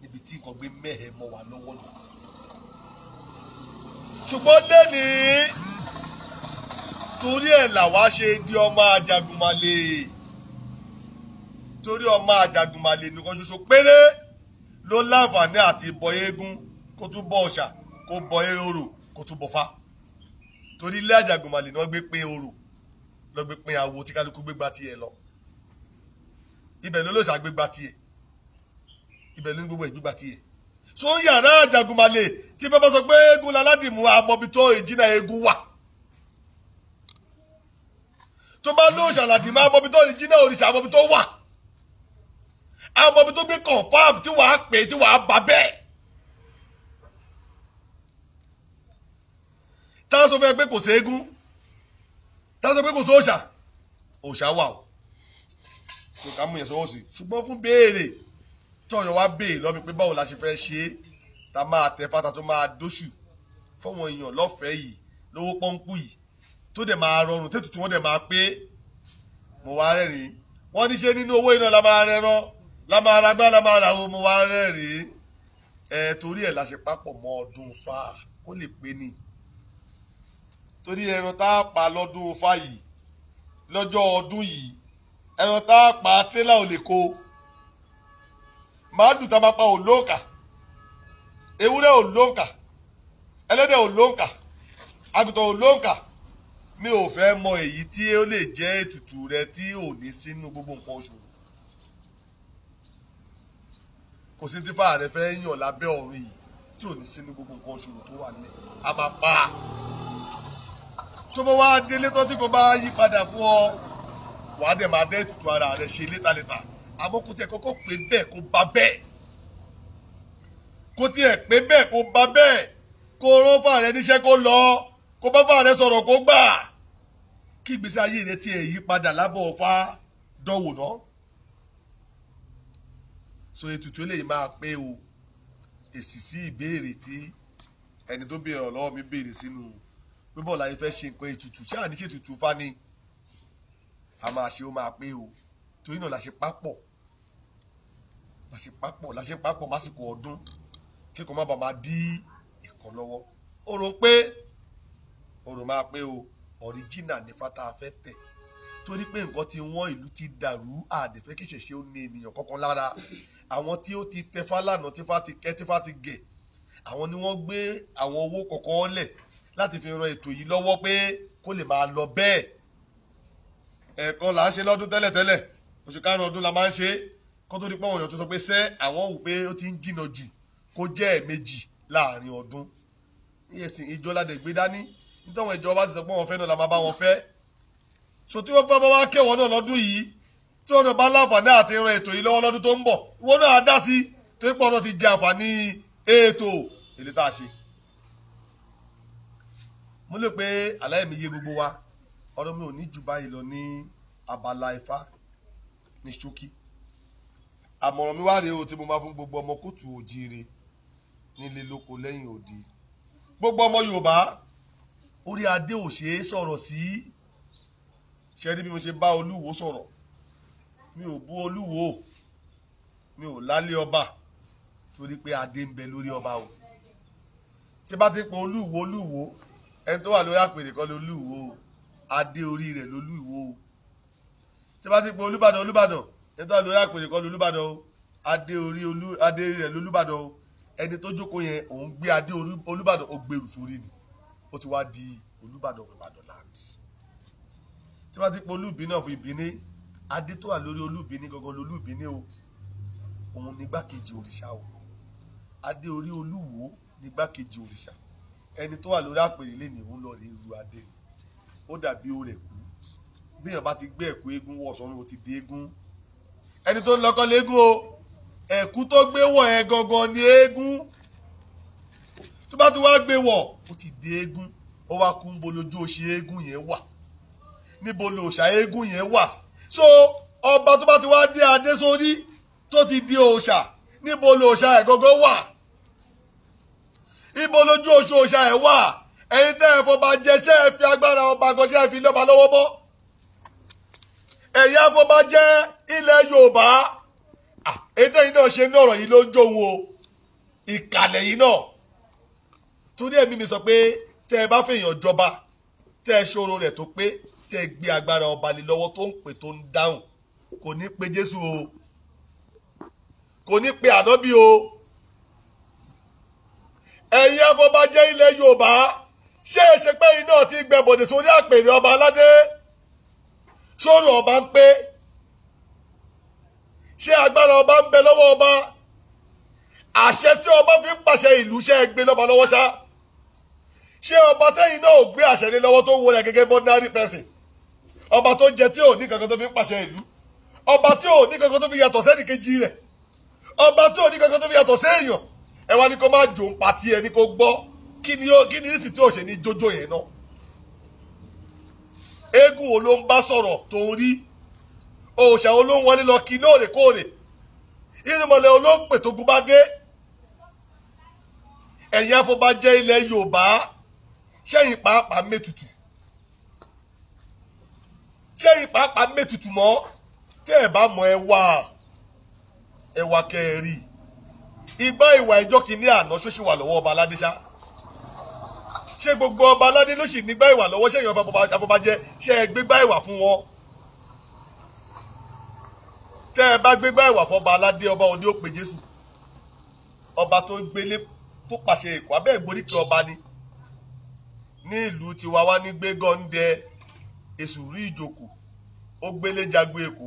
níbi tí nǹkan gbé mẹ́hẹ̀ mọ́ wa lọ́wọ́ nù. ṣùgbọ́n lẹ́ni torí ẹ̀ làwa ṣe di ọmọ àjàgùnmalè torí ọmọ àjàgùnmalè nìkan ṣoṣo péré ló láǹfààní àti bọ eégún kó tún bọ òòṣà kó bọ eérò kó tún bọ fá torí ilé àjàgùnmalè ni wọ́n gbé pín orò lọ́gbẹ́ pín tí kálukú gbégbá tiẹ̀ lọ ibẹ̀ ló lóṣà gbégbá tiẹ̀ ibẹ̀ ló ní gbogbo ìgbégbá tiẹ̀ so ń yàrá àjàgùnmalè tí bàbá sọ pé eégún láládìmú amọ̀bìtọ́ ìjìnà eégún wà tó bá lóṣà làdìmú amọ̀bìtọ́ ìjìnà òrìṣà amọ̀bìtọ́ wà amọ̀bìtọ́ gbé confam tí wàá pè tí wàá bà bẹ́ẹ̀. táwọn sọ fún pé kò sí eégún táwọn sọ pé kò sí òòṣà òòṣà wà o so ká mú yẹn sọ́wọ́ sí ṣùgbọ́n fún béèrè tí ọ̀yọ́ wa béèrè lọ́bi pé báwo la ṣe fẹ́ ṣe é ta máa tẹ fata tó máa dóṣù fọwọ́n èèyàn lọ́fẹ̀ẹ́ yìí lówó pọ́ńkú yìí tó dẹ̀ máa rọrùn tètùtù wọ́n dẹ̀ máa pé mo wá rẹ́rìn wọ́n ní ṣe nínú owó iná la máa rẹ́rán la máa ra gbá la máa ra owó mo wá rẹ́rìn ẹ torí ẹ̀ la ṣe papọ̀ mọ́ ọdún fa kó lè pé ni torí ẹran tá a pa lọ́dún fa yìí lọ́jọ́ ọdún yìí ẹ̀rọ tá a pa tírélà ò lè kó màádùn tá a bá pa ò lóǹkà ewúrẹ́ ò lóǹkà ẹlẹ́dẹ̀ ò lóǹkà àgùntàn ò lóǹkà mi ò fẹ́ mọ èyí tí ó lè jẹ́ ètùtù rẹ tí ò ní sínú gbogbo nǹkan oṣù kò sí tí fáà rẹ fẹ́ yàn lábẹ́ ọ̀run yìí tí ò ní sínú gbogbo nǹkan oṣù tó wà nílẹ̀ a máa pa tó bá wá délé tó tí kò bá yí padà fún ọ wàá dẹ̀ máa dẹ́ tutù ara rẹ̀ ṣe létaléta àmọ́ kò tiẹ̀ kọ́kọ́ pé bẹ́ẹ̀ kó bá bẹ́ẹ̀ kó tiẹ̀ pé bẹ́ẹ̀ kó bá bẹ́ẹ̀ kó rán fà rẹ níṣẹ́ kó lọ kó bá fà rẹ sọ̀rọ̀ kó gbà kí ìgbésí ayé rẹ tiẹ̀ yí padà lábọ̀ ọ̀fà dánwò náà so ètùtù eléyìí máa pé o èsì sí ìbéèrè tí ẹni tó béèrè ọ̀lọ́wọ́ mi béèrè sínú pé bọ́ọ̀lù ayé fẹ́ ṣe nǹkan ètùtù ṣáà ní ṣètùtù fani a máa ṣe ó máa pé o torí náà la ṣe papọ̀ la ṣe papọ̀ la ṣe papọ̀ másìkò ọdún kíkọ má bàa máa dí ìkan lọ́wọ́ oòrùn pé oòrùn máa pé o ọ̀ríjìnà nífà tá a fẹ́ tẹ̀ torí pé nǹkan ti wọ́n ìlú ti dàrú àdẹ̀fẹ́ kì í ṣẹ̀ṣẹ̀ ó ní ènìyàn kankan lára àwọn tí ó ti tẹfá lànà tífá ti kẹ́ tífá ti gẹ̀ àwọn ni wọ́n gbé àwọn owó kọ̀ọ̀kan lẹ̀ láti fi ran ètò yìí lọ́wọ́ pé kó lè máa lọ bẹ́ẹ̀ ẹ̀ẹ̀kan là á ṣe lọ́dún tẹ́lẹ̀tẹ́lẹ̀ oṣù karùn-ún ọdún la máa ń ṣe é kó tó di pé àwọn èèyàn tó sọ pé sẹ́ àwọn wò pé ó ti ń jìnnà jù kó jẹ́ ẹ̀ẹ̀mejì láàrin ọdún ìyẹ̀sìn ìjọ ládẹ̀ gbé dání nítorí ìjọba ti sọ pé wọ́n fẹ́ náà la máa bá wọn fẹ́ so tí wọ́n fẹ́ bá wá kẹ́wọ̀n náà lọ́dún yìí tí wọ́n bá láǹfààní àti ran ètò yìí lọ́wọ́ lọ́dún tó ń bọ̀ ìwọ náà á dá sí tó ń pọ̀ náà ti jẹ àǹfààní ètò èlé tá a ṣe mo lè pé àlàyé mi yé gbogbo wa ọ̀rọ̀ mi ò ní jù báyìí lọ ní abala ifá ní ṣókí àmọ̀ràn mi wá rèé o tí mo máa fún gbogbo ọmọ kóòtù òjìire nílé lóko lẹ́yìn òdi gbogbo ọmọ Yorùbá orí adé ò ṣeé sọ̀rọ̀ sí ṣe rí bí mo ṣe bá Olúwo sọ̀rọ̀ mi ò bú Olúwo mi ò lálé ọba torí pé adé ń bẹ lórí ọba o tí bá ti pọ̀ Olúwo Olúwo ẹni tó wà lórí àpèrè kan lolúwo o adé orí rẹ̀ lólú ìwó o tí bá ti pe olúbàdàn olúbàdàn ẹni tó wà lórí àpèrè kọ́ lolúbàdàn o adé orí olú adé orí rẹ̀ lolúbàdàn o ẹni tó jókòó yẹn òun gbé adé olúbàdàn ó gbèrú sórí ni ó ti wá di olúbàdàn of ìbàdàn land tí bá ti pe olúbìnrin of ìbìnrin adé tó wà lórí olúbìnrin gangan lolúbìnrin o òun ni gbákejì òrìṣà o adé orí olúwo ni gbákejì òrìṣà ẹni tó wà lórí àpèrè lé ní òun lọ rí ru adé ni ó dàbí orè kú bíyàn bá ti gbé ẹ̀kú eégún wọ̀ sọ́run ó ti di eégún ẹni tó ń lọ́kọ́ léégún o ẹ̀kú tó gbé wọ̀ ẹ̀ gangan ni eégún tó bá ti wá gbé wọ̀ ó ti di eégún ó wá kú níbo lójú òṣì eégún yẹn wà níbo lòṣà eégún yẹn wà so ọba tó bá ti wá dé adé sórí tó ti di òòṣà níbo lòṣà ẹ̀ gangan wà ibo lójú òṣì òòṣà ẹ̀ wà ẹ̀yin tẹ́ ẹ fọba jẹ ṣé ẹ fi agbára ọba gan ṣé ẹ fi lọ́ba lọ́wọ́ bọ́ ẹ̀yin afọba jẹ ilẹ̀ Yorùbá èyí tẹ́yìn náà ṣe ní ọ̀rọ̀ yìí ló ń jó wọn o ìkàlẹ̀ yìí náà torí ẹ̀mí mi sọ pé tẹ́ ẹ bá fèèyàn jọba tẹ́ ẹ ṣòro rẹ̀ tó pé tẹ́ ẹ gbé agbára ọba lé lọ́wọ́ tó ń pè tó ń dáhùn kò ní pe Jésù o kò ní pe ànábì o ẹ̀yin afọba jẹ ilẹ̀ Yorùbá ṣé ẹ ṣe pé iná ti gbẹbọdè sórí àpèrè ọba aládé sórí ọba ń pé ṣé agbára ọba ń bẹ lọ́wọ́ ọba àṣẹ tí ọba fi ń pàṣẹ ìlú ṣe é gbé lọ́ba lọ́wọ́ ṣá ṣé ọba tẹ́yìn náà ò gbé àṣẹ ní lọ́wọ́ tó wọlé gẹ́gẹ́ bí ordinary person ọba tó jẹ tí ò ní kankan tó fi ń pàṣẹ ìlú ọba tí ò ní kankan tó fi yàtọ̀ sẹ́nì kejì rẹ̀ ọba tí ò ní kankan tó fi yàtọ̀ séèyàn ẹ wá ní kó má jò ń patí ẹ ní kó gbọ́ kí ni ó kí ni nísìsiyìí tí ò ṣe ní jójó yẹn náà eégún wo ló ń bá sọ̀rọ̀ tó ń rí òòṣà wo ló ń wọlé lọ kí lóòrèkóòrè irúnmọlẹ̀ olóńpè tó gun bá dé ẹ̀yin afọbajẹ ilẹ̀ Yorùbá ṣẹ́yìn pàápàá mẹ́tutù ṣẹ́yìn pàápàá mẹ́tutù mọ́ tẹ́ ẹ̀ bá mọ ẹ wá ẹ igbá ìwà ìjọ kìíní àná ṣóṣì wà lọ́wọ́ ọba aládéṣá ṣé gbogbo ọba aládé ló sì nígbà ìwà lọ́wọ́ ṣé èèyàn afọbajẹ ṣé ẹ gbégbá ìwà fún wọn tẹ́ ẹ bá gbégbá ìwà fọba aládé ọba òní ó pe Jésù ọba tó gbélé tó pàṣẹ èkó abẹ́ ìgbóríkì ọba ni ní ìlú tiwa wá ní gbégọ́ndẹ èṣù rí ìjòkó ó gbélé jago èkó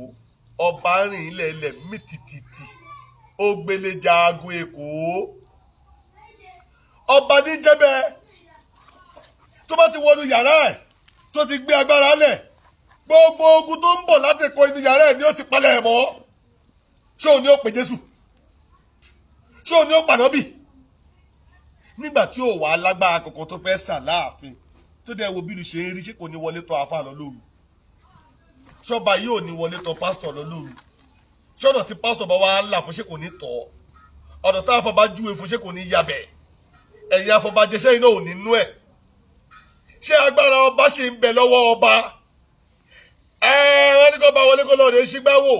ọba rìn ilẹ̀ ilẹ̀ mítìtìtì ó gbélé jago èkó ọba ní jẹ́bẹ́ẹ́ tó bá ti wọnú yàrá ẹ̀ tó ti gbé agbára lẹ̀ gbogbo ogun tó ń bọ̀ láti kọ inú yàrá ẹ̀ ni ó ti palẹ̀ ẹ̀ mọ́ ṣé òun ni ó pè Jésù ṣé òun ni ó pànọ́bì nígbà tí ò wá lágbára kankan tó fẹ́ sà láàfin tó dẹ̀ wo bí lu ṣe ń rí ṣé kò ní wọlé tọ̀ àfa lọ lóru ṣọba yìí ò ní wọlé tọ̀ pásítọ̀ lọ lóru ṣọ́nà tí pásítọ̀ bá wá ń là fún ṣé kò ní tọ̀ ọ̀nà tá àfọ̀bá júwe fún ṣé kò ní yabẹ̀ ẹ̀yin àfọ̀bá jẹ́ṣẹ́ iná ò ní nú ẹ̀ ṣé agbára ọba ṣì ń bẹ lọ́wọ́ ọba ẹ wọ́n ní kó bá wọlé kó lọ́ọ̀dẹ̀ ṣígbá wò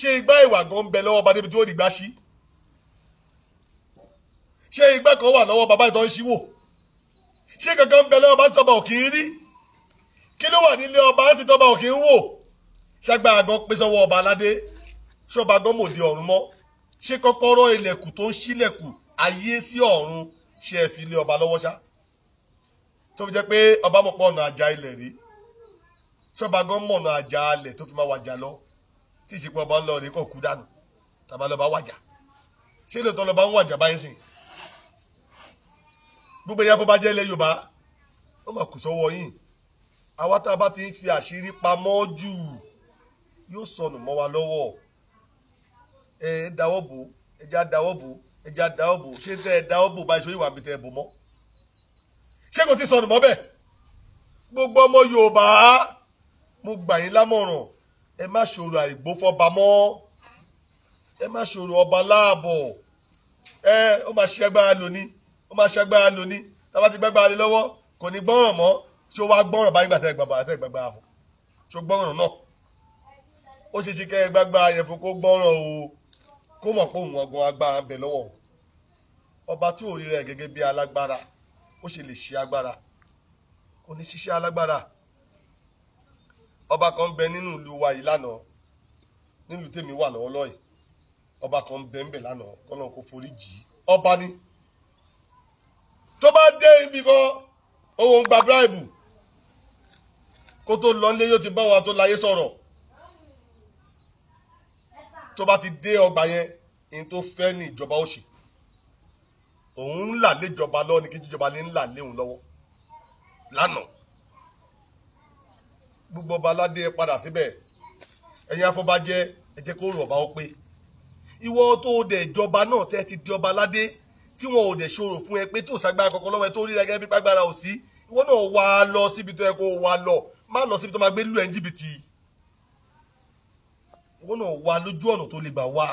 ṣé igbá ìwà gan ń bẹ lọ́wọ́ ọba débi tí ó di gbá sí ṣé igbá kan wà lọ́wọ́ bàbá ìtọ́ ń ṣíwò ṣé kankan ń bẹ lọ́wọ́ bá tọba òkì rí kí ló wà nílé ọba á sì tọba òkì ń wò ṣàgbà àgàn pé sọ́wọ́ ọba aládé ṣọba gan mòde ọ̀run mọ́ ṣé kọ́kọ́rọ́ ilẹ̀kùn tó ń ṣílẹ̀kùn ayé sí ọ̀run ṣe é fi lé ọba lọ́wọ́ ṣáá tó fi jẹ́ pé ọba mọ̀ pọ̀ ọ̀nà àjà ilẹ̀ rí ṣọba gan mọ̀ ọ̀nà àjà alẹ̀ tó fi máa wàjà lọ tí ìṣèpọ̀ ọba ń lọ rèé kò kú dànù tàbá lọ́ba wàjà ṣé lóòótọ́ lọ́ba ń wàjà báyìí sìn gbogbo ẹ̀yà fọba jẹ́ ilẹ̀ Yorùbá ó mà kù sọ́wọ́ yìí àwa tá a bá ti ń fi àṣírí pamọ́ jù yóò sọnù mọ́ wa lọ́wọ́ ẹ dáwọ́ bò ẹ já dáwọ́ bò ẹ já dáwọ́ bò ṣé tẹ́ ẹ dáwọ́ bò báyìí sóyè ṣé kò ti sọnù mọ́ bẹ́ẹ̀ gbogbo ọmọ Yorùbá mo gbà yín lámọ̀ràn ẹ má ṣòro àìgbófọ́ba mọ́ ẹ má ṣòro ọba láàbọ̀ ẹ ó máa ṣe agbára lónìí ó máa ṣe agbára lónìí tábà ti gbàgbára lé lọ́wọ́ kò ní gbọ́ràn mọ́ tí ó wá gbọ́ràn báyìí gbà tẹ́ gbàgbára tẹ́ gbàgbára fún ṣó gbọ́ràn náà ó ṣe ṣe kẹ́ ẹ gbàgbára yẹn fún kó gbọ́ràn o kó mọ̀ pé òun ọgbọ́n agbára ń bẹ lọ́wọ́ ọba tí ò rí rẹ̀ gẹ́gẹ́ bí alágbára ó ṣe lè ṣe agbára kò ní ṣiṣẹ́ alágbára ọba kan ń bẹ nínú ìlú wa yìí lánàá nílùú tèmi wà lọ́wọ́lọ́ọ̀ yìí ọba kan ń bẹ ń bẹ lánàá kọ́nà kó forí jì í ọba ni tó bá dé ibi kan òun gba bíráìbù kó tó lọ nílé yóò ti bá wa tó láyé sọ̀rọ̀ tó bá ti dé ọgbà yẹn ní tó fẹ́ ní ìjọba ó ṣe òun ń là léjọba lọ́wọ́ ni kí jíjọba lè ń là léhùn lọ́wọ́ lánàá gbogbo ọba aládé padà síbẹ̀ ẹ̀yin afọbajẹ ẹ jẹ́ kó rò ọba ó pé ìwọ tó o dẹ̀ ìjọba náà tẹ́ ti di ọba aládé tí wọn ò dẹ̀ ṣòro fún ẹ pé tó sàgbára kankan lọ́wọ́ ẹ tó rí ẹ gẹ́gẹ́ bí pàgbára ò sí ìwọ náà wà á lọ síbi tó yẹ kó wà lọ má lọ síbi tó máa gbé lù ẹ́ ń jìbìtì ìwọ náà wà lójú ọ̀nà tó lè gbà wá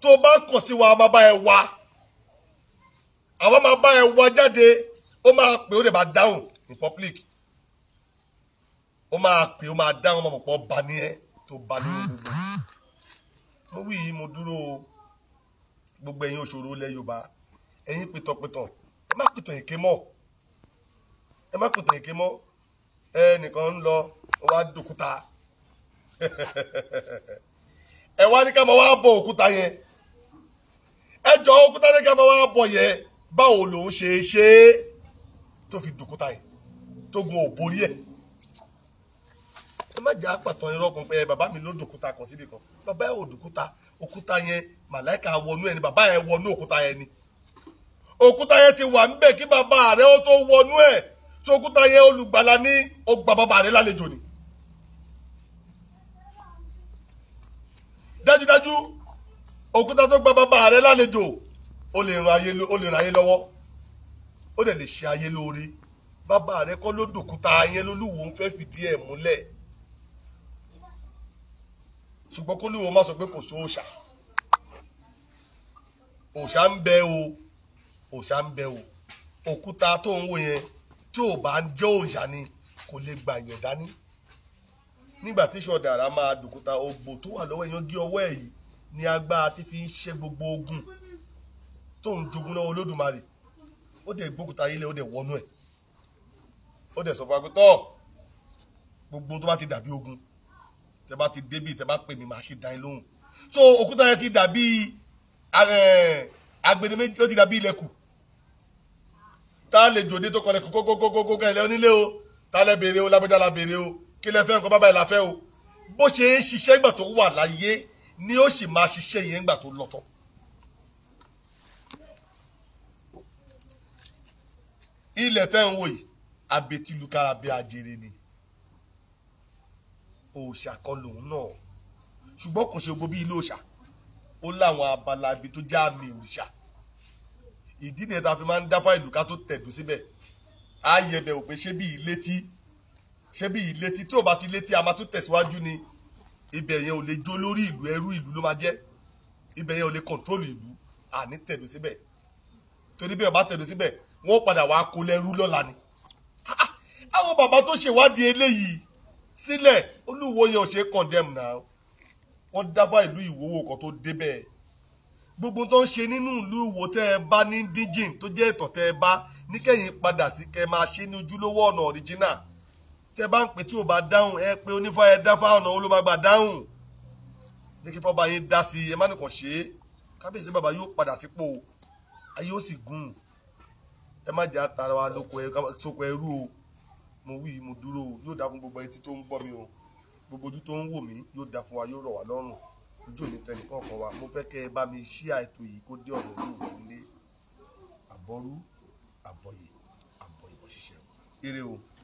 tó bá kàn sí wa máa bá ẹ wá àwa máa bá ẹ wá jáde ó máa pè ó lè máa dáhùn in public ó máa pè ó máa dáhùn ọmọ pọ̀ bá ní ẹ tó bá ní gbogbo mo wí mo dúró gbogbo ẹ̀yin òṣòro ilẹ̀ Yorùbá ẹ̀yin pìtànpìtàn ẹ má pìtàn èké mọ́ ẹ má pìtàn èké mọ́ ẹnìkan ń lọ wá dòkúta *laughs* ẹ wá ní ká máa wá bọ òkúta yẹn. ẹjọ jọ òkúta tẹ́gà ọ wá bọ̀ yẹn ṣe ṣe tó fi dòkúta ẹ tó gun òbórí ẹ̀ ẹ má jà pàtàn irọ́ kan pé bàbá mi ló dòkúta kan síbi kan bàbá ẹ ò dòkúta òkúta yẹn màláìka wọnú ẹ̀ ni bàbá wọnú òkúta ni òkúta yẹn ti wà kí bàbá ó tó wọnú tí òkúta yẹn olùgbàlà ní gba bàbá rẹ lálejò ni. dájúdájú òkúta tó gba bàbá rẹ lálejò ó lè ran ayé lọ́wọ́ ó dẹ̀ lè ṣe ayé lóore bàbá rẹ kọ́ ló dòkúta ayé lólùwò ń fẹ́ fìdí ẹ̀ múlẹ̀ ṣùgbọ́n kólúwo má sọ pé kò sóòṣà òṣà ń bẹ o òṣà ń bẹ o òkúta tó ń wò yẹn tí ò bá ń jẹ́ òòṣà ni kò lè gbà yàn dání nígbà tí sọdàrà máa dòkúta ogbò tó wà lọ́wọ́ yẹn gé ọwọ́ ẹ̀ ni agbára tí fi ń ṣe gbogbo ogun tó ń jogún náà olódùmarè ó dẹ̀ gbókùtà ilẹ̀ ó dẹ̀ wọnú ẹ̀ ó dẹ̀ sọ fún agbẹ́tọ́ gbogbo tó bá ti dàbí ogun tẹ bá ti débì tẹ bá pè mí màá ṣe dá yín lóhùn so òkúta yẹn ti dàbí eh, agbede méjì ó ti dàbí ilẹ̀kùn tá a lè jòdè tó kọlẹ̀ kókókókókó kẹlẹ̀ onílé o tá a lè béèrè o lágbájá la béèrè o kí lẹ fẹ́ nǹkan bábáyìí la fẹ́ o bó ṣe ń ṣiṣẹ́ ìgbà tó wà láyé ni ó sì máa ṣiṣẹ́ yẹn nígbà tó lọ tán. ilẹ̀ tẹ́ ń wò yìí abetilukára bí ajere ni òòṣà kan lòun náà ṣùgbọ́n kò ṣe gbogbo bí ilé òòṣà ó láwọn abala ibi tó já àmì òòṣà ìdí nìyẹn tá fi máa ń dáfá ìlú ká tó tẹ̀dú síbẹ̀ á yẹ̀bẹ̀ ò pé ṣé bí ilé tí ṣé bí ilé tí tó o bá ti létí a máa tún tẹ̀síwájú ni ibẹ̀ yẹn ò lè jó lórí ìlú ẹrú ìlú ló máa jẹ́ ibẹ̀ yẹn ò lè kọ̀ntrólù ìlú àní tẹ̀dó síbẹ̀ torí bí ọba tẹ̀dó síbẹ̀ wọ́n padà wàá kó lẹ́rú lọ́la ni ah, àwọn bàbá tó ṣèwádìí eléyìí sílẹ̀ olúwo yẹn ò ṣe condemn náà wọ́n dábàá ìlú ìwòwò kan tó débẹ̀ gbogbo tó ń ṣe nínú ìlú ìwò tẹ́ ẹ bá ní díjìn tó jẹ́ ìtàn tẹ́ ẹ bá níkẹyìn padà sí kẹ́ máa ṣe ní ojúlówó ọ̀nà original tẹ bá ń pè tí ò bá dáhùn ẹ pé onífá ẹ dáfá ọ̀nà olóbàgbà dáhùn ní kí fọba yín dá sí i ẹ má nìkan ṣe é kábíyèsí bàbá yóò padà sípò ayé ó sì gùn ẹ má jẹ́ àtàrà wa sóko ẹrú o mo wí mo dúró o yóò dá fún gbogbo etí tó ń gbọ́ mi o gbogbo ojú tó ń wò mí yóò dá fún wa yóò rọ̀ wá lọ́rùn ojú ò ní tẹ̀ nìkan kan wa mo fẹ́ kẹ́ ẹ bá mi ṣí àìtó yìí kó dé ọ̀rọ̀ olú òun lé àbọ̀rú àbọ̀yè àbọ̀yè òṣìṣẹ́ eré o.